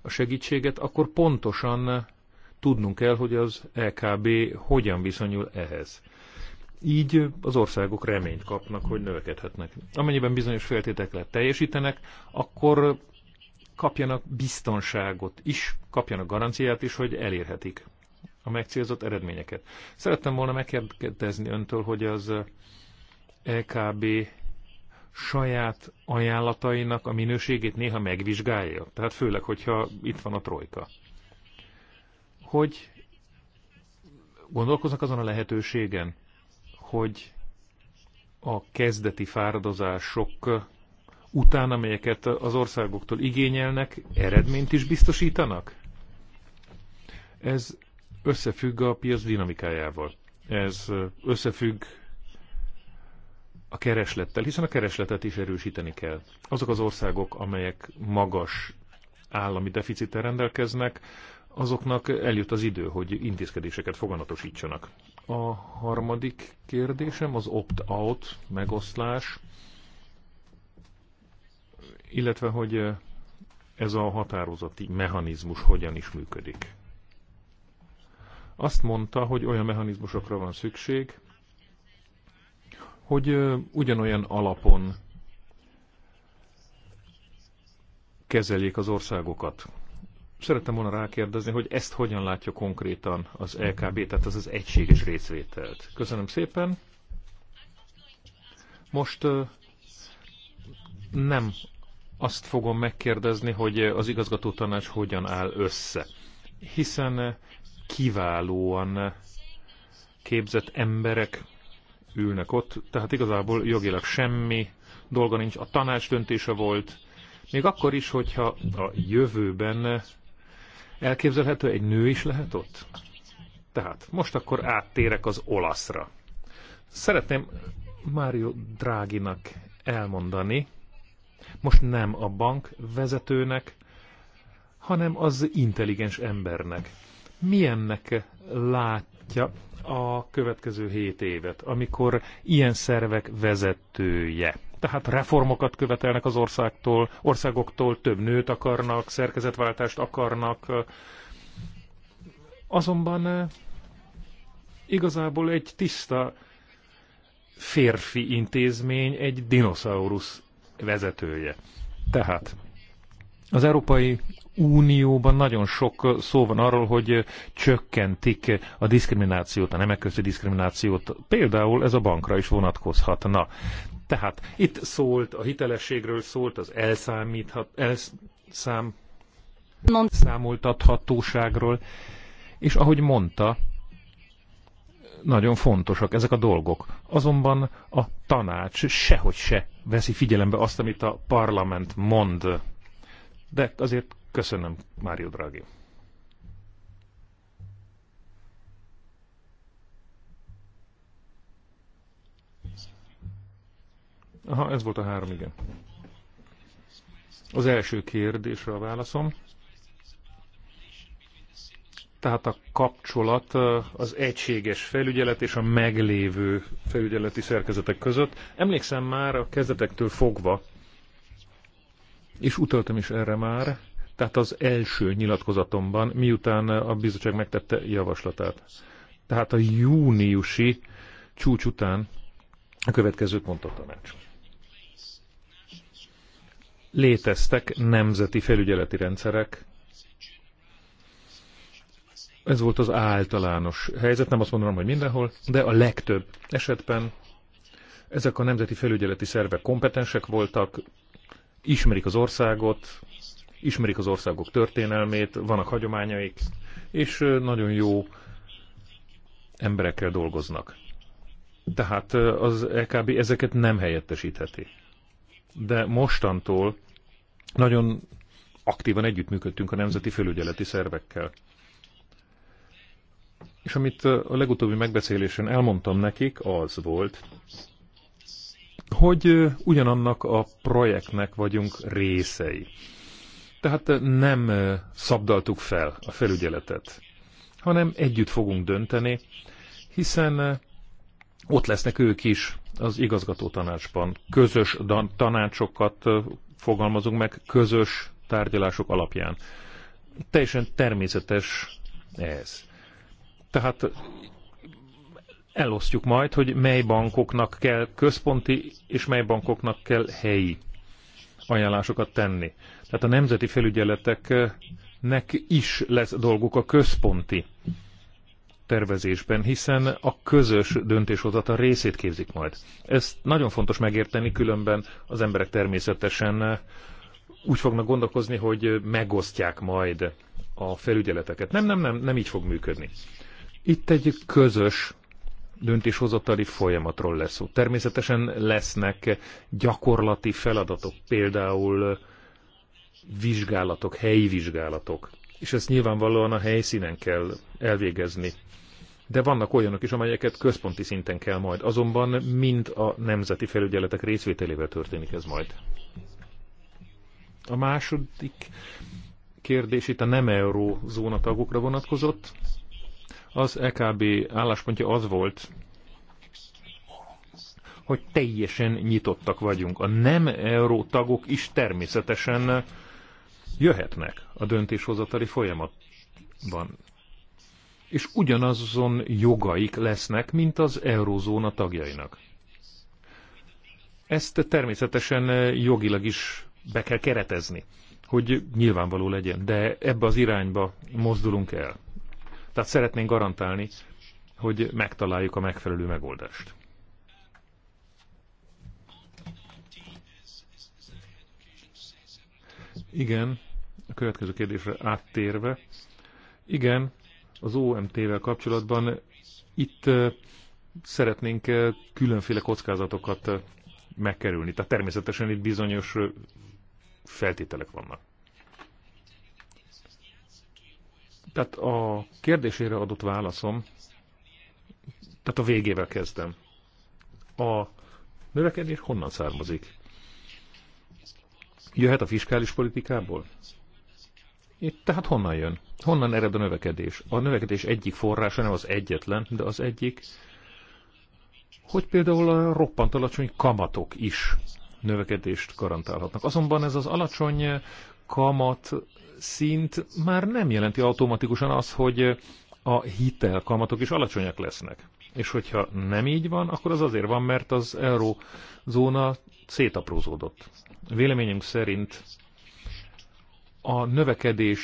a segítséget, akkor pontosan tudnunk kell, hogy az LKB e hogyan viszonyul ehhez. Így az országok reményt kapnak, hogy növekedhetnek. Amennyiben bizonyos feltételeket teljesítenek, akkor kapjanak biztonságot is, kapjanak garanciát is, hogy elérhetik a megcélzott eredményeket. Szerettem volna megkérdezni öntől, hogy az LKB e saját ajánlatainak a minőségét néha megvizsgálja. Tehát főleg, hogyha itt van a trojka. Hogy gondolkoznak azon a lehetőségen, hogy a kezdeti fáradozások után, amelyeket az országoktól igényelnek, eredményt is biztosítanak? Ez összefügg a piac dinamikájával. Ez összefügg a kereslettel, hiszen a keresletet is erősíteni kell. Azok az országok, amelyek magas állami deficittel rendelkeznek, azoknak eljött az idő, hogy intézkedéseket foganatosítsanak. A harmadik kérdésem az opt-out megoszlás, illetve hogy ez a határozati mechanizmus hogyan is működik. Azt mondta, hogy olyan mechanizmusokra van szükség, hogy ugyanolyan alapon kezeljék az országokat. Szerettem volna rákérdezni, hogy ezt hogyan látja konkrétan az LKB, tehát az az egységes részvételt. Köszönöm szépen. Most nem azt fogom megkérdezni, hogy az igazgató tanács hogyan áll össze. Hiszen kiválóan képzett emberek ülnek ott, tehát igazából jogilag semmi dolga nincs. A tanács döntése volt, még akkor is, hogyha a jövőben elképzelhető egy nő is lehet ott. Tehát most akkor áttérek az olaszra. Szeretném Mário Dráginak elmondani, most nem a bank vezetőnek, hanem az intelligens embernek. Milyennek látja a következő 7 évet, amikor ilyen szervek vezetője. Tehát reformokat követelnek az országtól, országoktól, több nőt akarnak, szerkezetváltást akarnak. Azonban eh, igazából egy tiszta férfi intézmény, egy dinoszaurusz vezetője. Tehát az Európai Unióban nagyon sok szó van arról, hogy csökkentik a diszkriminációt, a nemek közti diszkriminációt. Például ez a bankra is vonatkozhatna. Tehát itt szólt, a hitelességről szólt, az elszámíthat, elszám, számoltathatóságról, és ahogy mondta, nagyon fontosak ezek a dolgok. Azonban a tanács sehogy se veszi figyelembe azt, amit a parlament mond de azért köszönöm, Mário Draghi. Aha, ez volt a három, igen. Az első kérdésre a válaszom. Tehát a kapcsolat eh, az egységes felügyelet és a meglévő felügyeleti szerkezetek között. Emlékszem már a kezdetektől fogva, és utaltam is erre már, tehát az első nyilatkozatomban, miután a bizottság megtette javaslatát. Tehát a júniusi csúcs után a következőt mondta a tanács. Léteztek nemzeti felügyeleti rendszerek. Ez volt az általános helyzet, nem azt mondom, hogy mindenhol, de a legtöbb esetben ezek a nemzeti felügyeleti szervek kompetensek voltak, ismerik az országot, ismerik az országok történelmét, vannak hagyományaik, és nagyon jó emberekkel dolgoznak. Tehát az EKB ezeket nem helyettesítheti. De mostantól nagyon aktívan együttműködtünk a nemzeti felügyeleti szervekkel. És amit a legutóbbi megbeszélésen elmondtam nekik, az volt, hogy ugyanannak a projektnek vagyunk részei. Tehát nem szabdaltuk fel a felügyeletet, hanem együtt fogunk dönteni, hiszen ott lesznek ők is az igazgató tanácsban. Közös tanácsokat fogalmazunk meg, közös tárgyalások alapján. Teljesen természetes ez. Tehát elosztjuk majd, hogy mely bankoknak kell központi és mely bankoknak kell helyi ajánlásokat tenni. Tehát a nemzeti felügyeleteknek is lesz dolguk a központi tervezésben, hiszen a közös a részét képzik majd. Ezt nagyon fontos megérteni, különben az emberek természetesen úgy fognak gondolkozni, hogy megosztják majd a felügyeleteket. Nem, nem, nem, nem így fog működni. Itt egy közös döntéshozatali folyamatról lesz szó. Természetesen lesznek gyakorlati feladatok, például vizsgálatok, helyi vizsgálatok, és ezt nyilvánvalóan a helyszínen kell elvégezni. De vannak olyanok is, amelyeket központi szinten kell majd. Azonban mind a nemzeti felügyeletek részvételével történik ez majd. A második kérdés itt a nem eurózóna tagokra vonatkozott. Az EKB álláspontja az volt, hogy teljesen nyitottak vagyunk. A nem euró tagok is természetesen jöhetnek a döntéshozatali folyamatban. És ugyanazon jogaik lesznek, mint az eurózóna tagjainak. Ezt természetesen jogilag is be kell keretezni, hogy nyilvánvaló legyen, de ebbe az irányba mozdulunk el. Tehát szeretnénk garantálni, hogy megtaláljuk a megfelelő megoldást. Igen, a következő kérdésre áttérve. Igen, az OMT-vel kapcsolatban itt szeretnénk különféle kockázatokat megkerülni. Tehát természetesen itt bizonyos feltételek vannak. Tehát a kérdésére adott válaszom, tehát a végével kezdem. A növekedés honnan származik? Jöhet a fiskális politikából? Itt, tehát honnan jön? Honnan ered a növekedés? A növekedés egyik forrása, nem az egyetlen, de az egyik, hogy például a roppant alacsony kamatok is növekedést garantálhatnak. Azonban ez az alacsony kamat szint már nem jelenti automatikusan az, hogy a hitelkamatok is alacsonyak lesznek. És hogyha nem így van, akkor az azért van, mert az eurózóna szétaprózódott. Véleményünk szerint a növekedés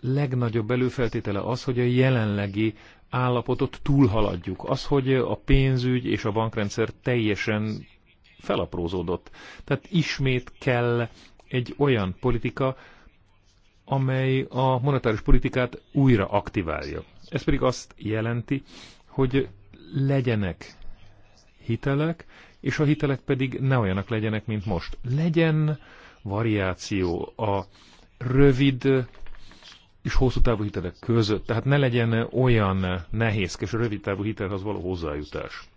legnagyobb előfeltétele az, hogy a jelenlegi állapotot túlhaladjuk. Az, hogy a pénzügy és a bankrendszer teljesen felaprózódott. Tehát ismét kell egy olyan politika, amely a monetáris politikát újra aktiválja. Ez pedig azt jelenti, hogy legyenek hitelek, és a hitelek pedig ne olyanak legyenek, mint most. Legyen variáció a rövid és hosszú távú hitelek között, tehát ne legyen olyan nehézkes a rövid távú hitelhez való hozzájutás.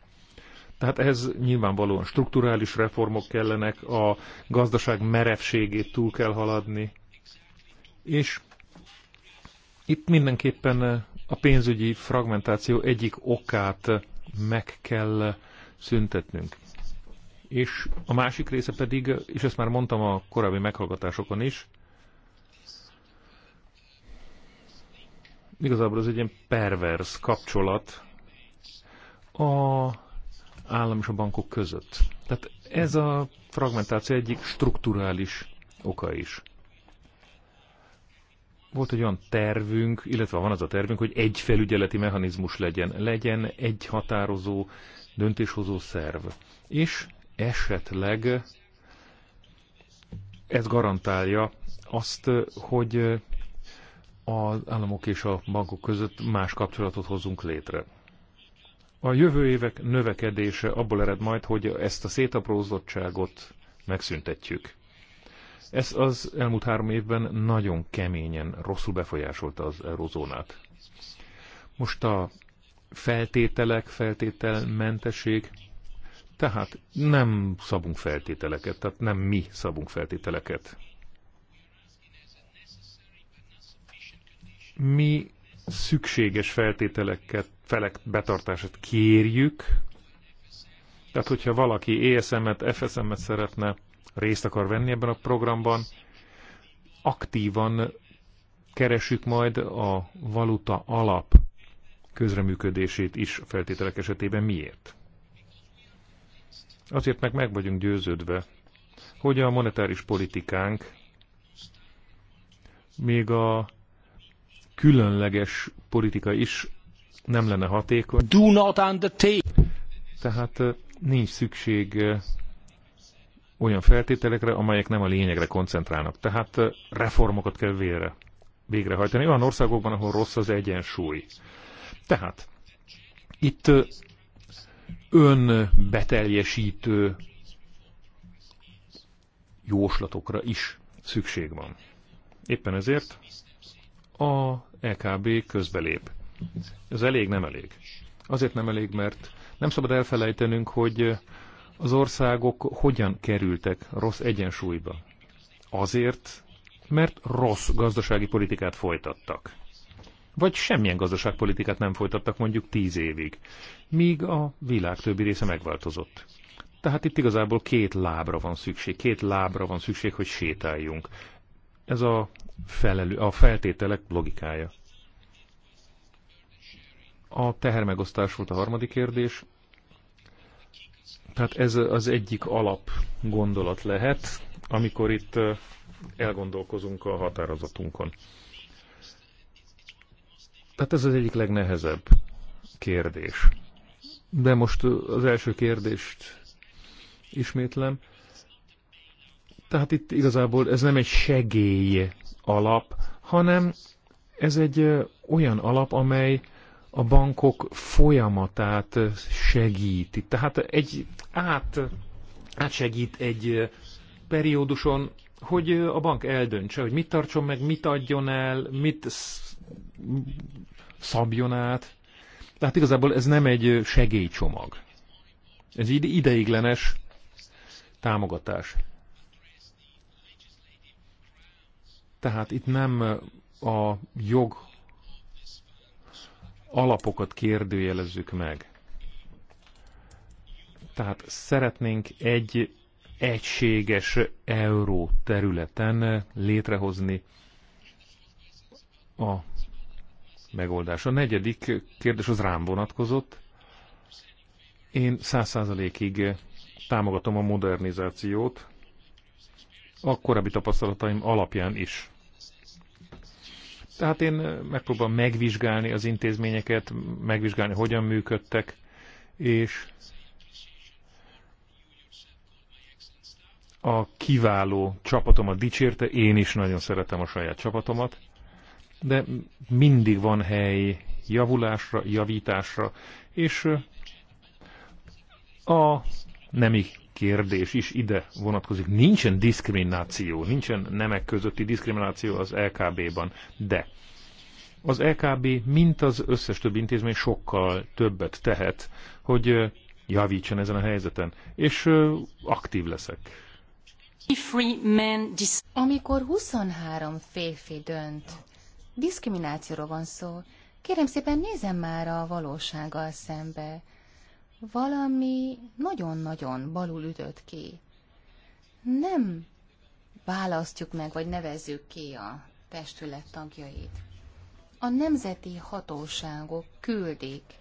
Tehát ehhez nyilvánvalóan strukturális reformok kellenek, a gazdaság merevségét túl kell haladni, és itt mindenképpen eh, a pénzügyi fragmentáció egyik okát eh, meg kell eh, szüntetnünk. És a másik része pedig, és ezt már mondtam a korábbi meghallgatásokon is, igazából ez egy ilyen pervers kapcsolat a állam és a bankok között. Tehát ez a fragmentáció egyik strukturális oka is volt egy olyan tervünk, illetve van az a tervünk, hogy egy felügyeleti mechanizmus legyen, legyen egy határozó, döntéshozó szerv. És esetleg ez garantálja azt, hogy az államok és a bankok között más kapcsolatot hozunk létre. A jövő évek növekedése abból ered majd, hogy ezt a szétaprózottságot megszüntetjük. Ez az elmúlt három évben nagyon keményen rosszul befolyásolta az eurozónát. Most a feltételek, feltételmentesség, tehát nem szabunk feltételeket, tehát nem mi szabunk feltételeket. Mi szükséges feltételeket, felek betartását kérjük, tehát hogyha valaki ESM-et, FSM-et szeretne, részt akar venni ebben a programban. Aktívan keresük majd a valuta alap közreműködését is a feltételek esetében. Miért? Azért meg meg vagyunk győződve, hogy a monetáris politikánk még a különleges politika is nem lenne hatékony. Do not undertake. Tehát nincs szükség olyan feltételekre, amelyek nem a lényegre koncentrálnak. Tehát reformokat kell vére, végrehajtani olyan országokban, ahol rossz az egyensúly. Tehát itt önbeteljesítő jóslatokra is szükség van. Éppen ezért a EKB közbelép. Ez elég, nem elég. Azért nem elég, mert nem szabad elfelejtenünk, hogy az országok hogyan kerültek rossz egyensúlyba? Azért, mert rossz gazdasági politikát folytattak. Vagy semmilyen gazdaságpolitikát nem folytattak mondjuk tíz évig, míg a világ többi része megváltozott. Tehát itt igazából két lábra van szükség, két lábra van szükség, hogy sétáljunk. Ez a, felelő, a feltételek logikája. A tehermegosztás volt a harmadik kérdés. Tehát ez az egyik alap gondolat lehet, amikor itt elgondolkozunk a határozatunkon. Tehát ez az egyik legnehezebb kérdés. De most az első kérdést ismétlem. Tehát itt igazából ez nem egy segély alap, hanem ez egy olyan alap, amely a bankok folyamatát segíti. Tehát egy át, átsegít egy perióduson, hogy a bank eldöntse, hogy mit tartson meg, mit adjon el, mit szabjon át. Tehát igazából ez nem egy segélycsomag. Ez ideiglenes támogatás. Tehát itt nem a jog alapokat kérdőjelezzük meg. Tehát szeretnénk egy egységes euró területen létrehozni a megoldás. A negyedik kérdés az rám vonatkozott. Én száz százalékig támogatom a modernizációt, a korábbi tapasztalataim alapján is. Tehát én megpróbálom megvizsgálni az intézményeket, megvizsgálni, hogyan működtek, és a kiváló csapatomat dicsérte, én is nagyon szeretem a saját csapatomat, de mindig van hely javulásra, javításra, és a nemi kérdés is ide vonatkozik. Nincsen diszkrimináció, nincsen nemek közötti diszkrimináció az LKB-ban, de az LKB, mint az összes több intézmény sokkal többet tehet, hogy javítson ezen a helyzeten, és aktív leszek. Amikor 23 férfi dönt, diszkriminációról van szó, kérem szépen nézem már a valósággal szembe valami nagyon-nagyon balul ütött ki. Nem választjuk meg, vagy nevezzük ki a testület tagjait. A nemzeti hatóságok küldik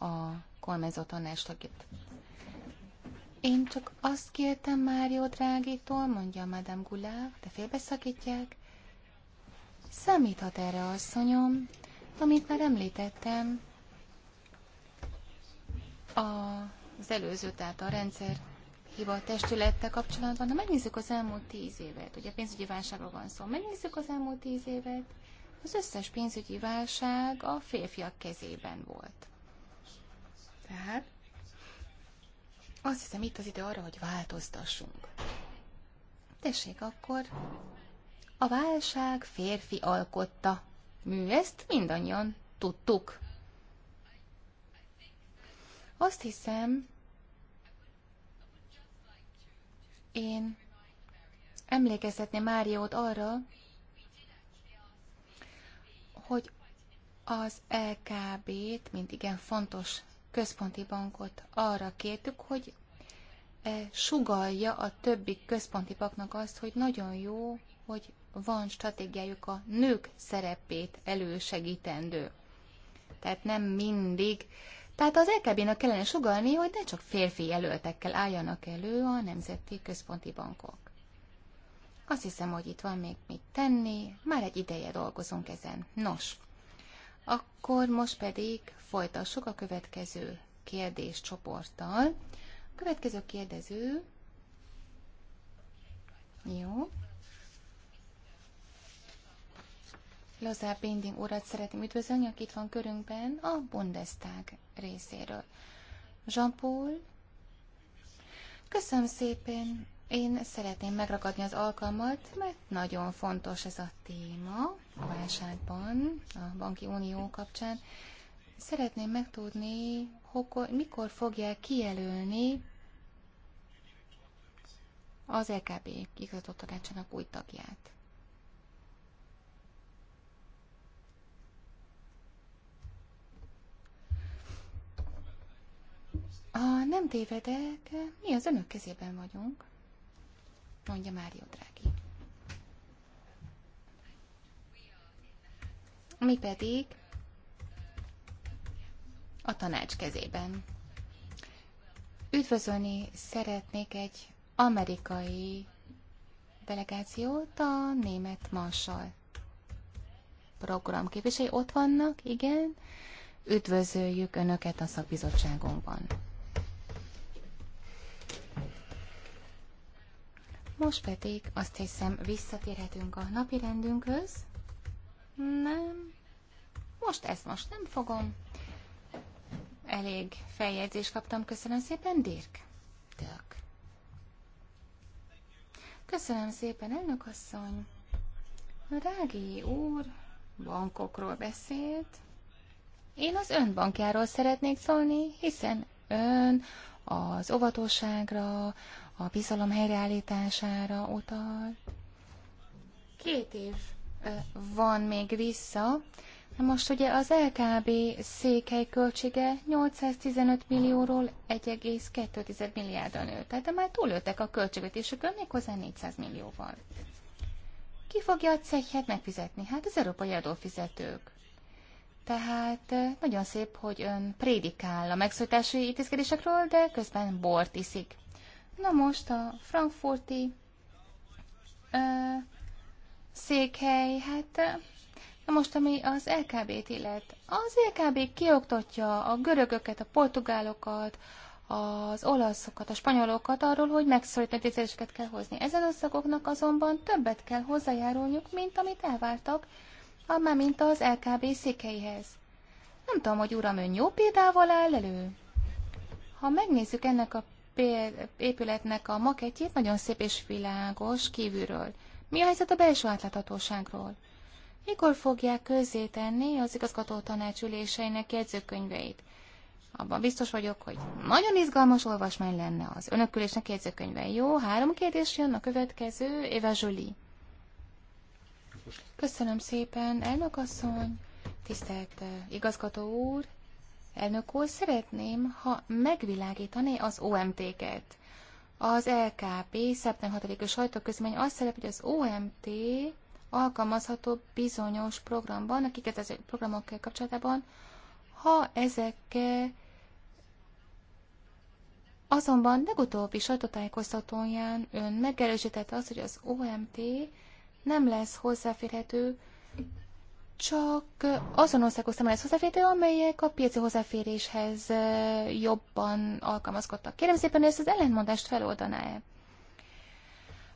a kormányzó tanástagit. Én csak azt kértem Mário Drágitól, mondja Madame Goulard, de félbeszakítják. Számíthat erre, asszonyom, amit már említettem, az előző, tehát a rendszer hiba testülettel kapcsolatban, de megnézzük az elmúlt tíz évet, ugye pénzügyi válságról van szó, megnézzük az elmúlt tíz évet, az összes pénzügyi válság a férfiak kezében volt. Tehát azt hiszem itt az idő arra, hogy változtassunk. Tessék akkor, a válság férfi alkotta. Mű ezt mindannyian tudtuk. Azt hiszem, én emlékeztetni Máriót arra, hogy az LKB-t, mint igen fontos központi bankot arra kértük, hogy e, sugalja a többi központi banknak azt, hogy nagyon jó, hogy van stratégiájuk a nők szerepét elősegítendő. Tehát nem mindig tehát az LKB-nak e kellene sugalni, hogy ne csak férfi jelöltekkel álljanak elő a nemzeti központi bankok. Azt hiszem, hogy itt van még mit tenni, már egy ideje dolgozunk ezen. Nos, akkor most pedig folytassuk a következő kérdéscsoporttal. A következő kérdező... Jó, Lazár Binding urat szeretném üdvözölni, akit itt van körünkben a Bundestag részéről. Jean-Paul, köszönöm szépen, én szeretném megragadni az alkalmat, mert nagyon fontos ez a téma a válságban, a banki unió kapcsán. Szeretném megtudni, hokor, mikor fogják kijelölni az LKB e igazgató tanácsának új tagját. Ha nem tévedek, mi az önök kezében vagyunk, mondja Mária Drági. Mi pedig a tanács kezében. Üdvözölni szeretnék egy amerikai delegációt, a német marsal program képviselői ott vannak, igen. Üdvözöljük Önöket a szakbizottságunkban. Most pedig azt hiszem visszatérhetünk a napi rendünkhöz. Nem. Most ezt most nem fogom. Elég feljegyzést kaptam, köszönöm szépen, Dirk. Tök. Köszönöm szépen, elnök asszony. Rági úr bankokról beszélt. Én az ön bankjáról szeretnék szólni, hiszen ön az óvatosságra, a bizalom helyreállítására utal. Két év van még vissza. Most ugye az LKB székely költsége 815 millióról 1,2 milliárdra nőtt. Tehát de már túlöltek a költségvetésükön méghozzá 400 millióval. Ki fogja a cehet megfizetni? Hát az európai adófizetők. Tehát nagyon szép, hogy ön prédikál a megszólítási intézkedésekről, de közben bort iszik. Na most a frankfurti ö, székhely, hát na most ami az LKB-t illet. Az LKB kioktatja a görögöket, a portugálokat, az olaszokat, a spanyolokat arról, hogy megszorítani tételéseket kell hozni. Ezen országoknak azonban többet kell hozzájárulniuk, mint amit elvártak, már mint az LKB székeihez. Nem tudom, hogy uram, ön jó példával áll elő? Ha megnézzük ennek a épületnek a maketjét, nagyon szép és világos kívülről. Mi a helyzet a belső átláthatóságról? Mikor fogják közzétenni az igazgató tanácsüléseinek jegyzőkönyveit? Abban biztos vagyok, hogy nagyon izgalmas olvasmány lenne az önök jegyzőkönyve. Jó, három kérdés jön a következő, Éva Zsuli. Köszönöm szépen, elnök asszony, tisztelt eh, igazgató úr, Elnök úr, szeretném, ha megvilágítané az OMT-ket. Az LKP szeptember 6-a sajtóközmény azt szerep, hogy az OMT alkalmazható bizonyos programban, a kiketező programok kapcsolatában, ha ezek Azonban legutóbbi sajtótájékoztatóján ön megerősítette azt, hogy az OMT nem lesz hozzáférhető csak azon országok számára ez hozzáférhető, amelyek a piaci hozzáféréshez jobban alkalmazkodtak. Kérem szépen, ezt az ellentmondást feloldaná-e?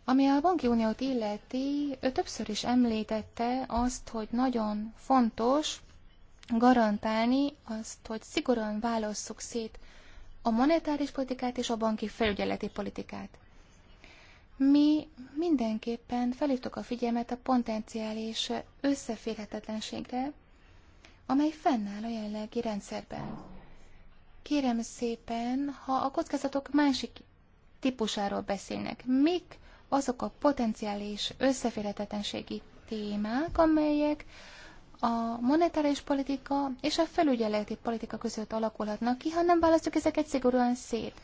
Ami a banki uniót illeti, ő többször is említette azt, hogy nagyon fontos garantálni azt, hogy szigorúan válasszuk szét a monetáris politikát és a banki felügyeleti politikát. Mi mindenképpen felhívtuk a figyelmet a potenciális összeférhetetlenségre, amely fennáll a jelenlegi rendszerben. Kérem szépen, ha a kockázatok másik típusáról beszélnek, mik azok a potenciális összeférhetetlenségi témák, amelyek a monetáris politika és a felügyeleti politika között alakulhatnak ki, ha nem választjuk ezeket szigorúan szét.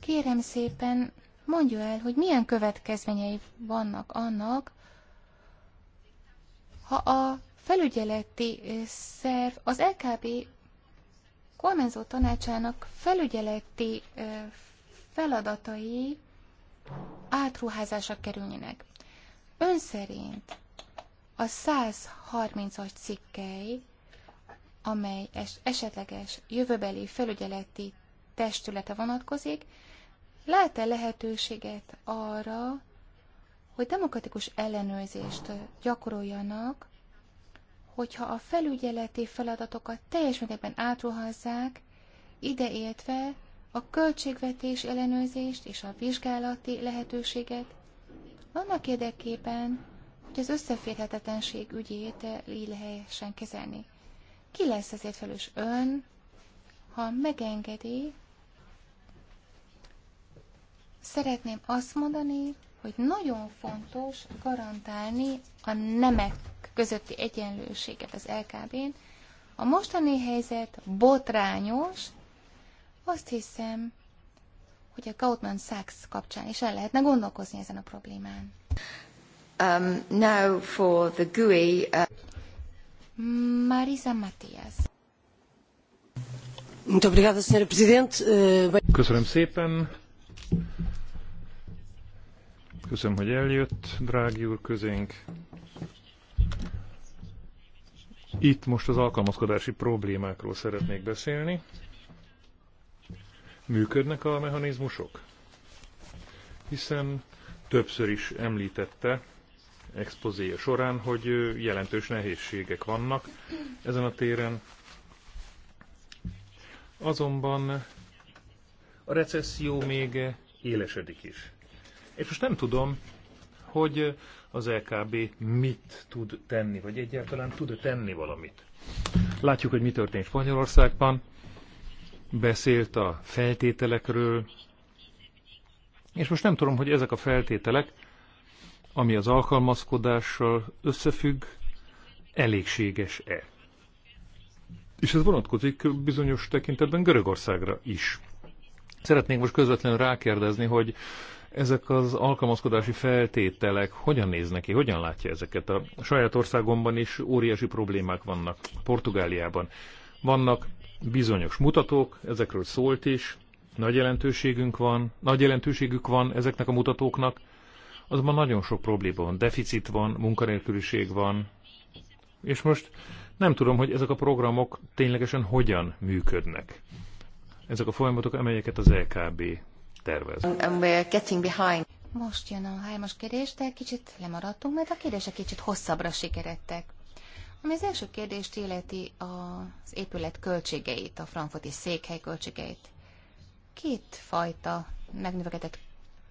Kérem szépen, mondja el, hogy milyen következményei vannak annak, ha a felügyeleti eh, szerv az LKB kormányzó tanácsának felügyeleti eh, feladatai átruházásra kerüljenek. Ön szerint a 130-as cikkely, amely esetleges jövőbeli felügyeleti testülete vonatkozik, lát-e lehetőséget arra, hogy demokratikus ellenőrzést gyakoroljanak, hogyha a felügyeleti feladatokat teljes mértékben átruházzák, ideértve a költségvetés ellenőrzést és a vizsgálati lehetőséget, annak érdekében, hogy az összeférhetetlenség ügyét így lehessen kezelni. Ki lesz ezért felős ön, ha megengedi, Szeretném azt mondani, hogy nagyon fontos garantálni a nemek közötti egyenlőséget az LKB-n. A mostani helyzet botrányos, azt hiszem, hogy a Goldman Sachs kapcsán is el lehetne gondolkozni ezen a problémán. Um, now for the GUI. Uh... Marisa Matias. Uh, Köszönöm szépen, Köszönöm, hogy eljött, drági úr közénk. Itt most az alkalmazkodási problémákról szeretnék beszélni. Működnek a mechanizmusok? Hiszen többször is említette expozéja során, hogy jelentős nehézségek vannak ezen a téren. Azonban a recesszió még élesedik is. És most nem tudom, hogy az LKB mit tud tenni, vagy egyáltalán tud tenni valamit. Látjuk, hogy mi történt Spanyolországban, beszélt a feltételekről, és most nem tudom, hogy ezek a feltételek, ami az alkalmazkodással összefügg, elégséges-e. És ez vonatkozik bizonyos tekintetben Görögországra is. Szeretnék most közvetlenül rákérdezni, hogy ezek az alkalmazkodási feltételek hogyan néznek ki, hogyan látja ezeket? A saját országomban is óriási problémák vannak, Portugáliában. Vannak bizonyos mutatók, ezekről szólt is, nagy jelentőségünk van, nagy jelentőségük van ezeknek a mutatóknak, azonban nagyon sok probléma van, deficit van, munkanélküliség van, és most nem tudom, hogy ezek a programok ténylegesen hogyan működnek. Ezek a folyamatok, amelyeket az LKB e tervez. Most jön a hármas kérdés, de kicsit lemaradtunk, mert a kérdések kicsit hosszabbra sikeredtek. Ami az első kérdést illeti az épület költségeit, a frankfurti székhely költségeit. Két fajta megnövekedett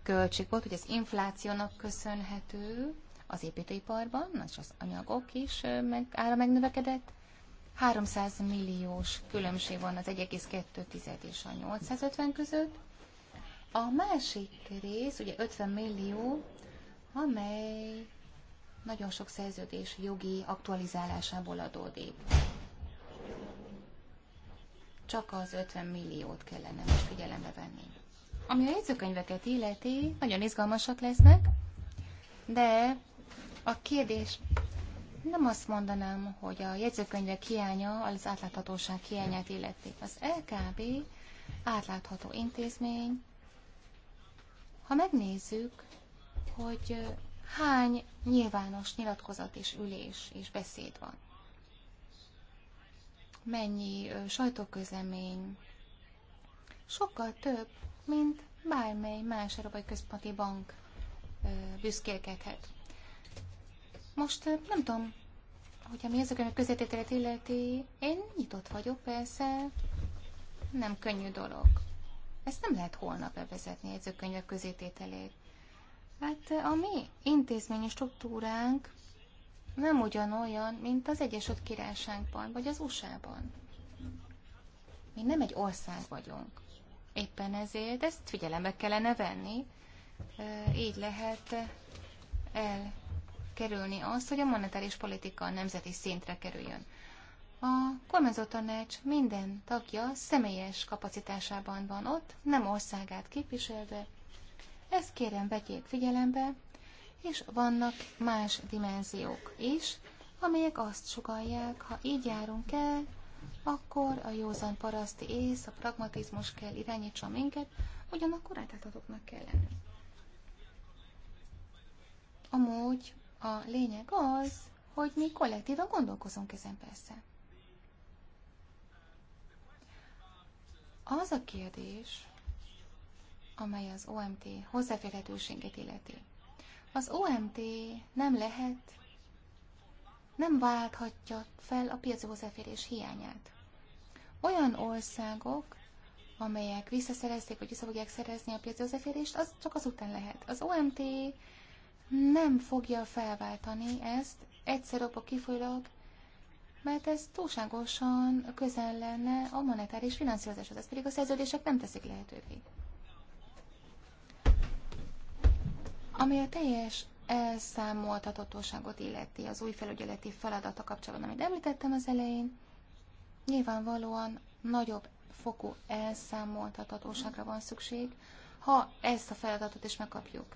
költség volt, hogy az inflációnak köszönhető az építőiparban, és az anyagok is meg, ára megnövekedett. 300 milliós különbség van az 1,2 és a 850 között. A másik rész, ugye 50 millió, amely nagyon sok szerződés jogi aktualizálásából adódik. Csak az 50 milliót kellene most figyelembe venni. Ami a jegyzőkönyveket illeti, nagyon izgalmasak lesznek, de a kérdés nem azt mondanám, hogy a jegyzőkönyvek hiánya az átláthatóság hiányát illeti. Az LKB átlátható intézmény, ha megnézzük, hogy hány nyilvános nyilatkozat és ülés és beszéd van, mennyi sajtóközlemény, sokkal több, mint bármely más Európai Központi Bank büszkélkedhet. Most nem tudom, hogy mi ezeken a közvetételet illeti, én nyitott vagyok, persze nem könnyű dolog. Ezt nem lehet holnap bevezetni jegyzőkönyvek közétételét. Hát a mi intézményi struktúránk nem ugyanolyan, mint az Egyesült Királyságban, vagy az USA-ban. Mi nem egy ország vagyunk. Éppen ezért ezt figyelembe kellene venni. Így lehet elkerülni azt, hogy a monetáris politika a nemzeti szintre kerüljön. A kormányzó tanács minden tagja személyes kapacitásában van ott, nem országát képviselve. Ezt kérem vegyék figyelembe, és vannak más dimenziók is, amelyek azt sugalják, ha így járunk el, akkor a józan paraszti ész, a pragmatizmus kell irányítsa minket, ugyanakkor átláthatóknak kell lenni. Amúgy a lényeg az, hogy mi kollektívan gondolkozunk ezen persze. Az a kérdés, amely az OMT hozzáférhetőséget illeti. Az OMT nem lehet, nem válthatja fel a piaci hozzáférés hiányát. Olyan országok, amelyek visszaszerezték, vagy vissza fogják szerezni a piaci hozzáférést, az csak azután lehet. Az OMT nem fogja felváltani ezt, egyszer abba kifolyólag mert ez túlságosan közel lenne a monetáris finanszírozáshoz, ezt pedig a szerződések nem teszik lehetővé. Ami a teljes elszámoltatottóságot illeti az új felügyeleti feladata kapcsolatban, amit említettem az elején, nyilvánvalóan nagyobb fokú elszámoltatatóságra van szükség, ha ezt a feladatot is megkapjuk.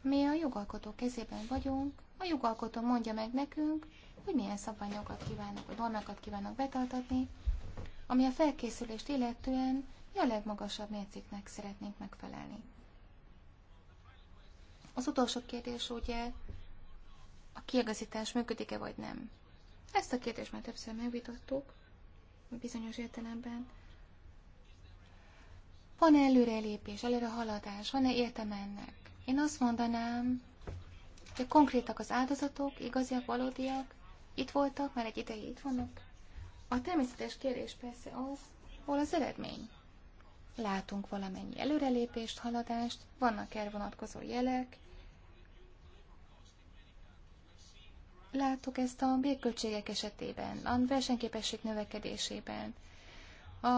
Mi a jogalkotó kezében vagyunk, a jogalkotó mondja meg nekünk, hogy milyen szabványokat kívánok, vagy normákat kívánok betartatni, ami a felkészülést illetően mi a legmagasabb mértéknek szeretnénk megfelelni. Az utolsó kérdés ugye, a kiegazítás működik-e vagy nem. Ezt a kérdést már többször megvitattuk, bizonyos értelemben. Van-e előrelépés, előrehaladás, van-e értelme ennek? Én azt mondanám, hogy konkrétak az áldozatok, igaziak, valódiak, itt voltak, már egy ideje itt vannak. A természetes kérdés persze az, hol az eredmény. Látunk valamennyi előrelépést, haladást, vannak erre vonatkozó jelek. Láttuk ezt a bérköltségek esetében, a versenyképesség növekedésében, a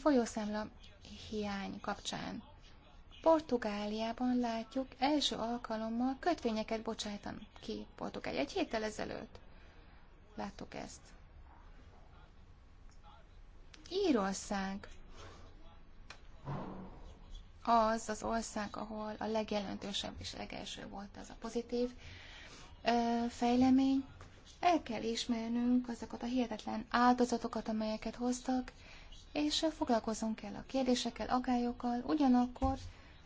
folyószámla hiány kapcsán. Portugáliában látjuk első alkalommal kötvényeket bocsájtan ki Portugália. Egy héttel ezelőtt láttuk ezt. Írország az az ország, ahol a legjelentősebb és legelső volt az a pozitív ö, fejlemény. El kell ismernünk azokat a hihetetlen áldozatokat, amelyeket hoztak, és foglalkozunk kell a kérdésekkel, agályokkal, ugyanakkor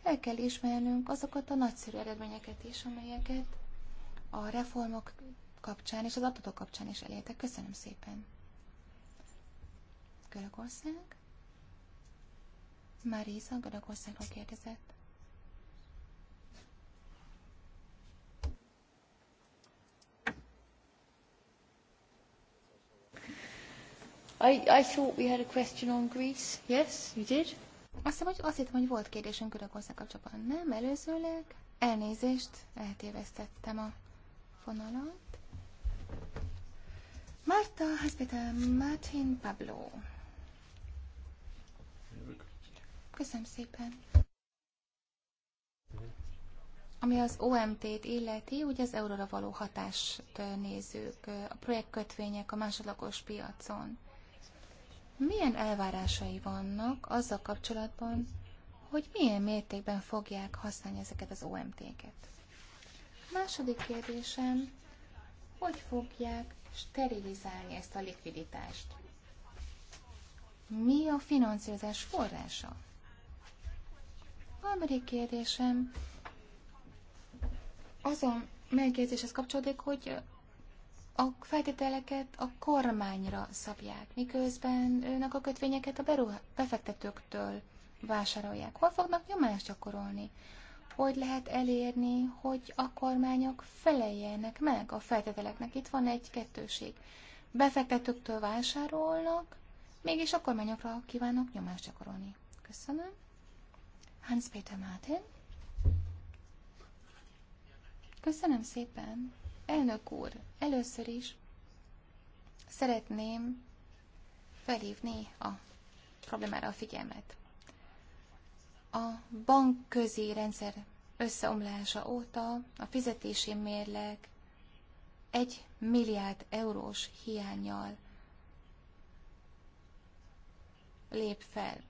el kell ismernünk azokat a nagyszerű eredményeket is, amelyeket a reformok kapcsán és az adatok kapcsán is elértek. Köszönöm szépen! Görögország? Marisa Görögországról kérdezett. I, I thought we had a question on Greece. Yes, you did. Azt hiszem, hogy azt hittem, hogy volt kérdésünk Görögország kapcsolatban. Nem, előzőleg elnézést, eltévesztettem a fonalat. Marta, Hospital, Martin Pablo. Köszönöm szépen. Ami az OMT-t illeti, ugye az euróra való hatást nézzük, a projektkötvények a másodlagos piacon milyen elvárásai vannak azzal kapcsolatban, hogy milyen mértékben fogják használni ezeket az OMT-ket. Második kérdésem, hogy fogják sterilizálni ezt a likviditást? Mi a finanszírozás forrása? Harmadik kérdésem, azon megjegyzéshez kapcsolódik, hogy a feltételeket a kormányra szabják, miközben őnek a kötvényeket a beruha- befektetőktől vásárolják. Hol fognak nyomást gyakorolni? Hogy lehet elérni, hogy a kormányok feleljenek meg a feltételeknek? Itt van egy kettőség. Befektetőktől vásárolnak, mégis a kormányokra kívánok nyomást gyakorolni. Köszönöm. Hans Peter Martin. Köszönöm szépen. Elnök úr, először is szeretném felhívni a problémára a figyelmet. A bankközi rendszer összeomlása óta a fizetési mérleg egy milliárd eurós hiányjal lép fel.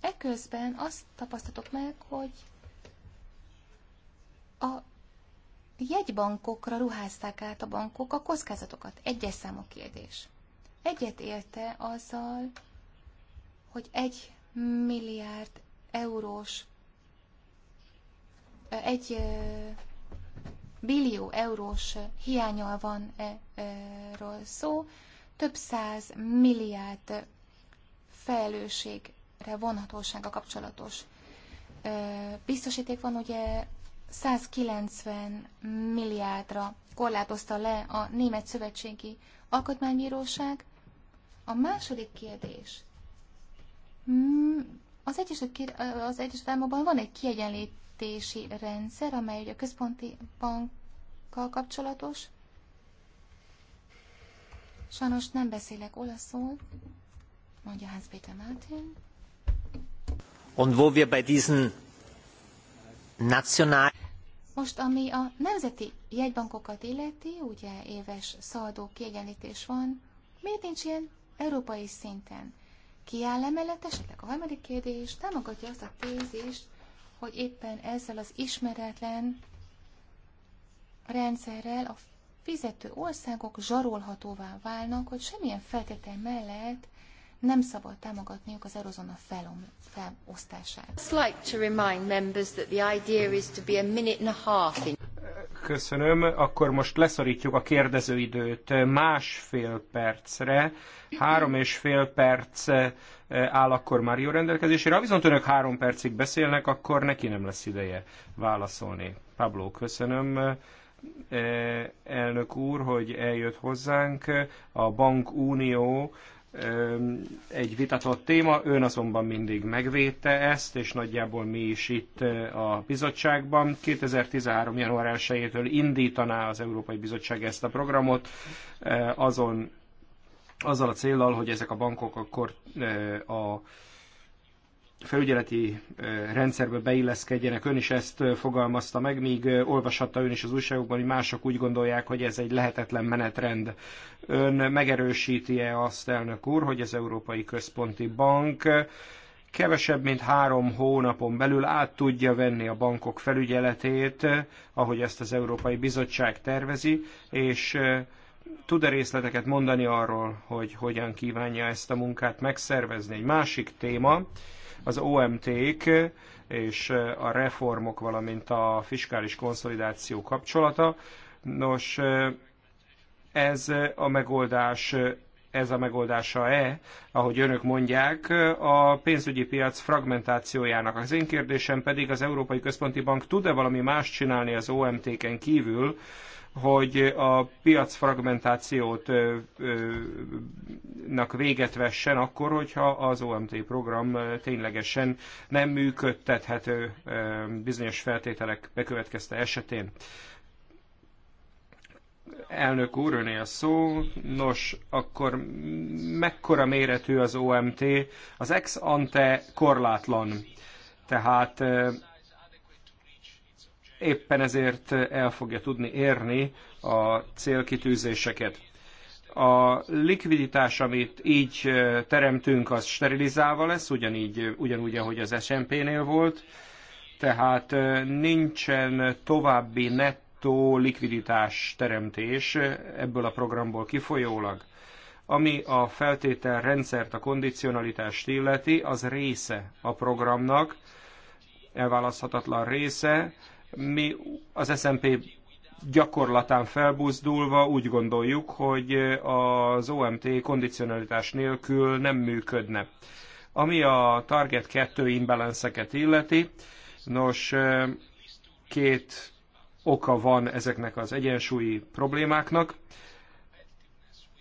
Eközben azt tapasztatok meg, hogy a jegybankokra ruházták át a bankok a kockázatokat. Egyes számú kérdés. Egyet érte azzal, hogy egy milliárd eurós, egy billió eurós hiányal van erről e, szó, több száz milliárd felelősségre vonhatósága kapcsolatos biztosíték van ugye 190 milliárdra korlátozta le a Német Szövetségi Alkotmánybíróság. A második kérdés. Hmm, az Egyesült, az Egyesült Államokban van egy kiegyenlítési rendszer, amely ugye a központi bankkal kapcsolatos. Sajnos nem beszélek olaszul, mondja hans Péter Martin. Und wo wir bei diesen most, ami a nemzeti jegybankokat illeti, ugye éves szaldó kiegyenlítés van, miért nincs ilyen európai szinten? Ki áll emellett esetleg? A harmadik kérdés támogatja azt a tézist, hogy éppen ezzel az ismeretlen rendszerrel a fizető országok zsarolhatóvá válnak, hogy semmilyen feltétel mellett nem szabad támogatniuk az erozona felom, felosztását. Köszönöm. Akkor most leszorítjuk a kérdezőidőt másfél percre. Három és fél perc eh, áll akkor Mário rendelkezésére. Ha viszont önök három percig beszélnek, akkor neki nem lesz ideje válaszolni. Pablo, köszönöm eh, elnök úr, hogy eljött hozzánk. A Bank Unió egy vitatott téma, ön azonban mindig megvédte ezt, és nagyjából mi is itt a bizottságban. 2013. január 1-től indítaná az Európai Bizottság ezt a programot, azon, azzal a célral, hogy ezek a bankok akkor a felügyeleti rendszerbe beilleszkedjenek. Ön is ezt fogalmazta meg, míg olvashatta ön is az újságokban, hogy mások úgy gondolják, hogy ez egy lehetetlen menetrend. Ön megerősíti-e azt, elnök úr, hogy az Európai Központi Bank kevesebb, mint három hónapon belül át tudja venni a bankok felügyeletét, ahogy ezt az Európai Bizottság tervezi, és tud-e részleteket mondani arról, hogy hogyan kívánja ezt a munkát megszervezni? Egy másik téma, az OMT-k és a reformok, valamint a fiskális konszolidáció kapcsolata. Nos, ez a megoldás ez a megoldása-e, ahogy önök mondják, a pénzügyi piac fragmentációjának. Az én kérdésem pedig az Európai Központi Bank tud-e valami más csinálni az OMT-ken kívül, hogy a piac nak véget vessen akkor, hogyha az OMT program ténylegesen nem működtethető bizonyos feltételek bekövetkezte esetén. Elnök úr, öné a szó. Nos, akkor mekkora méretű az OMT? Az ex ante korlátlan. Tehát éppen ezért el fogja tudni érni a célkitűzéseket. A likviditás, amit így teremtünk, az sterilizálva lesz, ugyanígy, ugyanúgy, ahogy az SMP-nél volt, tehát nincsen további nettó likviditás teremtés ebből a programból kifolyólag. Ami a feltétel rendszert, a kondicionalitást illeti, az része a programnak, elválaszthatatlan része, mi az SMP gyakorlatán felbuzdulva úgy gondoljuk, hogy az OMT kondicionalitás nélkül nem működne. Ami a Target 2 imbalanceket illeti, nos, két oka van ezeknek az egyensúlyi problémáknak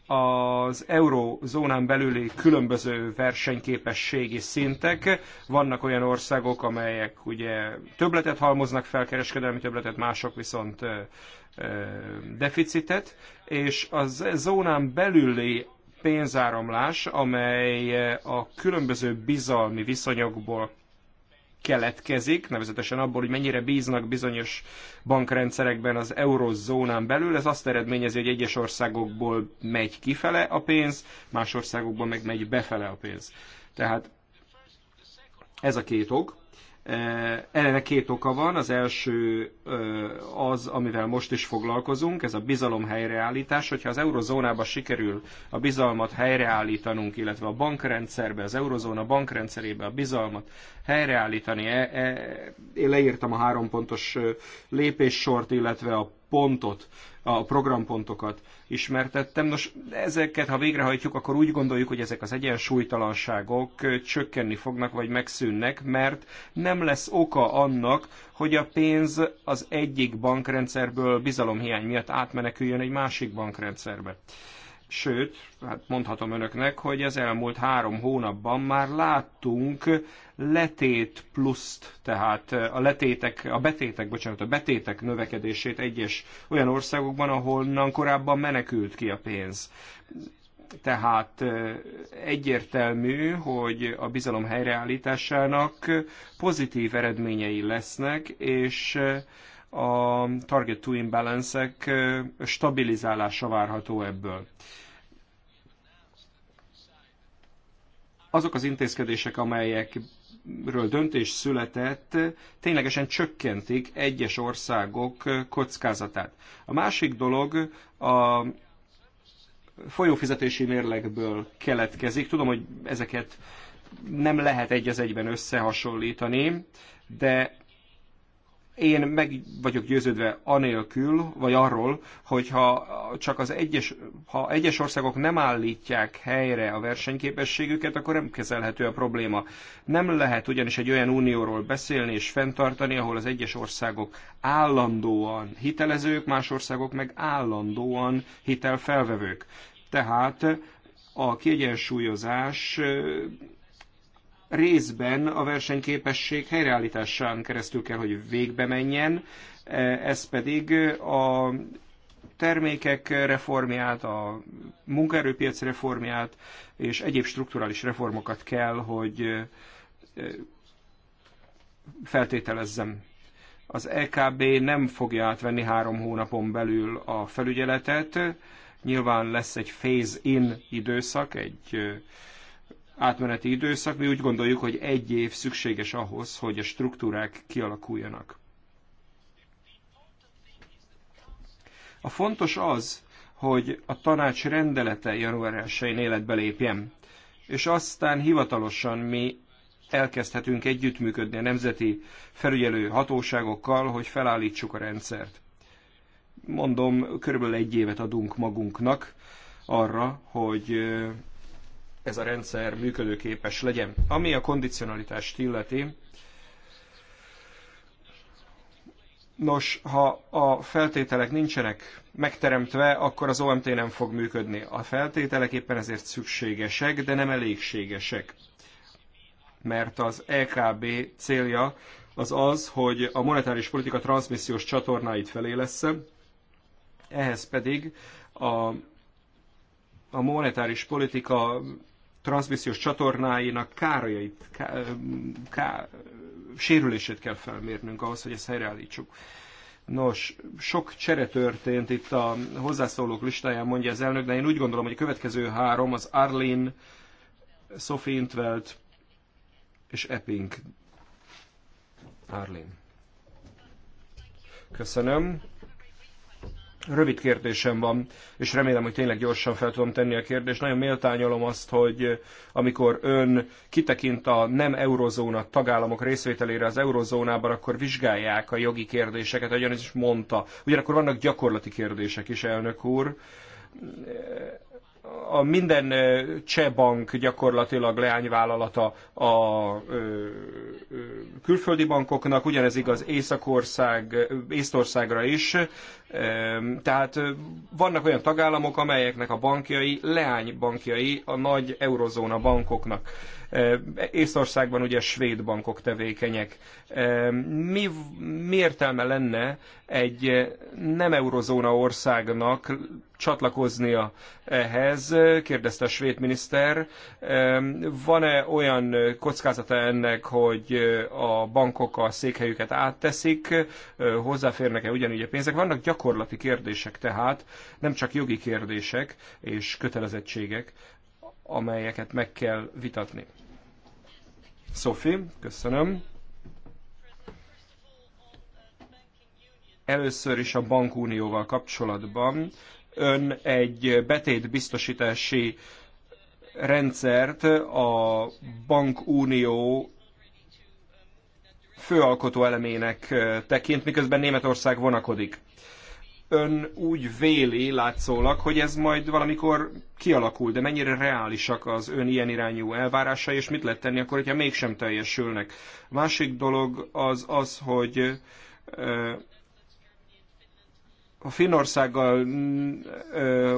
az eurózónán belüli különböző versenyképességi szintek. Vannak olyan országok, amelyek ugye többletet halmoznak fel, kereskedelmi többletet, mások viszont deficitet, és az zónán belüli pénzáramlás, amely a különböző bizalmi viszonyokból keletkezik, nevezetesen abból, hogy mennyire bíznak bizonyos bankrendszerekben az eurozónán belül. Ez azt eredményezi, hogy egyes országokból megy kifele a pénz, más országokból meg megy befele a pénz. Tehát ez a két ok. Erre eh, két oka van. Az első eh, az, amivel most is foglalkozunk, ez a bizalom helyreállítás. Hogyha az eurozónába sikerül a bizalmat helyreállítanunk, illetve a bankrendszerbe, az eurozóna bankrendszerébe a bizalmat helyreállítani, e, e, én leírtam a három pontos eh, lépéssort, illetve a pontot, a programpontokat ismertettem. Nos, ezeket, ha végrehajtjuk, akkor úgy gondoljuk, hogy ezek az egyensúlytalanságok csökkenni fognak, vagy megszűnnek, mert nem lesz oka annak, hogy a pénz az egyik bankrendszerből bizalomhiány miatt átmeneküljön egy másik bankrendszerbe. Sőt, hát mondhatom önöknek, hogy az elmúlt három hónapban már láttunk letét pluszt, tehát a letétek, a betétek, bocsánat, a betétek növekedését egyes olyan országokban, ahonnan korábban menekült ki a pénz. Tehát egyértelmű, hogy a bizalom helyreállításának pozitív eredményei lesznek, és a target to imbalance-ek stabilizálása várható ebből. azok az intézkedések, amelyekről döntés született, ténylegesen csökkentik egyes országok kockázatát. A másik dolog a folyófizetési mérlegből keletkezik. Tudom, hogy ezeket nem lehet egy az egyben összehasonlítani, de én meg vagyok győződve anélkül, vagy arról, hogyha csak az egyes, ha egyes országok nem állítják helyre a versenyképességüket, akkor nem kezelhető a probléma. Nem lehet ugyanis egy olyan unióról beszélni és fenntartani, ahol az egyes országok állandóan hitelezők, más országok meg állandóan hitelfelvevők. Tehát a kiegyensúlyozás részben a versenyképesség helyreállításán keresztül kell, hogy végbe menjen, ez pedig a termékek reformját, a munkaerőpiac reformját és egyéb strukturális reformokat kell, hogy feltételezzem. Az EKB nem fogja átvenni három hónapon belül a felügyeletet, nyilván lesz egy phase-in időszak, egy átmeneti időszak. Mi úgy gondoljuk, hogy egy év szükséges ahhoz, hogy a struktúrák kialakuljanak. A fontos az, hogy a tanács rendelete január 1-én életbe lépjen, és aztán hivatalosan mi elkezdhetünk együttműködni a nemzeti felügyelő hatóságokkal, hogy felállítsuk a rendszert. Mondom, körülbelül egy évet adunk magunknak arra, hogy ez a rendszer működőképes legyen. Ami a kondicionalitást illeti, Nos, ha a feltételek nincsenek megteremtve, akkor az OMT nem fog működni. A feltételek éppen ezért szükségesek, de nem elégségesek. Mert az EKB célja az az, hogy a monetáris politika transmissziós csatornáit felé lesz, ehhez pedig a, a monetáris politika transzmissziós csatornáinak károjait, ká, ká, sérülését kell felmérnünk ahhoz, hogy ezt helyreállítsuk. Nos, sok csere történt itt a hozzászólók listáján, mondja az elnök, de én úgy gondolom, hogy a következő három az Arlin, Sophie Intveld és Epping. Arlin. Köszönöm. Rövid kérdésem van, és remélem, hogy tényleg gyorsan fel tudom tenni a kérdést. Nagyon méltányolom azt, hogy eh, amikor ön kitekint a nem eurozóna tagállamok részvételére az eurozónában, akkor vizsgálják a jogi kérdéseket, ahogyan is mondta. Ugyanakkor vannak gyakorlati kérdések is, elnök úr a minden eh, cseh bank gyakorlatilag leányvállalata a eh, külföldi bankoknak, ugyanez igaz Északország, Észtországra is. Tehát vannak olyan tagállamok, amelyeknek a bankjai, leánybankjai a nagy eurozóna bankoknak. Észországban ugye svéd bankok tevékenyek. Mi, mi értelme lenne egy nem eurozóna országnak csatlakoznia ehhez, kérdezte a svéd miniszter. Van-e olyan kockázata ennek, hogy a bankok a székhelyüket átteszik, hozzáférnek-e ugyanúgy a pénzek? Vannak gyakorlatilag gyakorlati kérdések tehát, nem csak jogi kérdések és kötelezettségek, amelyeket meg kell vitatni. Sophie, köszönöm. Először is a bankunióval kapcsolatban ön egy betétbiztosítási rendszert a bankunió főalkotó elemének tekint, miközben Németország vonakodik ön úgy véli látszólag, hogy ez majd valamikor kialakul, de mennyire reálisak az ön ilyen irányú elvárásai, és mit lehet tenni akkor, hogyha mégsem teljesülnek. Másik dolog az az, hogy a Finnországgal,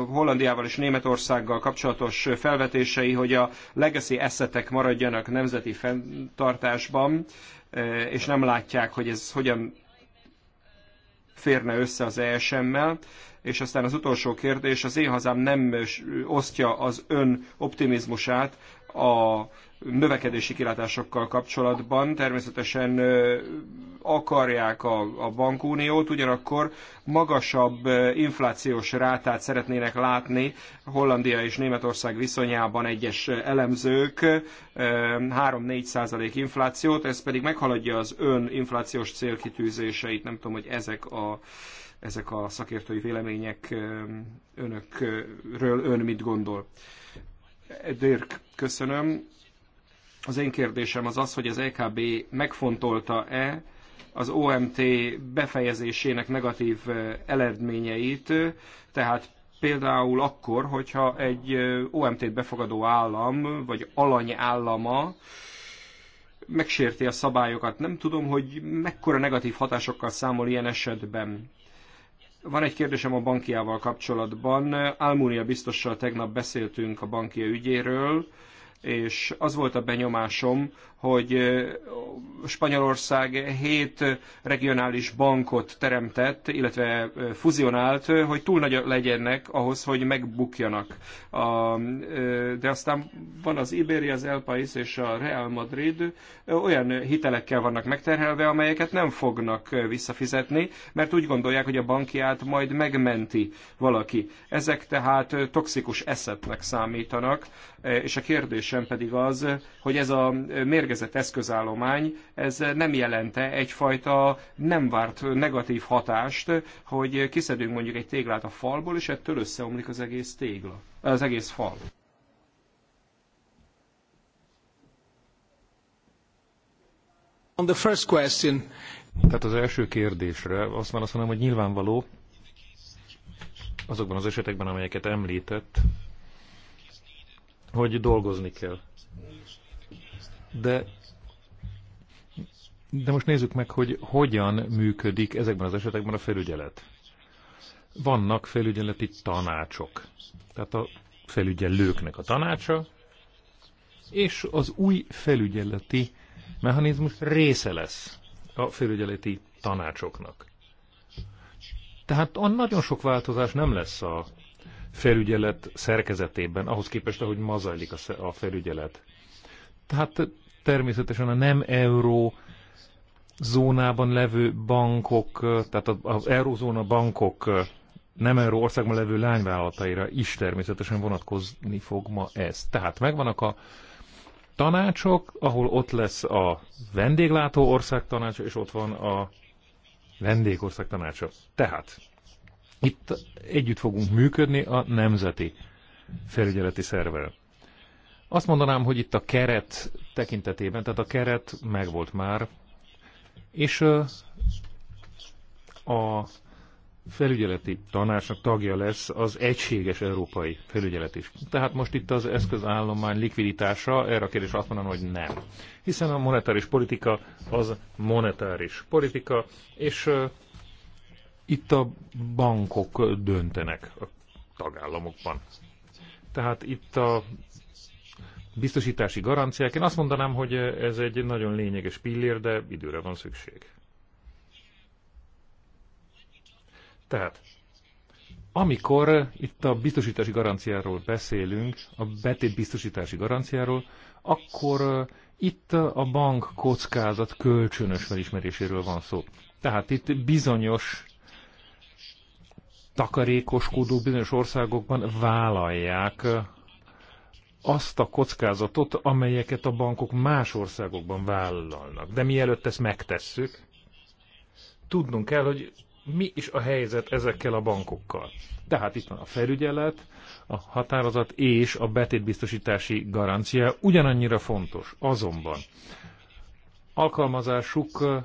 Hollandiával és Németországgal kapcsolatos felvetései, hogy a legacy eszetek maradjanak nemzeti fenntartásban, és nem látják, hogy ez hogyan férne össze az ESM-mel. És aztán az utolsó kérdés, az én hazám nem osztja az ön optimizmusát a növekedési kilátásokkal kapcsolatban. Természetesen akarják a, a bankuniót, ugyanakkor magasabb inflációs rátát szeretnének látni Hollandia és Németország viszonyában egyes elemzők 3-4 százalék inflációt, ez pedig meghaladja az ön inflációs célkitűzéseit. Nem tudom, hogy ezek a ezek a szakértői vélemények önökről ön mit gondol. Dirk, köszönöm. Az én kérdésem az az, hogy az EKB megfontolta-e az OMT befejezésének negatív eredményeit, tehát például akkor, hogyha egy OMT-t befogadó állam, vagy alany állama megsérti a szabályokat. Nem tudom, hogy mekkora negatív hatásokkal számol ilyen esetben. Van egy kérdésem a bankiával kapcsolatban. Almunia biztossal tegnap beszéltünk a bankia ügyéről és az volt a benyomásom, hogy Spanyolország hét regionális bankot teremtett, illetve fuzionált, hogy túl nagy legyenek ahhoz, hogy megbukjanak. De aztán van az Iberia, az El País és a Real Madrid, olyan hitelekkel vannak megterhelve, amelyeket nem fognak visszafizetni, mert úgy gondolják, hogy a bankiát majd megmenti valaki. Ezek tehát toxikus eszetnek számítanak, és a kérdésem pedig az, hogy ez a mérgezett eszközállomány, ez nem jelente egyfajta nem várt negatív hatást, hogy kiszedünk mondjuk egy téglát a falból, és ettől összeomlik az egész tégla, az egész fal. On the first question. Tehát az első kérdésre azt válaszolom, hogy nyilvánvaló azokban az esetekben, amelyeket említett, hogy dolgozni kell. De, de most nézzük meg, hogy hogyan működik ezekben az esetekben a felügyelet. Vannak felügyeleti tanácsok. Tehát a felügyelőknek a tanácsa, és az új felügyeleti mechanizmus része lesz a felügyeleti tanácsoknak. Tehát a nagyon sok változás nem lesz a felügyelet szerkezetében, ahhoz képest, ahogy ma zajlik a felügyelet. Tehát természetesen a nem euró zónában levő bankok, tehát az eurózóna bankok nem euró országban levő lányvállalataira is természetesen vonatkozni fog ma ez. Tehát megvannak a tanácsok, ahol ott lesz a vendéglátó ország tanácsa, és ott van a vendégország tanácsa. Tehát itt együtt fogunk működni a nemzeti felügyeleti szervel. Azt mondanám, hogy itt a keret tekintetében, tehát a keret megvolt már, és a felügyeleti tanácsnak tagja lesz az egységes európai felügyelet is. Tehát most itt az eszközállomány likviditása, erre a kérdés azt mondanám, hogy nem. Hiszen a monetáris politika az monetáris politika, és itt a bankok döntenek a tagállamokban. Tehát itt a biztosítási garanciák. Én azt mondanám, hogy ez egy nagyon lényeges pillér, de időre van szükség. Tehát, amikor itt a biztosítási garanciáról beszélünk, a betét biztosítási garanciáról, akkor uh, itt a bank kockázat kölcsönös felismeréséről van szó. Tehát itt bizonyos takarékoskodó bizonyos országokban vállalják azt a kockázatot, amelyeket a bankok más országokban vállalnak. De mielőtt ezt megtesszük, tudnunk kell, hogy mi is a helyzet ezekkel a bankokkal. Tehát itt van a felügyelet, a határozat és a betétbiztosítási garancia ugyanannyira fontos. Azonban alkalmazásuk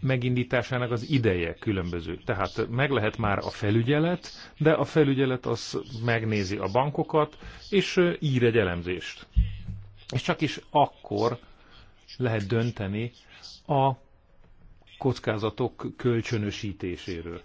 megindításának az ideje különböző. Tehát meg lehet már a felügyelet, de a felügyelet az megnézi a bankokat, és ír egy elemzést. És csak is akkor lehet dönteni a kockázatok kölcsönösítéséről.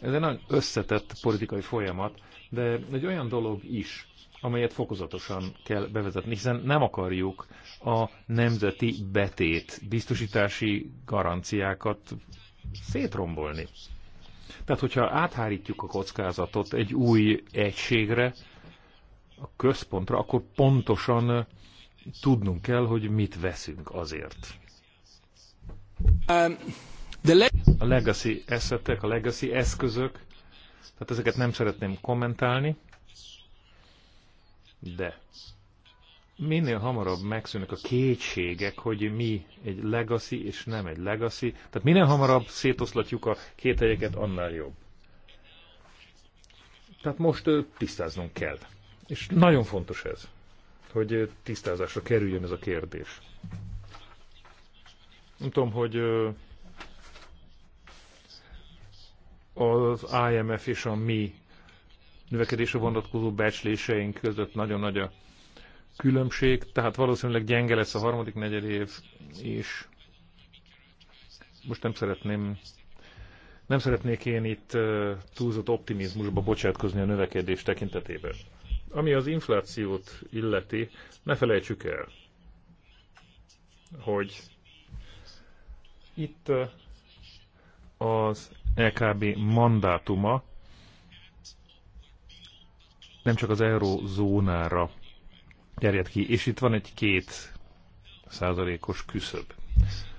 Ez egy nagyon összetett politikai folyamat, de egy olyan dolog is, amelyet fokozatosan kell bevezetni, hiszen nem akarjuk a nemzeti betét biztosítási garanciákat szétrombolni. Tehát, hogyha áthárítjuk a kockázatot egy új egységre, a központra, akkor pontosan tudnunk kell, hogy mit veszünk azért. Um, a legacy eszetek, a legacy eszközök, tehát ezeket nem szeretném kommentálni. De minél hamarabb megszűnnek a kétségek, hogy mi egy legacy és nem egy legacy. Tehát minél hamarabb szétoszlatjuk a két helyeket, annál jobb. Tehát most tisztáznunk kell. És nagyon fontos ez, hogy tisztázásra kerüljön ez a kérdés. Nem tudom, hogy az IMF és a mi növekedésre vonatkozó becsléseink között nagyon nagy a különbség, tehát valószínűleg gyenge lesz a harmadik negyed év, és most nem szeretném nem szeretnék én itt túlzott optimizmusba bocsátkozni a növekedés tekintetében. Ami az inflációt illeti, ne felejtsük el, hogy itt az LKB e mandátuma nem csak az eurozónára terjed ki, és itt van egy két százalékos küszöb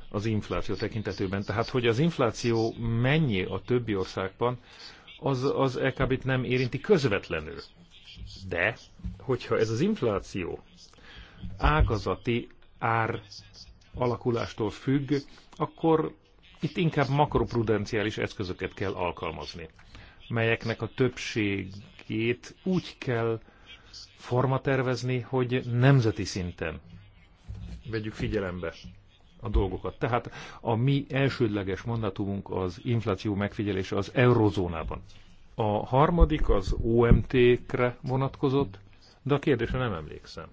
az infláció tekintetőben. Tehát, hogy az infláció mennyi a többi országban, az, az LKB-t nem érinti közvetlenül. De, hogyha ez az infláció ágazati ár alakulástól függ, akkor itt inkább makroprudenciális eszközöket kell alkalmazni, melyeknek a többség dossziét úgy kell formatervezni, hogy nemzeti szinten vegyük figyelembe a dolgokat. Tehát a mi elsődleges mandatumunk az infláció megfigyelése az eurozónában. A harmadik az OMT-kre vonatkozott, de a kérdésre nem emlékszem.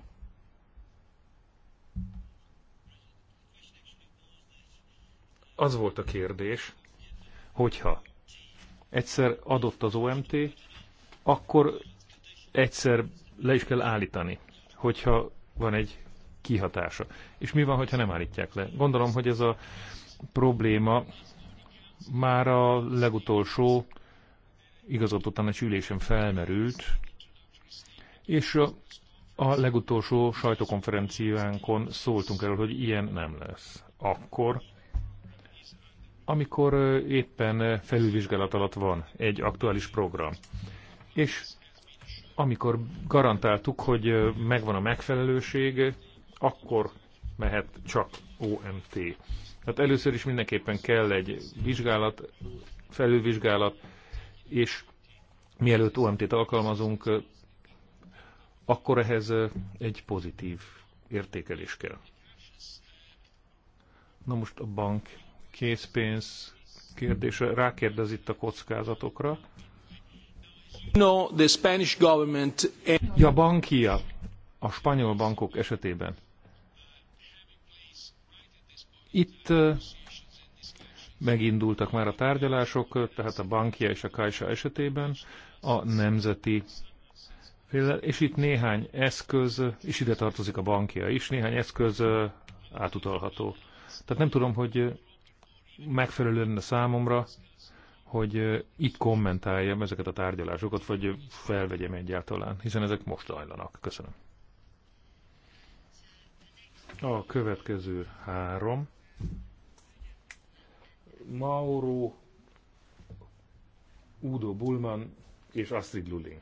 Az volt a kérdés, hogyha egyszer adott az OMT, akkor egyszer le is kell állítani, hogyha van egy kihatása. És mi van, hogyha nem állítják le? Gondolom, hogy ez a probléma már a legutolsó igazgató tanács ülésen felmerült, és a, a legutolsó sajtókonferenciánkon szóltunk erről, hogy ilyen nem lesz. Akkor, amikor éppen felülvizsgálat alatt van egy aktuális program, és amikor garantáltuk, hogy megvan a megfelelőség, akkor mehet csak OMT. Tehát először is mindenképpen kell egy vizsgálat, felülvizsgálat, és mielőtt OMT-t alkalmazunk, akkor ehhez egy pozitív értékelés kell. Na most a bank készpénz kérdése rákérdez itt a kockázatokra. No, the Ja, bankia a spanyol bankok esetében. Itt megindultak már a tárgyalások, tehát a bankia és a Kajsa esetében a nemzeti és itt néhány eszköz, és ide tartozik a bankja is, néhány eszköz átutalható. Tehát nem tudom, hogy megfelelően a számomra, hogy itt kommentáljam ezeket a tárgyalásokat, vagy felvegyem egyáltalán, hiszen ezek most ajlanak. Köszönöm. A következő három. Mauro, Udo Bullman és Astrid Lulling.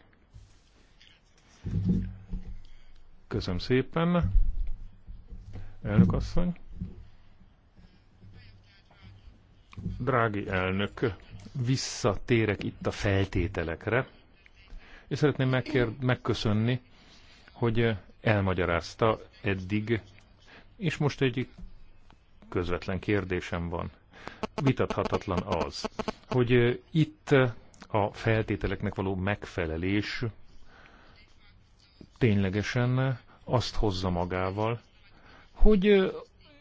Köszönöm szépen. Elnök asszony. Drági elnök, visszatérek itt a feltételekre, és szeretném megkér, megköszönni, hogy elmagyarázta eddig, és most egy közvetlen kérdésem van. Vitathatatlan az, hogy itt a feltételeknek való megfelelés ténylegesen azt hozza magával, hogy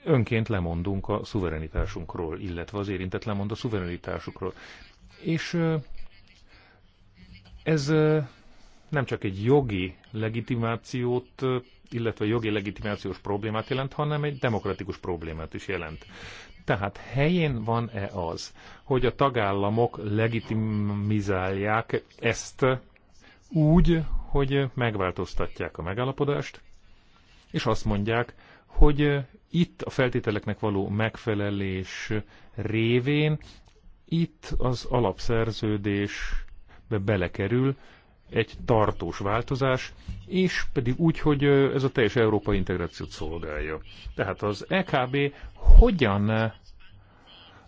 önként lemondunk a szuverenitásunkról, illetve az érintett lemond a szuverenitásukról. És ez nem csak egy jogi legitimációt, illetve jogi legitimációs problémát jelent, hanem egy demokratikus problémát is jelent. Tehát helyén van-e az, hogy a tagállamok legitimizálják ezt úgy, hogy megváltoztatják a megállapodást, és azt mondják, hogy itt a feltételeknek való megfelelés révén itt az alapszerződésbe belekerül egy tartós változás, és pedig úgy, hogy ez a teljes európai integrációt szolgálja. Tehát az EKB hogyan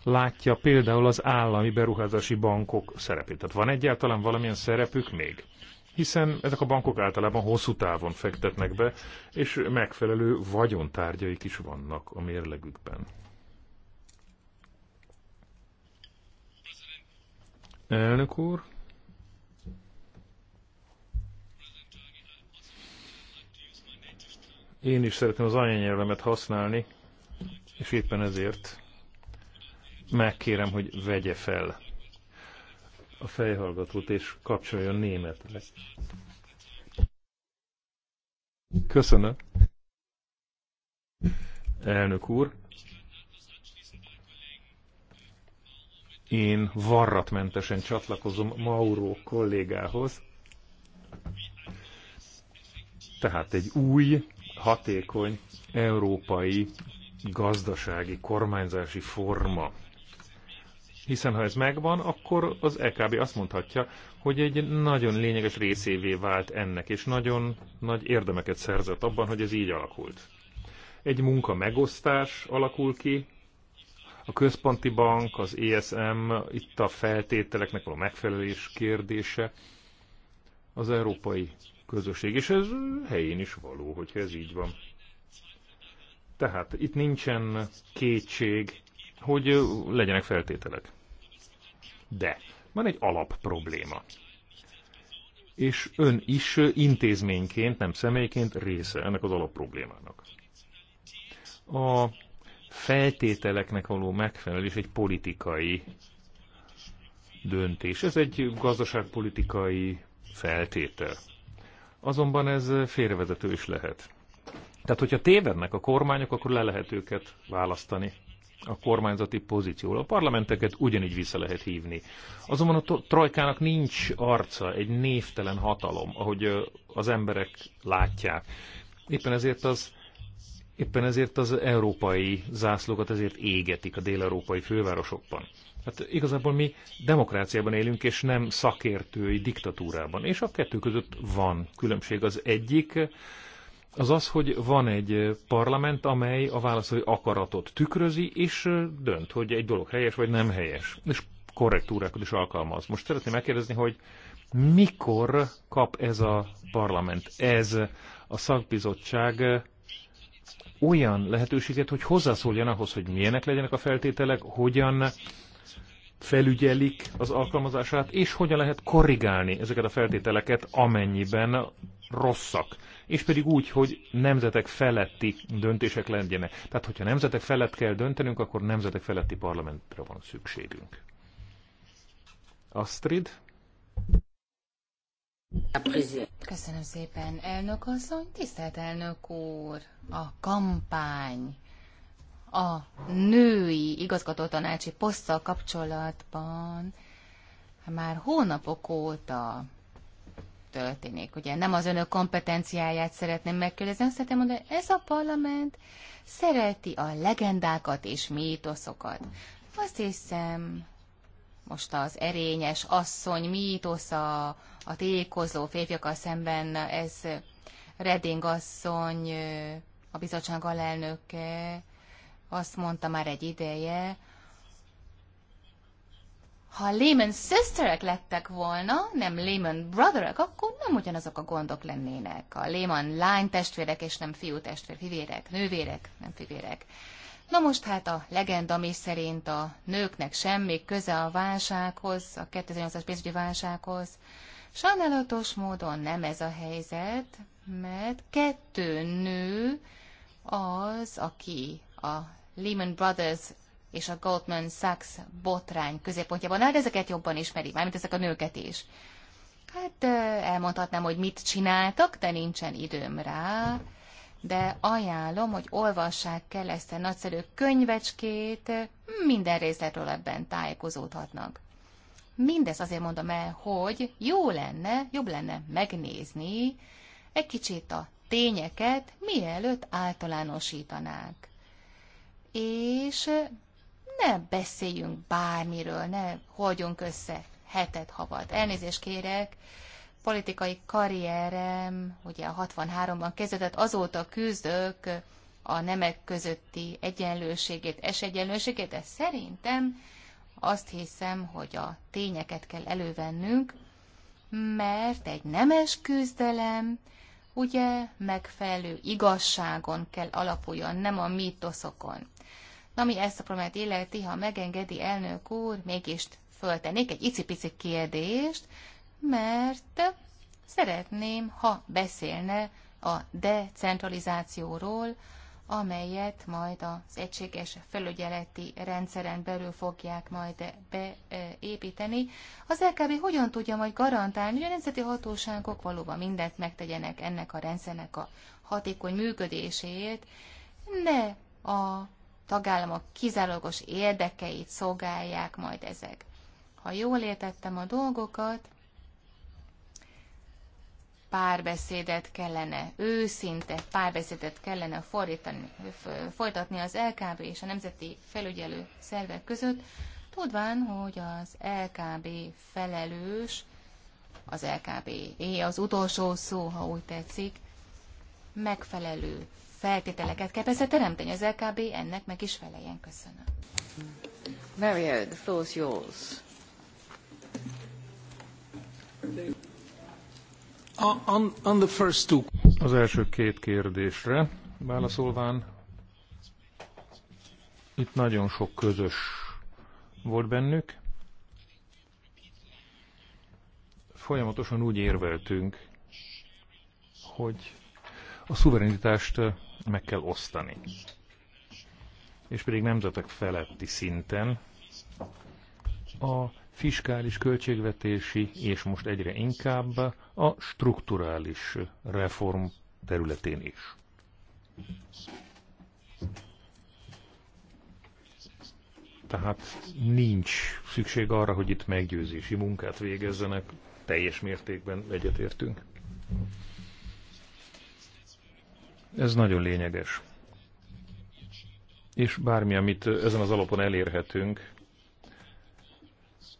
látja például az állami beruházási bankok szerepét? Tehát van egyáltalán valamilyen szerepük még? hiszen ezek a bankok általában hosszú távon fektetnek be, és megfelelő vagyontárgyaik is vannak a mérlegükben. Elnök úr! Én is szeretném az anyanyelvemet használni, és éppen ezért megkérem, hogy vegye fel a fejhallgatót és kapcsoljon németre. Köszönöm. Elnök úr, én varratmentesen csatlakozom Mauro kollégához. Tehát egy új, hatékony európai gazdasági kormányzási forma hiszen ha ez megvan, akkor az EKB azt mondhatja, hogy egy nagyon lényeges részévé vált ennek, és nagyon nagy érdemeket szerzett abban, hogy ez így alakult. Egy munka megosztás alakul ki, a központi bank, az ESM, itt a feltételeknek való megfelelés kérdése, az európai közösség, és ez helyén is való, hogyha ez így van. Tehát itt nincsen kétség hogy legyenek feltételek. De van egy alap probléma. És ön is intézményként, nem személyként része ennek az alap problémának. A feltételeknek való megfelelés egy politikai döntés. Ez egy gazdaságpolitikai feltétel. Azonban ez félrevezető is lehet. Tehát, hogyha tévednek a kormányok, akkor le lehet őket választani a kormányzati pozícióra. A parlamenteket ugyanígy vissza lehet hívni. Azonban a trojkának nincs arca, egy névtelen hatalom, ahogy az emberek látják. Éppen ezért az Éppen ezért az európai zászlókat ezért égetik a dél-európai fővárosokban. Hát igazából mi demokráciában élünk, és nem szakértői diktatúrában. És a kettő között van különbség. Az egyik az az, hogy van egy parlament, amely a válaszolói akaratot tükrözi, és dönt, hogy egy dolog helyes vagy nem helyes. És korrektúrákat is alkalmaz. Most szeretném megkérdezni, hogy mikor kap ez a parlament, ez a szakbizottság olyan lehetőséget, hogy hozzászóljon ahhoz, hogy milyenek legyenek a feltételek, hogyan felügyelik az alkalmazását, és hogyan lehet korrigálni ezeket a feltételeket, amennyiben rosszak és pedig úgy, hogy nemzetek feletti döntések legyenek. Tehát, hogyha nemzetek felett kell döntenünk, akkor nemzetek feletti parlamentre van szükségünk. Astrid? Köszönöm szépen, elnök asszony, tisztelt elnök úr, a kampány a női igazgatótanácsi poszttal kapcsolatban már hónapok óta történik. Ugye nem az önök kompetenciáját szeretném megkérdezni, azt szeretném mondani, hogy ez a parlament szereti a legendákat és mítoszokat. Azt hiszem, most az erényes asszony mítosza a tékozó férfiakkal szemben, ez Reding asszony, a bizottság alelnöke, azt mondta már egy ideje, ha Lehman Sisterek lettek volna, nem Lehman Brotherek, akkor nem ugyanazok a gondok lennének. A Lehman lány testvérek és nem fiú testvér, fivérek, nővérek, nem fivérek. Na most hát a legenda, ami szerint a nőknek semmi köze a válsághoz, a 2008-as pénzügyi válsághoz, sajnálatos módon nem ez a helyzet, mert kettő nő az, aki a Lehman Brothers és a Goldman Sachs botrány középpontjában áll, ezeket jobban ismeri, mármint ezek a nőket is. Hát elmondhatnám, hogy mit csináltak, de nincsen időm rá, de ajánlom, hogy olvassák kell ezt a nagyszerű könyvecskét, minden részletről ebben tájékozódhatnak. Mindez azért mondom el, hogy jó lenne, jobb lenne megnézni egy kicsit a tényeket, mielőtt általánosítanák. És ne beszéljünk bármiről, ne holdjunk össze hetet havat. Elnézést kérek, politikai karrierem, ugye a 63-ban kezdődött, azóta küzdök a nemek közötti egyenlőségét, esélyegyenlőségét, de szerintem azt hiszem, hogy a tényeket kell elővennünk, mert egy nemes küzdelem, ugye megfelelő igazságon kell alapuljon, nem a mítoszokon. Ami ezt a problémát illeti, ha megengedi elnök úr, mégis föltennék egy icipici kérdést, mert szeretném, ha beszélne a decentralizációról, amelyet majd az egységes felügyeleti rendszeren belül fogják majd beépíteni. Az LKB hogyan tudja majd garantálni, hogy a nemzeti hatóságok valóban mindent megtegyenek ennek a rendszernek a hatékony működéséért, ne a tagállamok kizárólagos érdekeit szolgálják majd ezek. Ha jól értettem a dolgokat, párbeszédet kellene, őszinte párbeszédet kellene folytatni az LKB és a Nemzeti Felügyelő Szervek között, tudván, hogy az LKB felelős, az LKB é az utolsó szó, ha úgy tetszik, megfelelő feltételeket kell persze teremteni az LKB, ennek meg is feleljen. Köszönöm. Mario, the floor is yours. On, on the first two. Az első két kérdésre válaszolván, itt nagyon sok közös volt bennük. Folyamatosan úgy érveltünk, hogy a szuverenitást meg kell osztani. És pedig nemzetek feletti szinten a fiskális költségvetési, és most egyre inkább a strukturális reform területén is. Tehát nincs szükség arra, hogy itt meggyőzési munkát végezzenek, teljes mértékben egyetértünk. Ez nagyon lényeges. És bármi, amit ezen az alapon elérhetünk,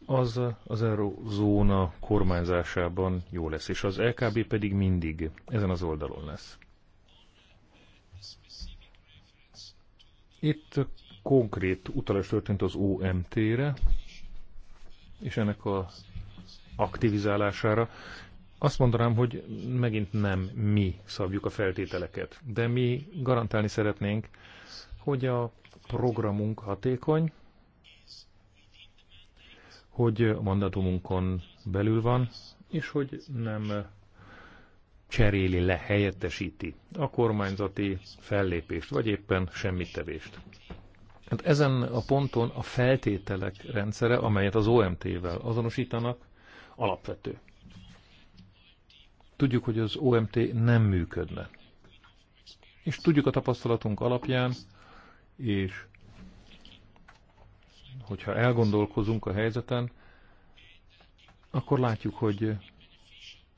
az az eurozóna kormányzásában jó lesz, és az LKB pedig mindig ezen az oldalon lesz. Itt konkrét utalás történt az OMT-re, és ennek a aktivizálására. Azt mondanám, hogy megint nem mi szabjuk a feltételeket, de mi garantálni szeretnénk, hogy a programunk hatékony, hogy a mandátumunkon belül van, és hogy nem cseréli le, helyettesíti a kormányzati fellépést, vagy éppen semmittevést. Hát ezen a ponton a feltételek rendszere, amelyet az OMT-vel azonosítanak, alapvető. Tudjuk, hogy az OMT nem működne. És tudjuk a tapasztalatunk alapján, és hogyha elgondolkozunk a helyzeten, akkor látjuk, hogy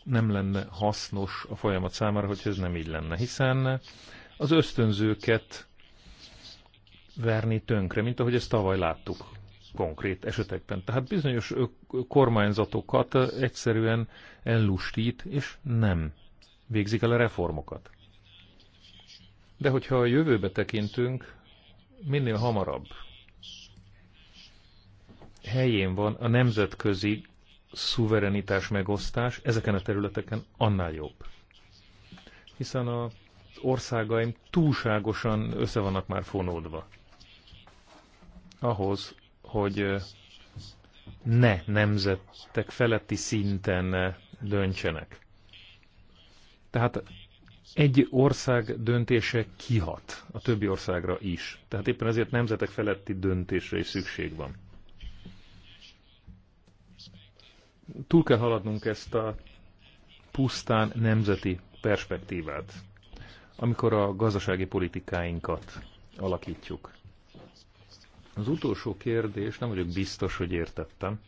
nem lenne hasznos a folyamat számára, hogy ez nem így lenne, hiszen az ösztönzőket verni tönkre, mint ahogy ezt tavaly láttuk konkrét esetekben. Tehát bizonyos kormányzatokat egyszerűen ellustít, és nem végzik el a reformokat. De hogyha a jövőbe tekintünk, minél hamarabb helyén van a nemzetközi szuverenitás megosztás ezeken a területeken annál jobb. Hiszen a országaim túlságosan össze vannak már fonódva. Ahhoz, hogy ne nemzetek feletti szinten döntsenek. Tehát egy ország döntése kihat a többi országra is. Tehát éppen ezért nemzetek feletti döntésre is szükség van. Túl kell haladnunk ezt a pusztán nemzeti perspektívát, amikor a gazdasági politikáinkat alakítjuk. Az utolsó kérdés, nem vagyok biztos, hogy értettem.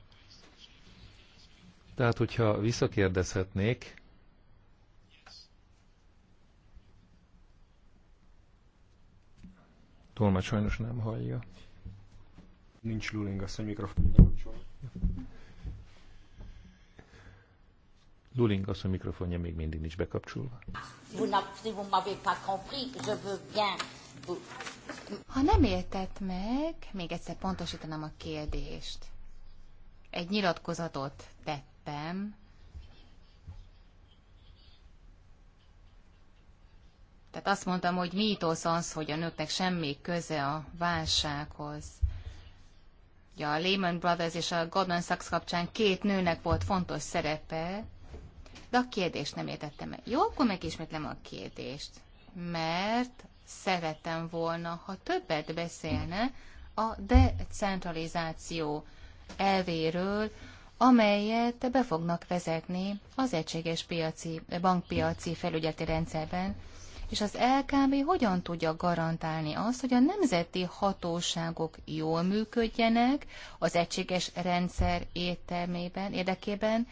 Tehát, hogyha visszakérdezhetnék, Tolmács sajnos nem hallja. Nincs Luling a mikrofon. Luling a mikrofonja még mindig nincs bekapcsolva. Vous n'avez pas compris, je veux bien ha nem értett meg, még egyszer pontosítanám a kérdést. Egy nyilatkozatot tettem. Tehát azt mondtam, hogy mítosz az, hogy a nőknek semmi köze a válsághoz. Ugye a Lehman Brothers és a Goldman Sachs kapcsán két nőnek volt fontos szerepe, de a kérdést nem értettem meg. Jó, akkor megismétlem a kérdést. Mert szerettem volna, ha többet beszélne a decentralizáció elvéről, amelyet be fognak vezetni az egységes piaci, bankpiaci felügyeleti rendszerben, és az LKB hogyan tudja garantálni azt, hogy a nemzeti hatóságok jól működjenek az egységes rendszer értelmében, érdekében,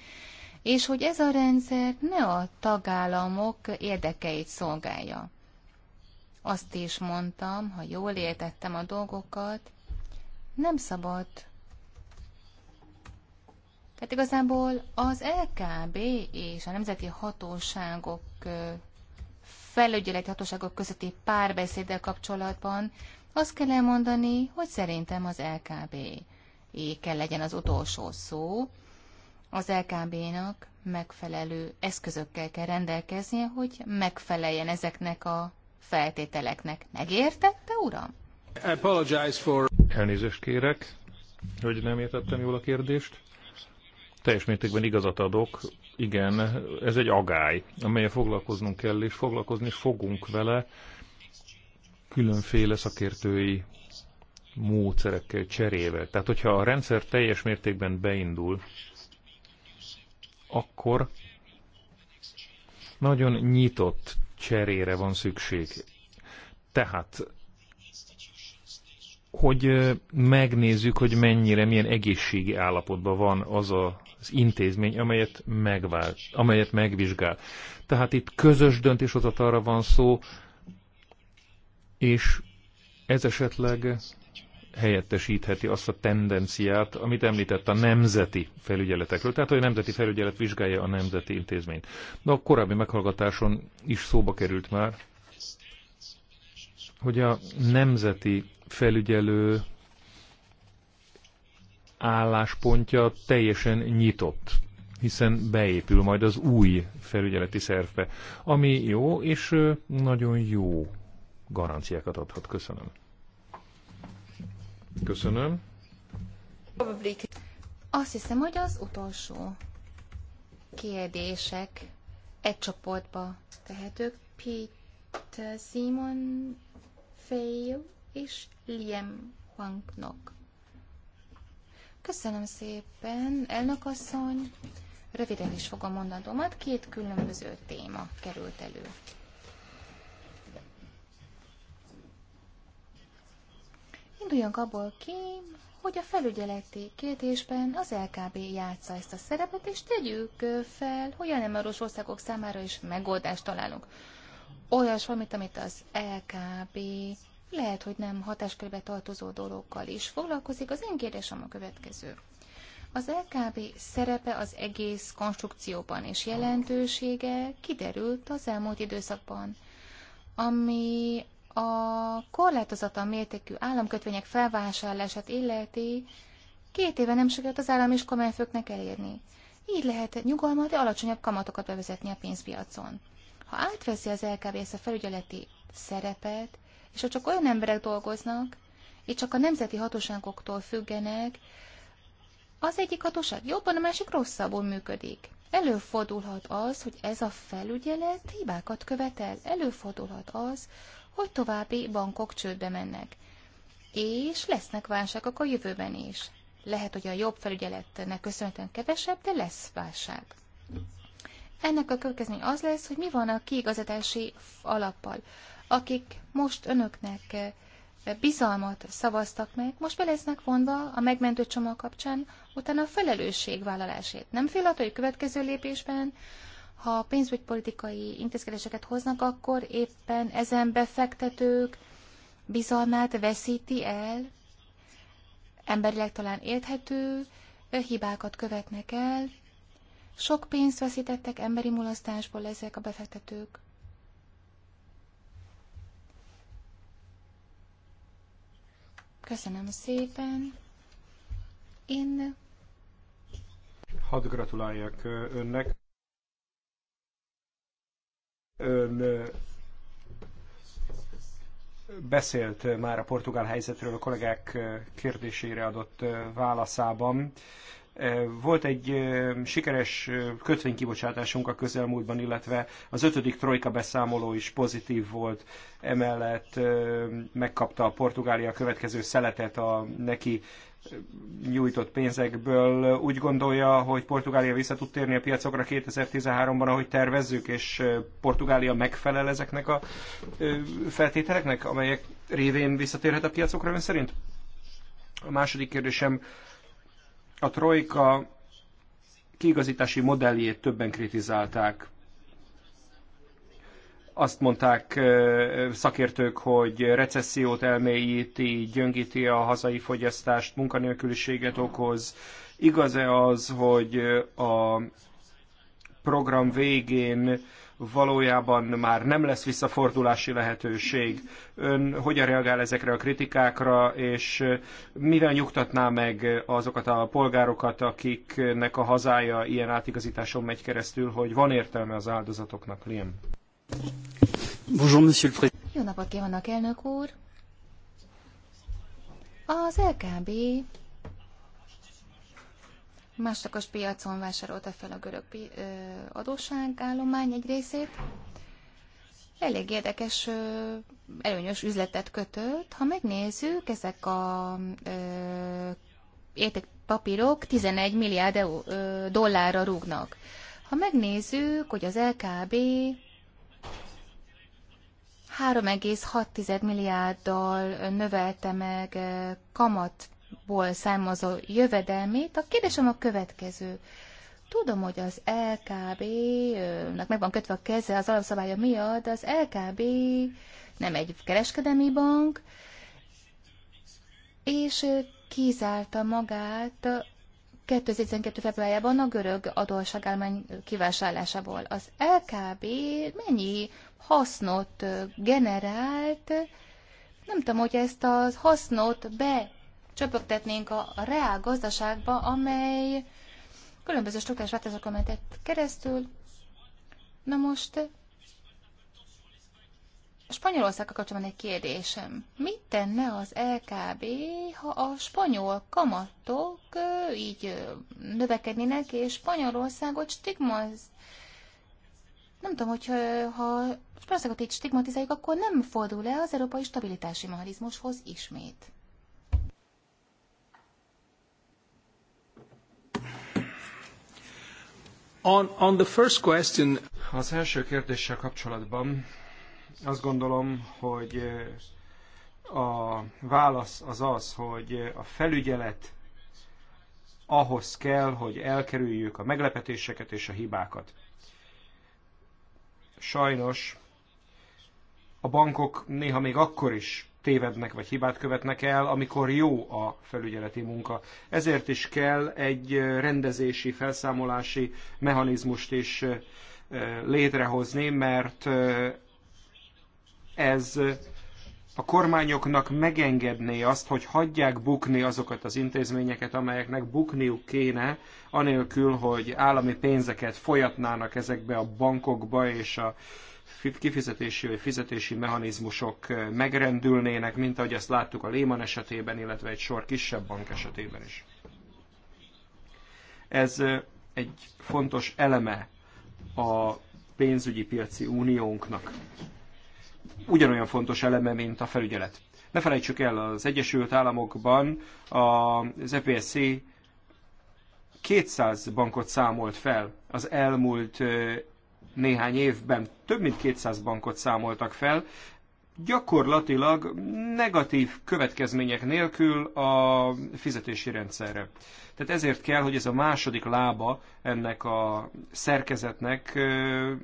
és hogy ez a rendszer ne a tagállamok érdekeit szolgálja. Azt is mondtam, ha jól értettem a dolgokat, nem szabad. Tehát igazából az LKB és a nemzeti hatóságok, felügyeleti hatóságok közötti párbeszéddel kapcsolatban azt kell elmondani, hogy szerintem az LKB kell legyen az utolsó szó. Az LKB-nak megfelelő eszközökkel kell rendelkeznie, hogy megfeleljen ezeknek a feltételeknek. Megértette, uram? I apologize for... Elnézést kérek, hogy nem értettem jól a kérdést. Teljes mértékben igazat adok. Igen, ez egy agály, amelyel foglalkoznunk kell, és foglalkozni fogunk vele különféle szakértői módszerekkel cserével. Tehát, hogyha a rendszer teljes mértékben beindul, akkor nagyon nyitott cserére van szükség. Tehát, hogy megnézzük, hogy mennyire, milyen egészségi állapotban van az a, az intézmény, amelyet, megvál, amelyet megvizsgál. Tehát itt közös döntéshozatalra van szó, és ez esetleg helyettesítheti azt a tendenciát, amit említett a nemzeti felügyeletekről. Tehát, hogy a nemzeti felügyelet vizsgálja a nemzeti intézményt. De a korábbi meghallgatáson is szóba került már, hogy a nemzeti felügyelő álláspontja teljesen nyitott, hiszen beépül majd az új felügyeleti szervbe, ami jó és nagyon jó garanciákat adhat. Köszönöm. Köszönöm. Azt hiszem, hogy az utolsó kérdések egy csoportba tehetők. Peter Simon Fail és Liam Huangnok. Köszönöm szépen, elnök asszony. Röviden is fogom mondatomat, két különböző téma került elő. induljunk abból ki, hogy a felügyeleti kérdésben az LKB játsza ezt a szerepet, és tegyük fel, hogy a nem erős országok számára is megoldást találunk. Olyas valamit, amit az LKB lehet, hogy nem hatáskörbe tartozó dolgokkal is foglalkozik. Az én kérdésem a következő. Az LKB szerepe az egész konstrukcióban és jelentősége kiderült az elmúlt időszakban, ami a korlátozatlan mértékű államkötvények felvásárlását illeti, két éve nem sikerült az állam és kormányfőknek elérni. Így lehet nyugalmat, de alacsonyabb kamatokat bevezetni a pénzpiacon. Ha átveszi az LKV a felügyeleti szerepet, és ha csak olyan emberek dolgoznak, és csak a nemzeti hatóságoktól függenek, az egyik hatóság jobban, a másik rosszabbul működik. Előfordulhat az, hogy ez a felügyelet hibákat követel. Előfordulhat az, hogy további bankok csődbe mennek. És lesznek válságok a jövőben is. Lehet, hogy a jobb felügyeletnek köszönhetően kevesebb, de lesz válság. Ennek a következmény az lesz, hogy mi van a kiigazatási alappal. Akik most önöknek eh, bizalmat szavaztak meg, most be lesznek vonva a megmentő csomag kapcsán, utána a felelősségvállalásért. Nem fél attól, hogy következő lépésben ha pénzügypolitikai intézkedéseket hoznak, akkor éppen ezen befektetők bizalmát veszíti el, emberileg talán érthető, hibákat követnek el. Sok pénzt veszítettek emberi mulasztásból ezek a befektetők. Köszönöm szépen. Én... Hadd gratuláljak önnek. Ön beszélt már a portugál helyzetről a kollégák kérdésére adott válaszában. Volt egy sikeres kötvénykibocsátásunk a közelmúltban, illetve az ötödik trojka beszámoló is pozitív volt. Emellett megkapta a Portugália a következő szeletet a neki nyújtott pénzekből úgy gondolja, hogy Portugália vissza tud térni a piacokra 2013-ban, ahogy tervezzük, és Portugália megfelel ezeknek a feltételeknek, amelyek révén visszatérhet a piacokra ön szerint? A második kérdésem, a trojka kiigazítási modelljét többen kritizálták. Azt mondták szakértők, hogy recessziót elmélyíti, gyöngíti a hazai fogyasztást, munkanélküliséget okoz. Igaz-e az, hogy a program végén valójában már nem lesz visszafordulási lehetőség. Ön hogyan reagál ezekre a kritikákra, és mivel nyugtatná meg azokat a polgárokat, akiknek a hazája ilyen átigazításon megy keresztül, hogy van értelme az áldozatoknak, Liam? Bonjour, monsieur le président. Jó napot kívánok, elnök úr! Az LKB másnakos piacon vásárolta fel a görög adósságállomány egy részét. Elég érdekes, előnyös üzletet kötött. Ha megnézzük, ezek a értékpapírok 11 milliárd dollárra rúgnak. Ha megnézzük, hogy az LKB 3,6 milliárddal növelte meg kamatból származó jövedelmét. A kérdésem a következő. Tudom, hogy az LKB-nak meg van kötve a keze az alapszabálya miatt, de az LKB nem egy kereskedelmi bank, és kizárta magát 2012. februárjában a görög adósságállomány kivásárlásából. Az LKB mennyi hasznot generált. Nem tudom, hogy ezt a hasznot becsöpögtetnénk a reál gazdaságba, amely különböző struktúrás változókon mentett keresztül. Na most Spanyolország kapcsolatban egy kérdésem. Mit tenne az LKB, ha a spanyol kamatok így növekednének, és Spanyolországot stigmaz, nem tudom, hogy ha Spanyolországot így stigmatizáljuk, akkor nem fordul el az európai stabilitási mechanizmushoz ismét. On, on the first question... Az első kérdéssel kapcsolatban azt gondolom, hogy eh, a válasz az az, hogy eh, a felügyelet ahhoz kell, hogy elkerüljük a meglepetéseket és a hibákat sajnos a bankok néha még akkor is tévednek vagy hibát követnek el, amikor jó a felügyeleti munka. Ezért is kell egy rendezési, felszámolási mechanizmust is eh, létrehozni, mert eh, ez a kormányoknak megengedné azt, hogy hagyják bukni azokat az intézményeket, amelyeknek bukniuk kéne, anélkül, hogy állami pénzeket folyatnának ezekbe a bankokba, és a kifizetési vagy fizetési mechanizmusok eh, megrendülnének, mint ahogy azt láttuk a Lehman esetében, illetve egy sor kisebb bank esetében is. Ez eh, egy fontos eleme a pénzügyi piaci uniónknak ugyanolyan fontos eleme, mint a felügyelet. Ne felejtsük el, az Egyesült Államokban az EPSC 200 bankot számolt fel az elmúlt néhány évben. Több mint 200 bankot számoltak fel, gyakorlatilag negatív következmények nélkül a fizetési rendszerre. Tehát ezért kell, hogy ez a második lába ennek a szerkezetnek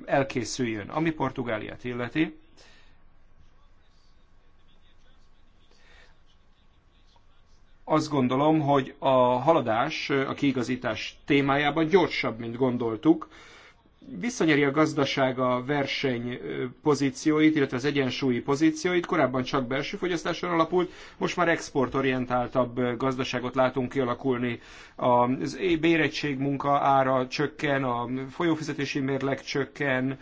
elkészüljön, ami Portugáliát illeti. azt gondolom, hogy a haladás a kiigazítás témájában gyorsabb, mint gondoltuk. Visszanyeri a gazdaság a verseny pozícióit, illetve az egyensúlyi pozícióit, korábban csak belső fogyasztáson alapult, most már exportorientáltabb gazdaságot látunk kialakulni. A bérettség munka ára csökken, a folyófizetési mérleg csökken,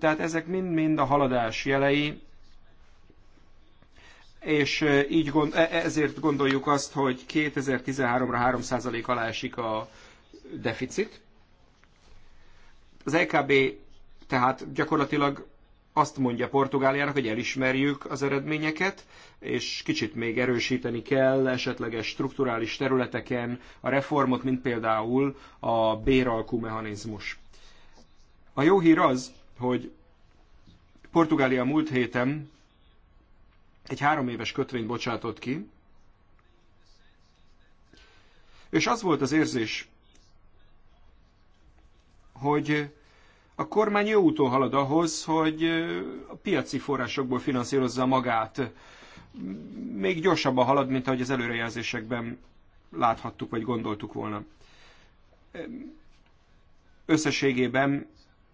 tehát ezek mind-mind a haladás jelei, és így gond, e, e, ezért gondoljuk azt, hogy 2013-ra 3% alá esik a deficit. Az LKB e tehát gyakorlatilag azt mondja Portugáliának, hogy elismerjük az eredményeket, és kicsit még erősíteni kell esetleges strukturális területeken a reformot, mint például a béralkú mechanizmus. A jó hír az, hogy Portugália múlt héten egy három éves kötvényt bocsátott ki, és az volt az érzés, hogy a kormány jó úton halad ahhoz, hogy a piaci forrásokból finanszírozza magát. Még gyorsabban halad, mint ahogy az előrejelzésekben láthattuk, vagy gondoltuk volna. Összességében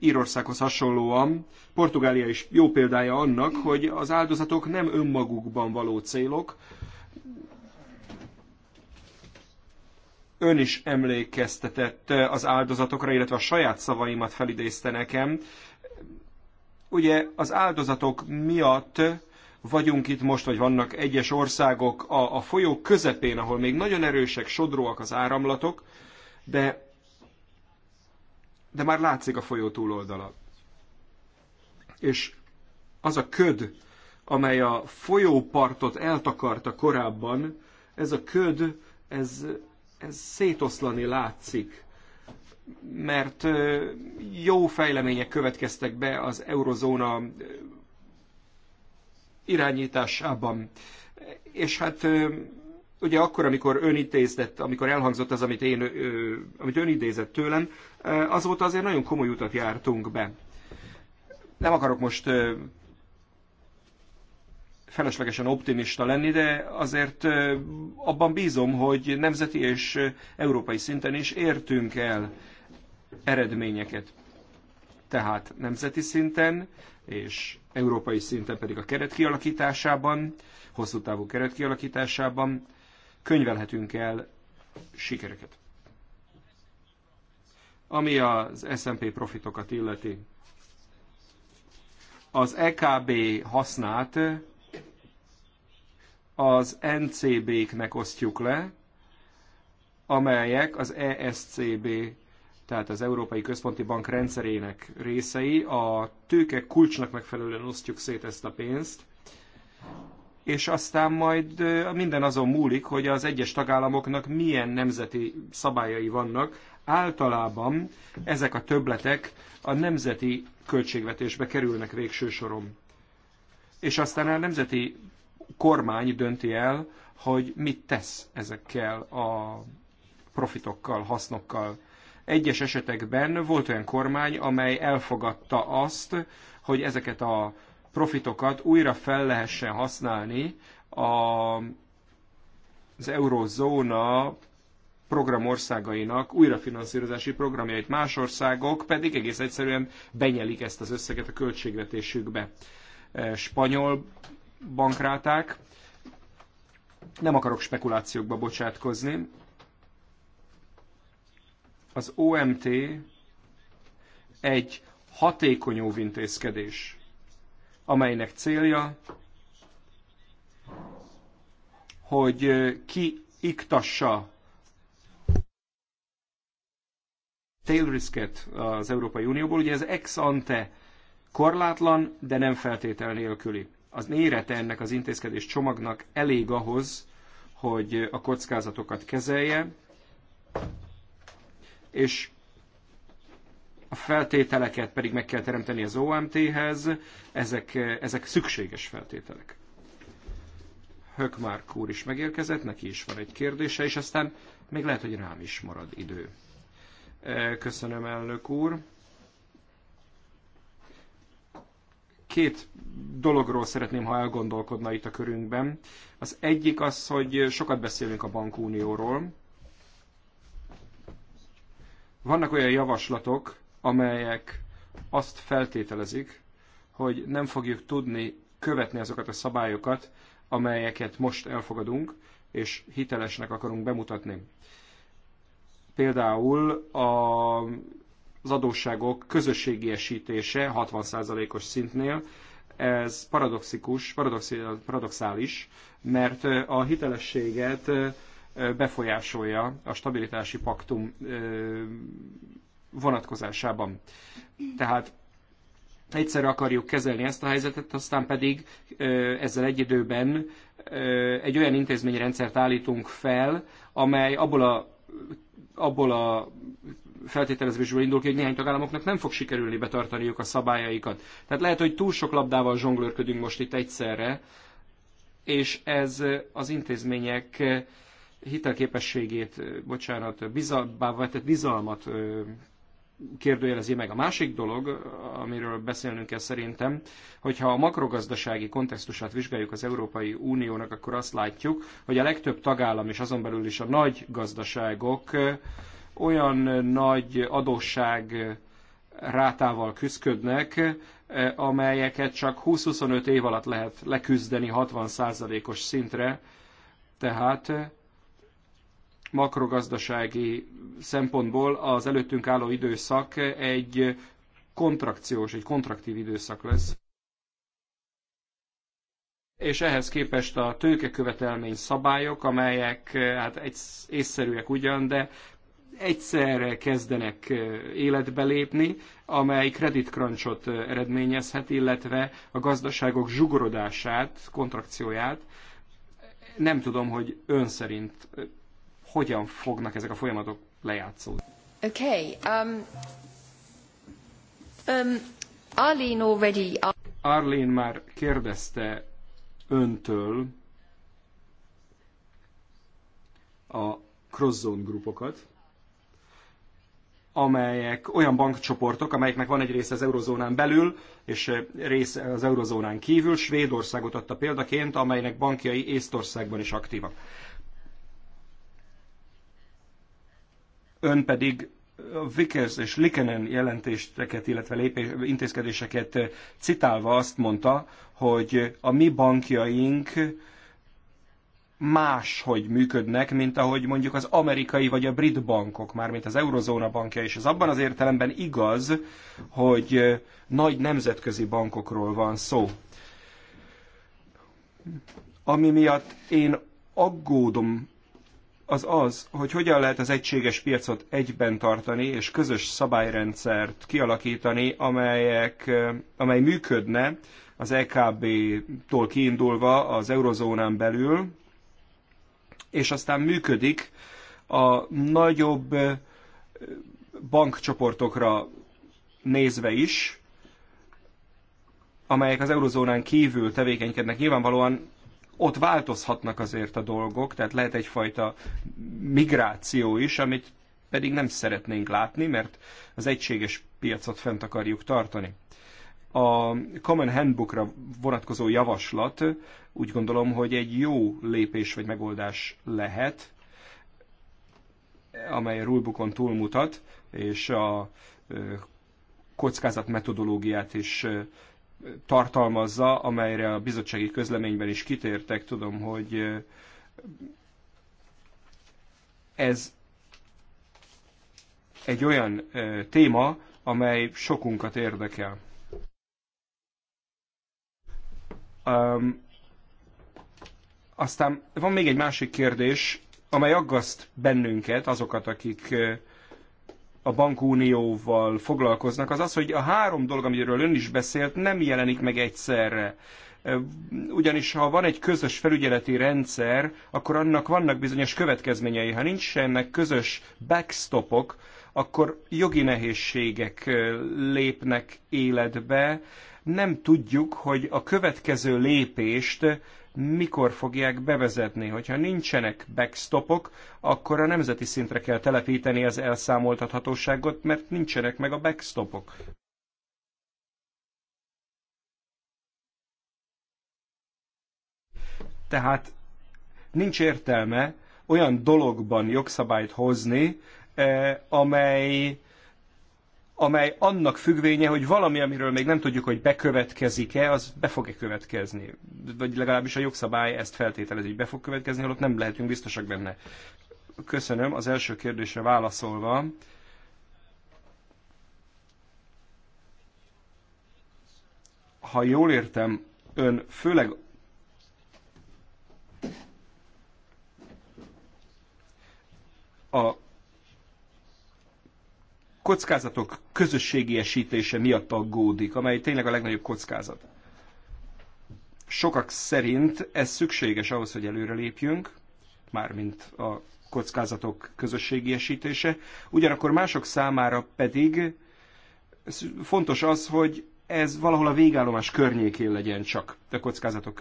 Írországhoz hasonlóan Portugália is jó példája annak, hogy az áldozatok nem önmagukban való célok. Ön is emlékeztetett az áldozatokra, illetve a saját szavaimat felidézte nekem. Ugye az áldozatok miatt vagyunk itt most, vagy vannak egyes országok a, a folyó közepén, ahol még nagyon erősek, sodróak az áramlatok, de de már látszik a folyó túloldala. És az a köd, amely a folyópartot eltakarta korábban, ez a köd, ez, ez szétoszlani látszik, mert jó fejlemények következtek be az eurozóna irányításában. És hát ugye akkor, amikor ön idézett, amikor elhangzott az, amit, én, amit ön idézett tőlem, azóta azért nagyon komoly utat jártunk be. Nem akarok most feleslegesen optimista lenni, de azért abban bízom, hogy nemzeti és európai szinten is értünk el eredményeket. Tehát nemzeti szinten és európai szinten pedig a keret kialakításában, hosszú távú keret kialakításában könyvelhetünk el sikereket. Ami az S&P profitokat illeti, az EKB hasznát az NCB-knek osztjuk le, amelyek az ESCB, tehát az Európai Központi Bank rendszerének részei. A tőke kulcsnak megfelelően osztjuk szét ezt a pénzt, és aztán majd minden azon múlik, hogy az egyes tagállamoknak milyen nemzeti szabályai vannak Általában ezek a többletek a nemzeti költségvetésbe kerülnek végső soron. És aztán a nemzeti kormány dönti el, hogy mit tesz ezekkel a profitokkal, hasznokkal. Egyes esetekben volt olyan kormány, amely elfogadta azt, hogy ezeket a profitokat újra fel lehessen használni a, az eurozóna program országainak újrafinanszírozási programjait. Más országok pedig egész egyszerűen benyelik ezt az összeget a költségvetésükbe. E, spanyol bankráták, nem akarok spekulációkba bocsátkozni, az OMT egy hatékony óvintézkedés, amelynek célja, hogy e, kiiktassa tail risket az Európai Unióból, ugye ez ex ante korlátlan, de nem feltétel nélküli. Az mérete ennek az intézkedés csomagnak elég ahhoz, hogy a kockázatokat kezelje, és a feltételeket pedig meg kell teremteni az OMT-hez, ezek, ezek szükséges feltételek. Hökmark úr is megérkezett, neki is van egy kérdése, és aztán még lehet, hogy rám is marad idő. Köszönöm, elnök úr. Két dologról szeretném, ha elgondolkodna itt a körünkben. Az egyik az, hogy sokat beszélünk a bankunióról. Vannak olyan javaslatok, amelyek azt feltételezik, hogy nem fogjuk tudni követni azokat a szabályokat, amelyeket most elfogadunk, és hitelesnek akarunk bemutatni. Például a, az adósságok esítése 60%-os szintnél, ez paradoxikus, paradoxális, mert a hitelességet befolyásolja a stabilitási paktum vonatkozásában. Tehát egyszerre akarjuk kezelni ezt a helyzetet, aztán pedig ezzel egy időben egy olyan intézményrendszert állítunk fel, amely abból a abból a feltételezésből indul ki, hogy néhány tagállamoknak nem fog sikerülni betartaniuk a szabályaikat. Tehát lehet, hogy túl sok labdával zsonglőrködünk most itt egyszerre, és ez az intézmények hitelképességét, bocsánat, bizal, bizalmat kérdőjelezi meg. A másik dolog, amiről beszélnünk kell szerintem, hogyha a makrogazdasági kontextusát vizsgáljuk az Európai Uniónak, akkor azt látjuk, hogy a legtöbb tagállam és azon belül is a nagy gazdaságok olyan nagy adósság rátával küzdködnek, amelyeket csak 20-25 év alatt lehet leküzdeni 60%-os szintre. Tehát makrogazdasági szempontból az előttünk álló időszak egy kontrakciós, egy kontraktív időszak lesz. És ehhez képest a tőkekövetelmény szabályok, amelyek hát egy, észszerűek ugyan, de egyszerre kezdenek életbe lépni, amely kreditkrancsot eredményezhet, illetve a gazdaságok zsugorodását, kontrakcióját. Nem tudom, hogy ön szerint hogyan fognak ezek a folyamatok lejátszódni. Okay, um, um, Arlene already... Uh, Arlene már kérdezte öntől a cross-zone grupokat, amelyek olyan bankcsoportok, amelyeknek van egy része az eurozónán belül, és része az eurozónán kívül. Svédországot adta példaként, amelynek bankjai Észtországban is aktívak. ön pedig a Vickers és Likenen jelentéseket, illetve lépés, intézkedéseket citálva azt mondta, hogy a mi bankjaink máshogy működnek, mint ahogy mondjuk az amerikai vagy a brit bankok, mármint az eurozóna bankja és Ez abban az értelemben igaz, hogy nagy nemzetközi bankokról van szó. Ami miatt én aggódom az az, hogy hogyan lehet az egységes piacot egyben tartani, és közös szabályrendszert kialakítani, amelyek, amely működne az EKB-tól kiindulva az eurozónán belül, és aztán működik a nagyobb bankcsoportokra nézve is, amelyek az eurozónán kívül tevékenykednek. Nyilvánvalóan ott változhatnak azért a dolgok, tehát lehet egyfajta migráció is, amit pedig nem szeretnénk látni, mert az egységes piacot fent akarjuk tartani. A Common Handbookra vonatkozó javaslat úgy gondolom, hogy egy jó lépés vagy megoldás lehet, amely a rulebookon túlmutat, és a kockázat metodológiát is tartalmazza, amelyre a bizottsági közleményben is kitértek. Tudom, hogy ez egy olyan téma, amely sokunkat érdekel. Um, aztán van még egy másik kérdés, amely aggaszt bennünket, azokat, akik a bankunióval foglalkoznak, az az, hogy a három dolog, amiről ön is beszélt, nem jelenik meg egyszerre. Ugyanis ha van egy közös felügyeleti rendszer, akkor annak vannak bizonyos következményei. Ha nincsenek közös backstopok, akkor jogi nehézségek lépnek életbe. Nem tudjuk, hogy a következő lépést mikor fogják bevezetni. Hogyha nincsenek backstopok, akkor a nemzeti szintre kell telepíteni az elszámoltathatóságot, mert nincsenek meg a backstopok. Tehát nincs értelme olyan dologban jogszabályt hozni, eh, amely amely annak függvénye, hogy valami, amiről még nem tudjuk, hogy bekövetkezik-e, az be fog-e következni. Vagy legalábbis a jogszabály ezt feltételezi, hogy be fog következni, holott nem lehetünk biztosak benne. Köszönöm. Az első kérdésre válaszolva, ha jól értem, ön főleg a kockázatok közösségiesítése miatt aggódik, amely tényleg a legnagyobb kockázat. Sokak szerint ez szükséges ahhoz, hogy előrelépjünk, mármint a kockázatok esítése. ugyanakkor mások számára pedig fontos az, hogy ez valahol a végállomás környékén legyen csak a kockázatok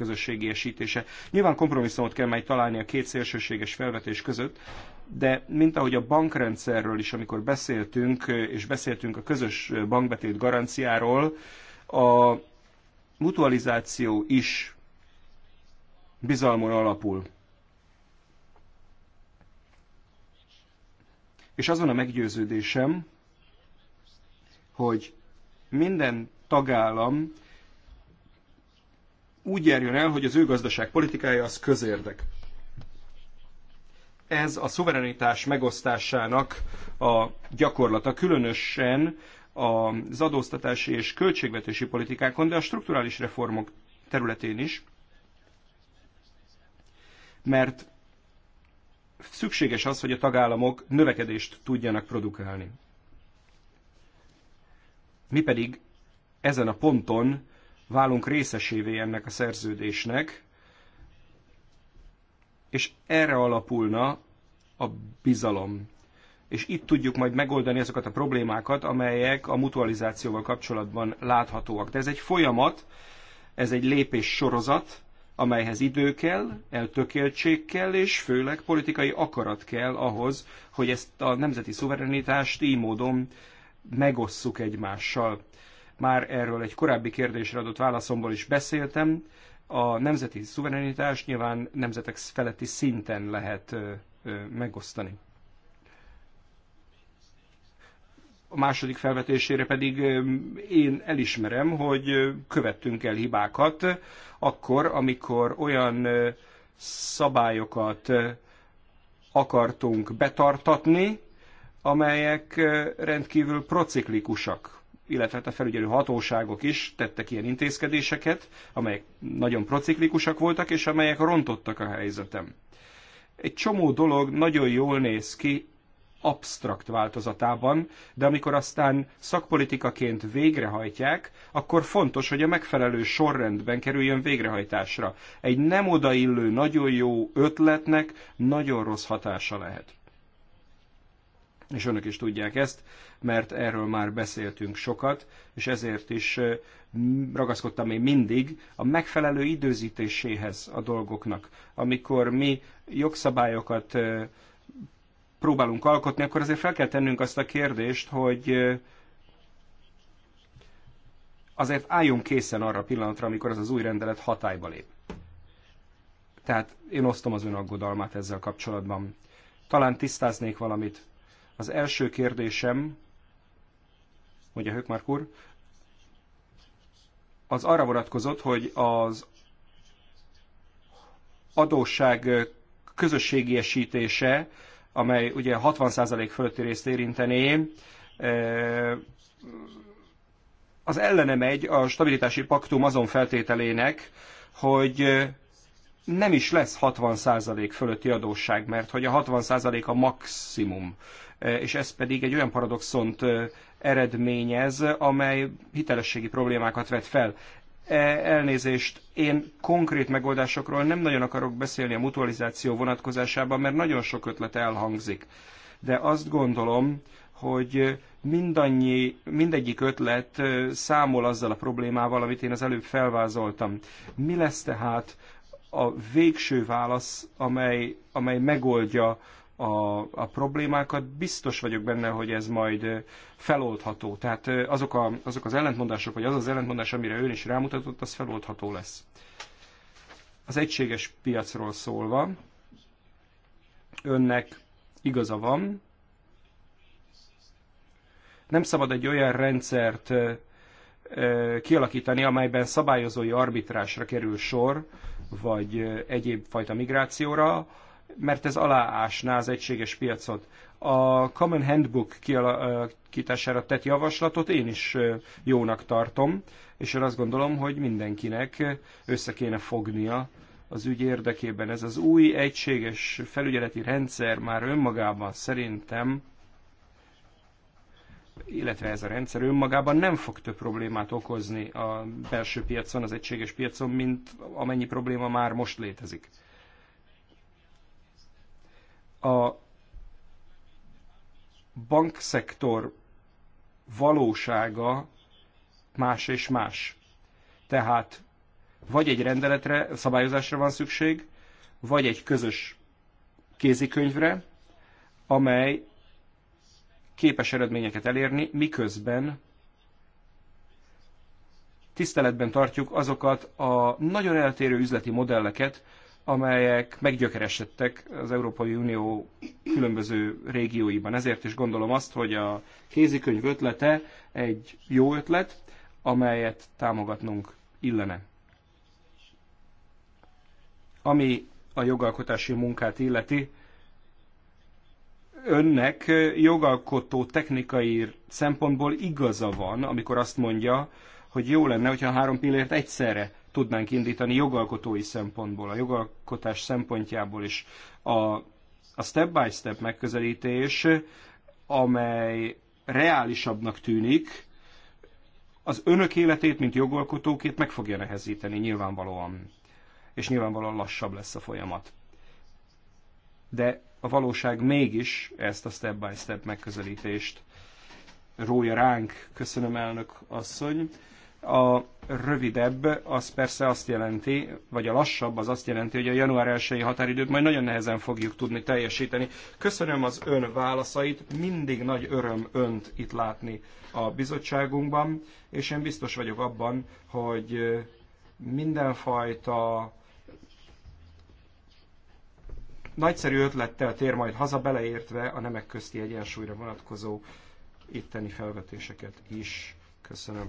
esítése. Nyilván kompromisszumot kell majd találni a két szélsőséges felvetés között, de mint ahogy a bankrendszerről is, amikor beszéltünk, és beszéltünk a közös bankbetét garanciáról, a mutualizáció is bizalmon alapul. És azon a meggyőződésem, hogy minden tagállam úgy járjon el, hogy az ő gazdaság politikája az közérdek ez a szuverenitás megosztásának a gyakorlata, különösen az adóztatási és költségvetési politikákon, de a strukturális reformok területén is, mert szükséges az, hogy a tagállamok növekedést tudjanak produkálni. Mi pedig ezen a ponton válunk részesévé ennek a szerződésnek, és erre alapulna a bizalom. És itt tudjuk majd megoldani azokat a problémákat, amelyek a mutualizációval kapcsolatban láthatóak. De ez egy folyamat, ez egy lépés sorozat, amelyhez idő kell, eltökéltség kell, és főleg politikai akarat kell ahhoz, hogy ezt a nemzeti szuverenitást így módon megosszuk egymással. Már erről egy korábbi kérdésre adott válaszomból is beszéltem, a nemzeti szuverenitás nyilván nemzetek feletti szinten lehet megosztani. A második felvetésére pedig én elismerem, hogy követtünk el hibákat, akkor, amikor olyan szabályokat akartunk betartatni, amelyek rendkívül prociklikusak illetve hát a felügyelő hatóságok is tettek ilyen intézkedéseket, amelyek nagyon prociklikusak voltak, és amelyek rontottak a helyzetem. Egy csomó dolog nagyon jól néz ki absztrakt változatában, de amikor aztán szakpolitikaként végrehajtják, akkor fontos, hogy a megfelelő sorrendben kerüljön végrehajtásra. Egy nem odaillő, nagyon jó ötletnek nagyon rossz hatása lehet és önök is tudják ezt, mert erről már beszéltünk sokat, és ezért is ragaszkodtam én mindig a megfelelő időzítéséhez a dolgoknak. Amikor mi jogszabályokat próbálunk alkotni, akkor azért fel kell tennünk azt a kérdést, hogy azért álljunk készen arra a pillanatra, amikor az az új rendelet hatályba lép. Tehát én osztom az ön aggodalmát ezzel kapcsolatban. Talán tisztáznék valamit. Az első kérdésem, mondja Hökmark úr, az arra vonatkozott, hogy az adósság közösségiesítése, amely ugye 60% fölötti részt érintené, e, az ellene megy a stabilitási paktum azon feltételének, hogy nem is lesz 60% fölötti adósság, mert hogy a 60% a maximum Eh, és ez pedig egy olyan paradoxont eh, eredményez, amely hitelességi problémákat vet fel. Eh, elnézést, én konkrét megoldásokról nem nagyon akarok beszélni a mutualizáció vonatkozásában, mert nagyon sok ötlet elhangzik. De azt gondolom, hogy mindannyi, mindegyik ötlet számol azzal a problémával, amit én az előbb felvázoltam. Mi lesz tehát a végső válasz, amely, amely megoldja a, a problémákat, biztos vagyok benne, hogy ez majd feloldható. Tehát azok, a, azok az ellentmondások, vagy az az ellentmondás, amire ő is rámutatott, az feloldható lesz. Az egységes piacról szólva, önnek igaza van, nem szabad egy olyan rendszert kialakítani, amelyben szabályozói arbitrásra kerül sor, vagy egyéb fajta migrációra, mert ez aláásná az egységes piacot. A Common Handbook kialakítására tett javaslatot én is jónak tartom, és én azt gondolom, hogy mindenkinek össze kéne fognia az ügy érdekében. Ez az új egységes felügyeleti rendszer már önmagában szerintem illetve ez a rendszer önmagában nem fog több problémát okozni a belső piacon, az egységes piacon, mint amennyi probléma már most létezik a bankszektor valósága más és más. Tehát vagy egy rendeletre, szabályozásra van szükség, vagy egy közös kézikönyvre, amely képes eredményeket elérni, miközben tiszteletben tartjuk azokat a nagyon eltérő üzleti modelleket, amelyek meggyökeresedtek az Európai Unió különböző régióiban. Ezért is gondolom azt, hogy a kézikönyv ötlete egy jó ötlet, amelyet támogatnunk illene. Ami a jogalkotási munkát illeti, önnek jogalkotó technikai szempontból igaza van, amikor azt mondja, hogy jó lenne, hogyha a három pillért egyszerre tudnánk indítani jogalkotói szempontból, a jogalkotás szempontjából is. A, a step-by-step megközelítés, amely reálisabbnak tűnik, az önök életét, mint jogalkotókét meg fogja nehezíteni nyilvánvalóan. És nyilvánvalóan lassabb lesz a folyamat. De a valóság mégis ezt a step-by-step -step megközelítést rója ránk. Köszönöm, elnök asszony. A rövidebb az persze azt jelenti, vagy a lassabb az azt jelenti, hogy a január 1 határidőt majd nagyon nehezen fogjuk tudni teljesíteni. Köszönöm az ön válaszait, mindig nagy öröm önt itt látni a bizottságunkban, és én biztos vagyok abban, hogy mindenfajta nagyszerű ötlettel tér majd haza, beleértve a nemek közti egyensúlyra vonatkozó itteni felvetéseket is. Köszönöm.